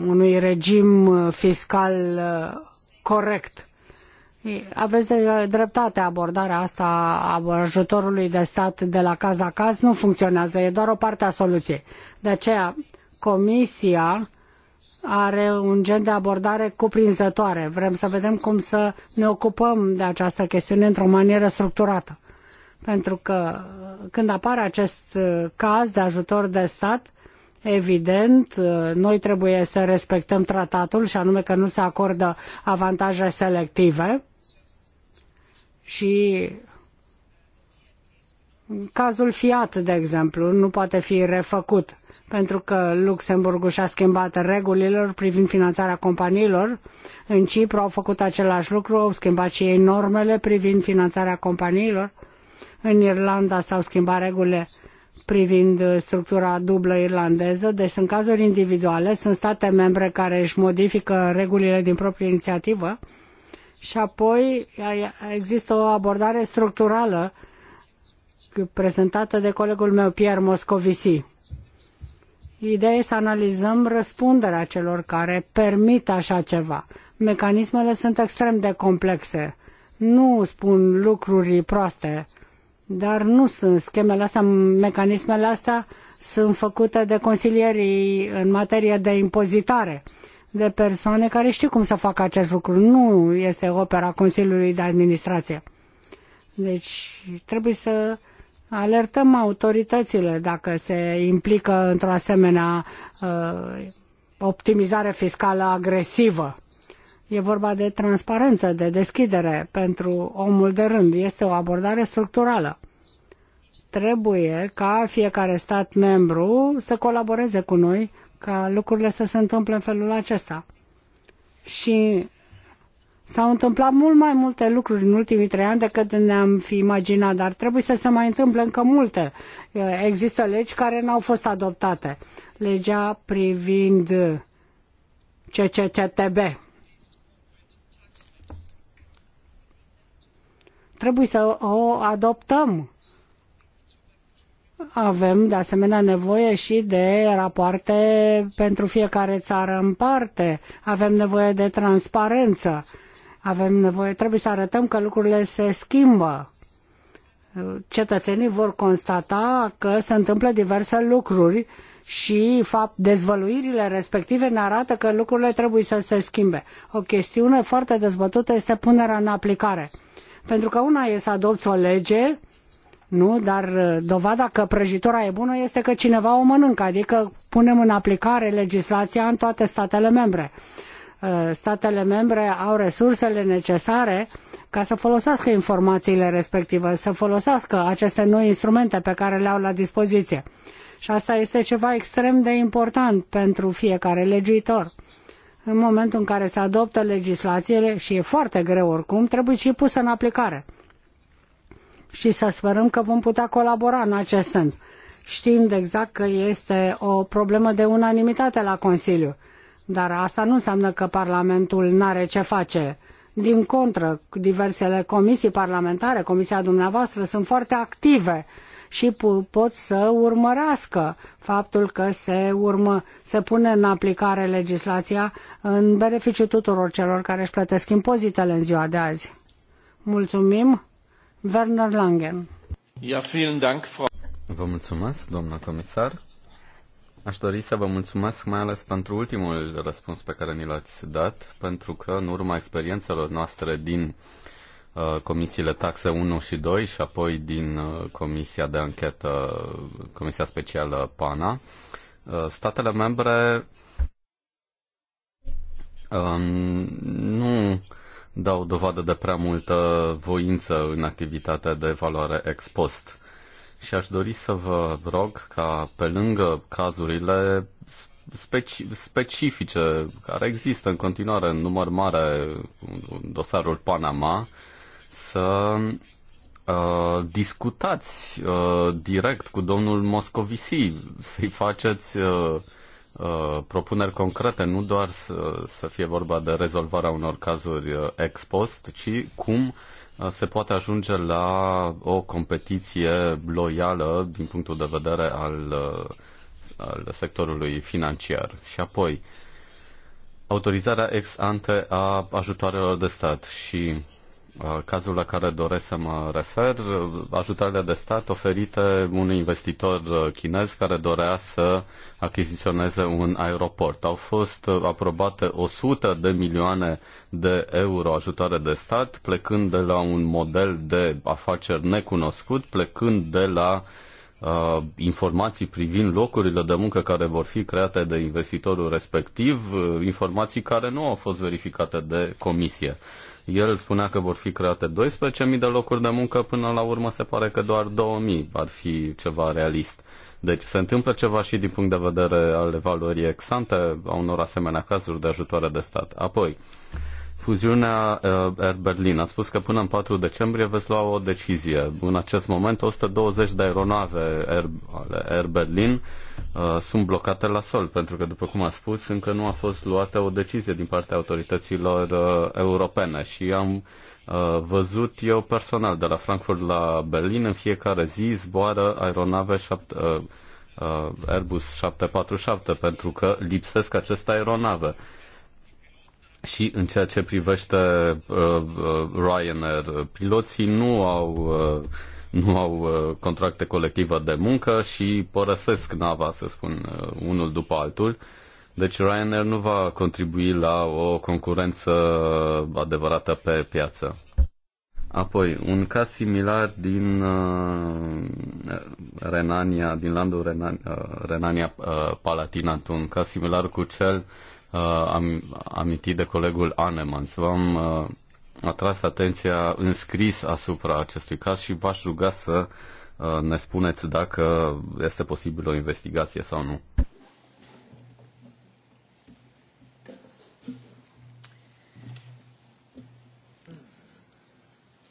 Speaker 3: unui regim fiscal uh, corect. Aveți de dreptate abordarea asta a ajutorului de stat de la caz la caz nu funcționează, e doar o parte a soluției. De aceea, Comisia are un gen de abordare cuprinzătoare. Vrem să vedem cum să ne ocupăm de această chestiune într-o manieră structurată. Pentru că când apare acest uh, caz de ajutor de stat, Evident, uh, noi trebuie să respectăm tratatul și anume că nu se acordă avantaje selective și cazul Fiat, de exemplu, nu poate fi refăcut pentru că Luxemburgul și-a schimbat regulilor privind finanțarea companiilor. În Cipru au făcut același lucru, au schimbat și ei normele privind finanțarea companiilor. În Irlanda s-au schimbat regulile privind structura dublă irlandeză, deci sunt cazuri individuale, sunt state membre care își modifică regulile din proprie inițiativă și apoi există o abordare structurală prezentată de colegul meu Pierre Moscovici. Ideea e să analizăm răspunderea celor care permit așa ceva. Mecanismele sunt extrem de complexe. Nu spun lucruri proaste, dar nu sunt schemele astea, mecanismele astea sunt făcute de consilierii în materie de impozitare de persoane care știu cum să facă acest lucru. Nu este opera Consiliului de Administrație. Deci trebuie să alertăm autoritățile dacă se implică într-o asemenea uh, optimizare fiscală agresivă. E vorba de transparență, de deschidere pentru omul de rând. Este o abordare structurală. Trebuie ca fiecare stat membru să colaboreze cu noi ca lucrurile să se întâmple în felul acesta. Și s-au întâmplat mult mai multe lucruri în ultimii trei ani decât ne-am fi imaginat, dar trebuie să se mai întâmple încă multe. Există legi care n-au fost adoptate. Legea privind CCCTB. Trebuie să o adoptăm avem, de asemenea, nevoie și de rapoarte pentru fiecare țară în parte. Avem nevoie de transparență. Avem nevoie, trebuie să arătăm că lucrurile se schimbă. Cetățenii vor constata că se întâmplă diverse lucruri și fapt, dezvăluirile respective ne arată că lucrurile trebuie să se schimbe. O chestiune foarte dezbătută este punerea în aplicare. Pentru că una e să adopți o lege, nu? Dar uh, dovada că prăjitura e bună este că cineva o mănâncă, adică punem în aplicare legislația în toate statele membre. Uh, statele membre au resursele necesare ca să folosească informațiile respective, să folosească aceste noi instrumente pe care le au la dispoziție. Și asta este ceva extrem de important pentru fiecare legiuitor. În momentul în care se adoptă legislațiile, și e foarte greu oricum, trebuie și pusă în aplicare și să sperăm că vom putea colabora în acest sens. Știm de exact că este o problemă de unanimitate la Consiliu, dar asta nu înseamnă că Parlamentul nu are ce face. Din contră, diversele comisii parlamentare, comisia dumneavoastră, sunt foarte active și pot să urmărească faptul că se, urmă, se pune în aplicare legislația în beneficiul tuturor celor care își plătesc impozitele în ziua de azi. Mulțumim! Werner Langen.
Speaker 1: Ja, vielen Dank, Frau.
Speaker 4: Vă mulțumesc, doamnă comisar. Aș dori să vă mulțumesc mai ales pentru ultimul răspuns pe care ni l-ați dat, pentru că în urma experiențelor noastre din uh, comisiile taxe 1 și 2 și apoi din uh, comisia de anchetă, comisia specială PANA, uh, statele membre um, nu dau dovadă de prea multă voință în activitatea de evaluare ex post. Și aș dori să vă rog ca pe lângă cazurile speci- specifice care există în continuare în număr mare dosarul Panama să uh, discutați uh, direct cu domnul Moscovici, să-i faceți uh, Uh, propuneri concrete, nu doar să, să fie vorba de rezolvarea unor cazuri uh, ex post, ci cum uh, se poate ajunge la o competiție loială din punctul de vedere al, al sectorului financiar. Și apoi, autorizarea ex ante a ajutoarelor de stat și Uh, cazul la care doresc să mă refer, uh, ajutoarele de stat oferite unui investitor uh, chinez care dorea să achiziționeze un aeroport. Au fost aprobate 100 de milioane de euro ajutare de stat, plecând de la un model de afaceri necunoscut, plecând de la informații privind locurile de muncă care vor fi create de investitorul respectiv, informații care nu au fost verificate de comisie. El spunea că vor fi create 12.000 de locuri de muncă, până la urmă se pare că doar 2.000 ar fi ceva realist. Deci se întâmplă ceva și din punct de vedere al evaluării exante a unor asemenea cazuri de ajutoare de stat. Apoi, fuziunea uh, Air Berlin. Ați spus că până în 4 decembrie veți lua o decizie. În acest moment 120 de aeronave Air, Air Berlin uh, sunt blocate la sol, pentru că, după cum a spus, încă nu a fost luată o decizie din partea autorităților uh, europene și am uh, văzut eu personal de la Frankfurt la Berlin în fiecare zi zboară aeronave 7, uh, uh, Airbus 747 pentru că lipsesc aceste aeronave. Uh, și în ceea ce privește uh, uh, Ryanair, piloții nu au, uh, nu au uh, contracte colective de muncă și părăsesc nava, să spun, uh, unul după altul. Deci Ryanair nu va contribui la o concurență adevărată pe piață. Apoi, un caz similar din uh, Renania, din landul Renania, uh, Renania uh, Palatinat, un caz similar cu cel uh, Uh, am, amintit de colegul Anemans. V-am uh, atras atenția înscris asupra acestui caz și v-aș ruga să uh, ne spuneți dacă este posibil o investigație sau nu.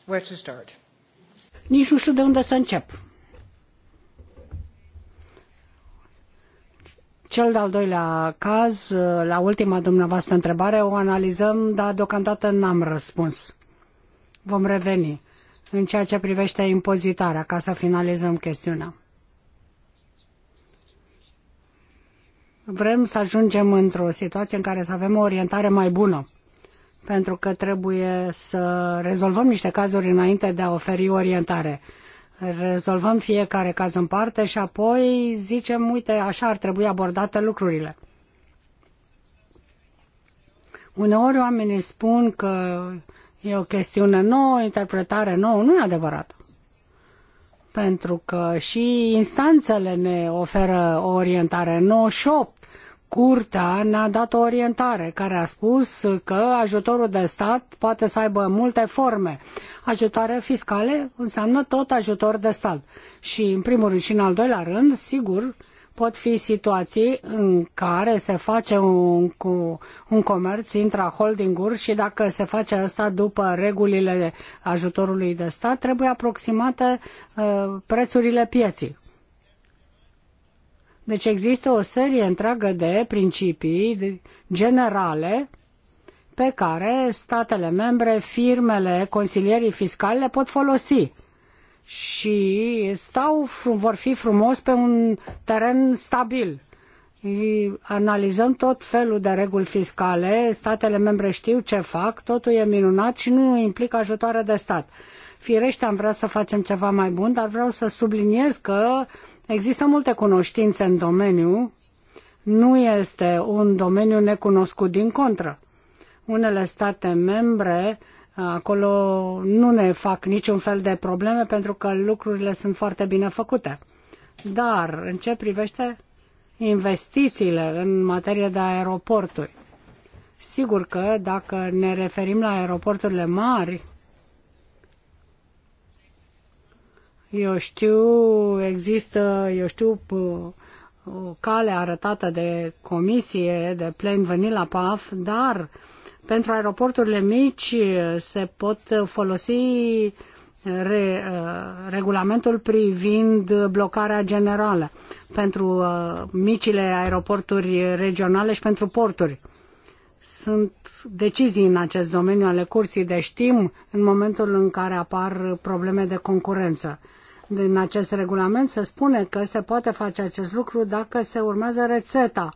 Speaker 3: Where to start? Nici nu știu de unde să încep. Cel de-al doilea caz, uh, la ultima dumneavoastră întrebare, o analizăm, dar deocamdată n-am răspuns. Vom reveni în ceea ce privește impozitarea, ca să finalizăm chestiunea. Vrem să ajungem într-o situație în care să avem o orientare mai bună, pentru că trebuie să rezolvăm niște cazuri înainte de a oferi orientare rezolvăm fiecare caz în parte și apoi zicem, uite, așa ar trebui abordate lucrurile. Uneori oamenii spun că e o chestiune nouă, interpretare nouă. Nu e adevărat. Pentru că și instanțele ne oferă o orientare nouă și Curtea ne-a dat o orientare care a spus că ajutorul de stat poate să aibă multe forme. Ajutoare fiscale înseamnă tot ajutor de stat. Și în primul rând și în al doilea rând, sigur, pot fi situații în care se face un, cu, un comerț intra-holdinguri și dacă se face asta după regulile ajutorului de stat, trebuie aproximate uh, prețurile pieții. Deci există o serie întreagă de principii generale pe care statele membre, firmele, consilierii fiscale le pot folosi și stau, vor fi frumos pe un teren stabil. Analizăm tot felul de reguli fiscale, statele membre știu ce fac, totul e minunat și nu implică ajutoare de stat. Firește am vrea să facem ceva mai bun, dar vreau să subliniez că uh, Există multe cunoștințe în domeniu, nu este un domeniu necunoscut din contră. Unele state membre acolo nu ne fac niciun fel de probleme pentru că lucrurile sunt foarte bine făcute. Dar în ce privește investițiile în materie de aeroporturi, sigur că dacă ne referim la aeroporturile mari, eu știu, există, eu știu, o cale arătată de comisie de plain vanilla PAF, dar pentru aeroporturile mici se pot folosi re, uh, regulamentul privind blocarea generală pentru uh, micile aeroporturi regionale și pentru porturi. Sunt decizii în acest domeniu ale curții de deci știm în momentul în care apar probleme de concurență din acest regulament se spune că se poate face acest lucru dacă se urmează rețeta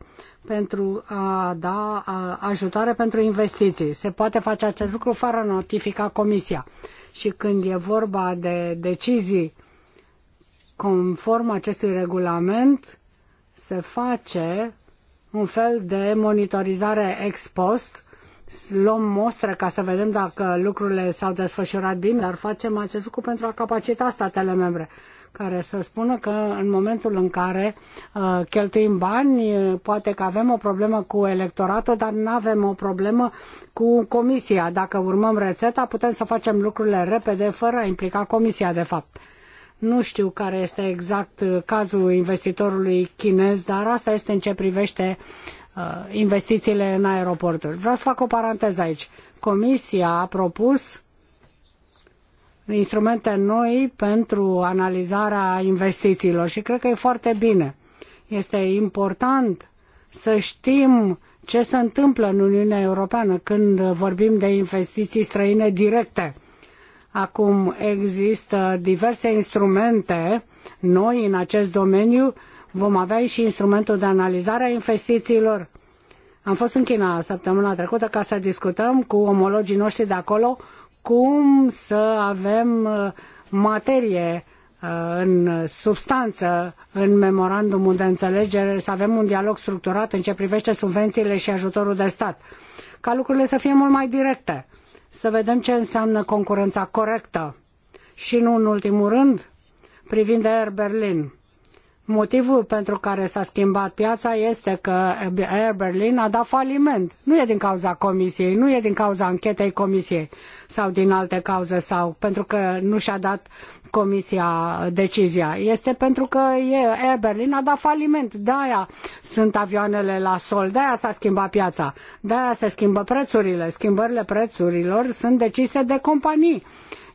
Speaker 3: pentru a da ajutoare pentru investiții. Se poate face acest lucru fără a notifica Comisia. Și când e vorba de decizii conform acestui regulament, se face un fel de monitorizare ex post luăm mostre ca să vedem dacă lucrurile s-au desfășurat bine, dar facem acest lucru pentru a capacita statele membre care să spună că în momentul în care uh, cheltuim bani, uh, poate că avem o problemă cu electoratul, dar nu avem o problemă cu comisia. Dacă urmăm rețeta, putem să facem lucrurile repede, fără a implica comisia, de fapt. Nu știu care este exact uh, cazul investitorului chinez, dar asta este în ce privește Uh, investițiile în aeroporturi. Vreau să fac o paranteză aici. Comisia a propus instrumente noi pentru analizarea investițiilor și cred că e foarte bine. Este important să știm ce se întâmplă în Uniunea Europeană când vorbim de investiții străine directe. Acum există diverse instrumente noi în acest domeniu vom avea și instrumentul de analizare a investițiilor. Am fost în China săptămâna trecută ca să discutăm cu omologii noștri de acolo cum să avem uh, materie uh, în substanță în memorandumul de înțelegere, să avem un dialog structurat în ce privește subvențiile și ajutorul de stat, ca lucrurile să fie mult mai directe, să vedem ce înseamnă concurența corectă și nu în ultimul rând, privind Air Berlin. Motivul pentru care s-a schimbat piața este că Air Berlin a dat faliment. Nu e din cauza comisiei, nu e din cauza anchetei comisiei sau din alte cauze sau pentru că nu și-a dat comisia decizia. Este pentru că Air Berlin a dat faliment. De-aia sunt avioanele la sol, de-aia s-a schimbat piața, de-aia se schimbă prețurile. Schimbările prețurilor sunt decise de companii.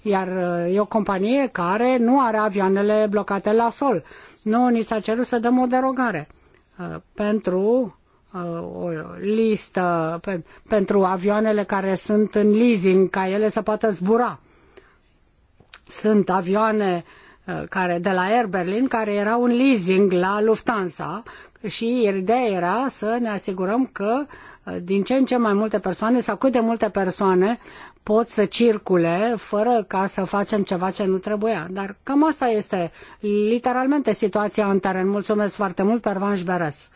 Speaker 3: Iar uh, e o companie care nu are avioanele blocate la sol nu ni s-a cerut să dăm o derogare uh, pentru uh, o listă pe, pentru avioanele care sunt în leasing ca ele să poată zbura. Sunt avioane uh, care, de la Air Berlin care erau în leasing la Lufthansa și ideea era să ne asigurăm că din ce în ce mai multe persoane sau cât de multe persoane pot să circule fără ca să facem ceva ce nu trebuia. Dar cam asta este literalmente situația în teren. Mulțumesc foarte mult, Pervanș Beres.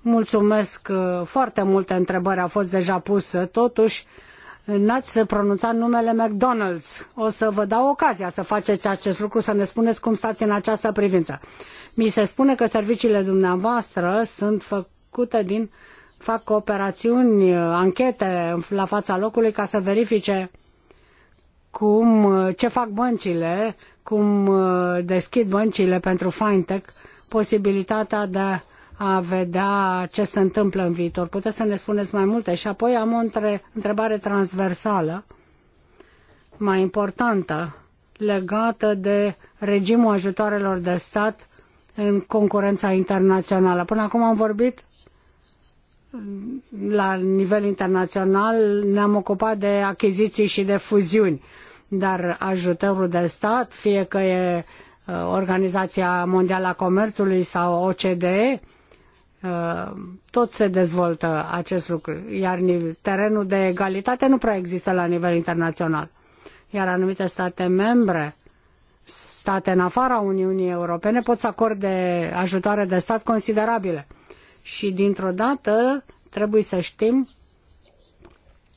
Speaker 3: Mulțumesc uh, foarte multe întrebări au fost deja pusă. totuși n-ați pronunțat numele McDonald's. O să vă dau ocazia să faceți acest lucru, să ne spuneți cum stați în această privință. Mi se spune că serviciile dumneavoastră sunt făcute din fac operațiuni, anchete la fața locului ca să verifice cum, ce fac băncile, cum uh, deschid băncile pentru fintech, posibilitatea de a vedea ce se întâmplă în viitor. Puteți să ne spuneți mai multe? Și apoi am o întrebare transversală, mai importantă, legată de regimul ajutoarelor de stat în concurența internațională. Până acum am vorbit la nivel internațional ne-am ocupat de achiziții și de fuziuni, dar ajutorul de stat, fie că e uh, Organizația Mondială a Comerțului sau OCDE, uh, tot se dezvoltă acest lucru, iar terenul de egalitate nu prea există la nivel internațional. Iar anumite state membre, state în afara Uniunii Europene, pot să acorde ajutoare de stat considerabile – și dintr-o dată trebuie să știm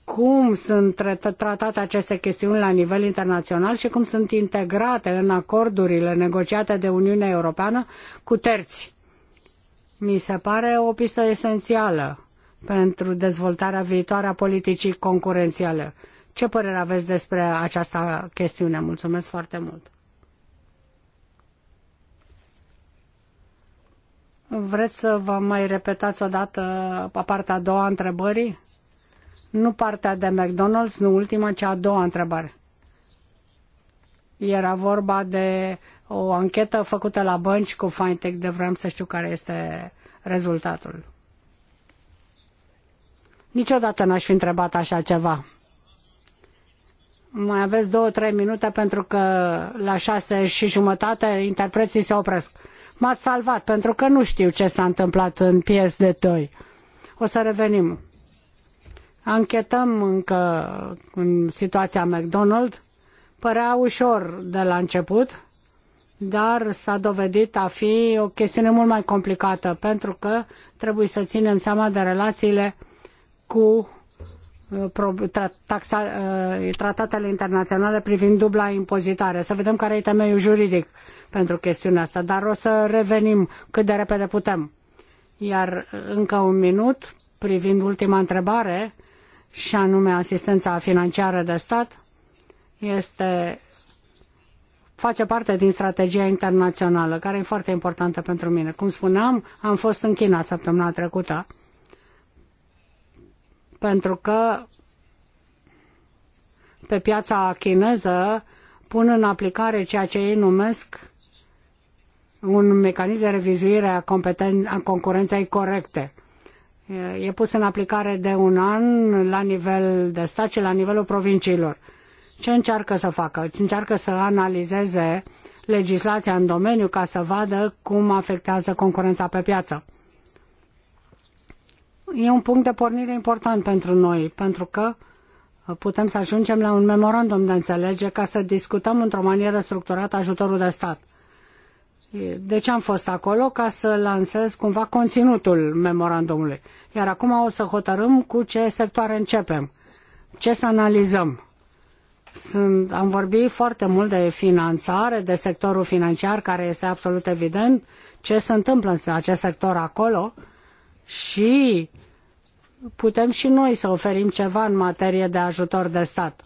Speaker 3: cum sunt tratate aceste chestiuni la nivel internațional și cum sunt integrate în acordurile negociate de Uniunea Europeană cu terți. Mi se pare o pistă esențială pentru dezvoltarea viitoare a politicii concurențiale. Ce părere aveți despre această chestiune? Mulțumesc foarte mult! Vreți să vă mai repetați dată partea a doua întrebării? Nu partea de McDonald's, nu ultima, ci a doua întrebare. Era vorba de o anchetă făcută la bănci cu Fintech, de vreau să știu care este rezultatul. Niciodată n-aș fi întrebat așa ceva. Mai aveți două, trei minute pentru că la șase și jumătate interpreții se opresc m a salvat pentru că nu știu ce s-a întâmplat în de 2 O să revenim. Anchetăm încă în situația McDonald. Părea ușor de la început, dar s-a dovedit a fi o chestiune mult mai complicată, pentru că trebuie să ținem seama de relațiile cu Uh, taxa, uh, tratatele internaționale privind dubla impozitare. Să vedem care e temeiul juridic pentru chestiunea asta, dar o să revenim cât de repede putem. Iar încă un minut privind ultima întrebare și anume asistența financiară de stat este face parte din strategia internațională, care e foarte importantă pentru mine. Cum spuneam, am fost în China săptămâna trecută pentru că pe piața chineză pun în aplicare ceea ce ei numesc un mecanism de revizuire a, competen- a concurenței corecte. E pus în aplicare de un an la nivel de stat și la nivelul provinciilor. Ce încearcă să facă? Încearcă să analizeze legislația în domeniu ca să vadă cum afectează concurența pe piață e un punct de pornire important pentru noi, pentru că uh, putem să ajungem la un memorandum de înțelege ca să discutăm într-o manieră structurată ajutorul de stat. De ce am fost acolo? Ca să lansez cumva conținutul memorandumului. Iar acum o să hotărâm cu ce sectoare începem, ce să analizăm. Sunt, am vorbit foarte mult de finanțare, de sectorul financiar, care este absolut evident, ce se întâmplă în acest sector acolo, uh, și putem și noi să oferim ceva în materie de ajutor de stat.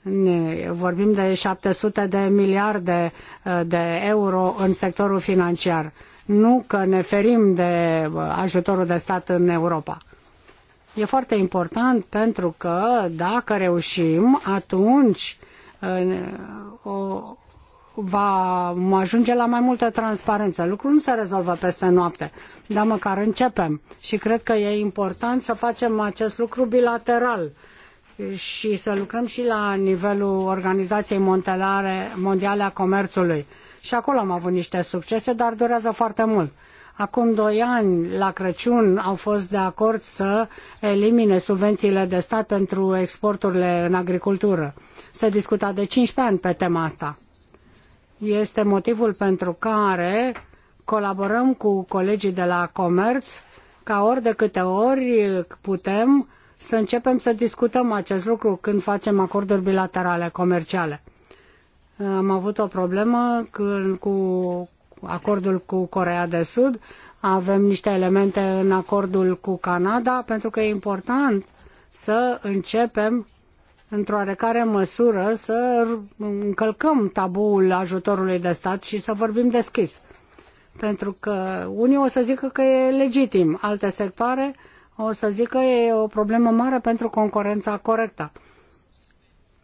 Speaker 3: Ne vorbim de 700 de miliarde uh, de euro în sectorul financiar. Nu că ne ferim de uh, ajutorul de stat în Europa. E foarte important pentru că dacă reușim, atunci uh, o, va ajunge la mai multă transparență. Lucrul nu se rezolvă peste noapte, dar măcar începem. Și cred că e important să facem acest lucru bilateral și să lucrăm și la nivelul Organizației Mondiale a Comerțului. Și acolo am avut niște succese, dar durează foarte mult. Acum doi ani, la Crăciun, au fost de acord să elimine subvențiile de stat pentru exporturile în agricultură. Se discuta de 15 ani pe tema asta este motivul pentru care colaborăm cu colegii de la comerț ca ori de câte ori putem să începem să discutăm acest lucru când facem acorduri bilaterale comerciale. Am avut o problemă când, cu acordul cu Coreea de Sud, avem niște elemente în acordul cu Canada, pentru că e important să începem într-o oarecare măsură să încălcăm tabuul ajutorului de stat și să vorbim deschis. Pentru că unii o să zică că e legitim, alte sectoare o să zică că e o problemă mare pentru concurența corectă.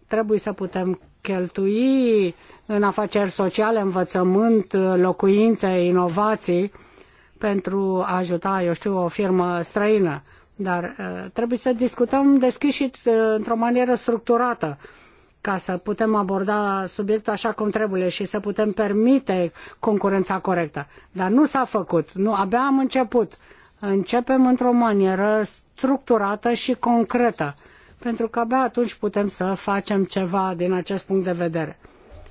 Speaker 3: Trebuie să putem cheltui în afaceri sociale, învățământ, locuințe, inovații pentru a ajuta, eu știu, o firmă străină dar uh, trebuie să discutăm deschis și uh, într-o manieră structurată ca să putem aborda subiectul așa cum trebuie și să putem permite concurența corectă. Dar nu s-a făcut, nu, abia am început. Începem într-o manieră structurată și concretă, pentru că abia atunci putem să facem ceva din acest punct de vedere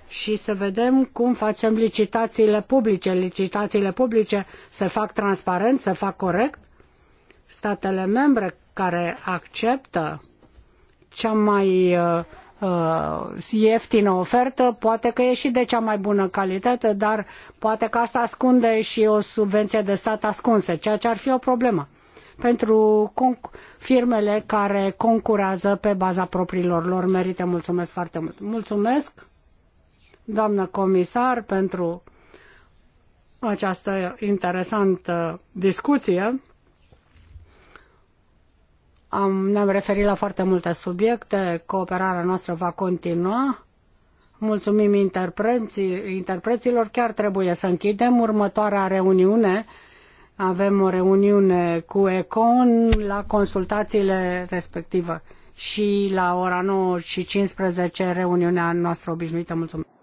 Speaker 3: și să vedem cum facem licitațiile publice. Licitațiile publice se fac transparent, se fac corect statele membre care acceptă cea mai uh, uh, ieftină ofertă, poate că e și de cea mai bună calitate, dar poate că asta ascunde și o subvenție de stat ascunsă, ceea ce ar fi o problemă pentru firmele care concurează pe baza propriilor lor merite. Mulțumesc foarte mult. Mulțumesc, doamnă comisar, pentru această interesantă discuție. Am, ne-am referit la foarte multe subiecte, cooperarea noastră va continua. Mulțumim interpreților, chiar trebuie să închidem următoarea reuniune. Avem o reuniune cu Econ la consultațiile respective și la ora 9 și 15 reuniunea noastră obișnuită. Mulțumim!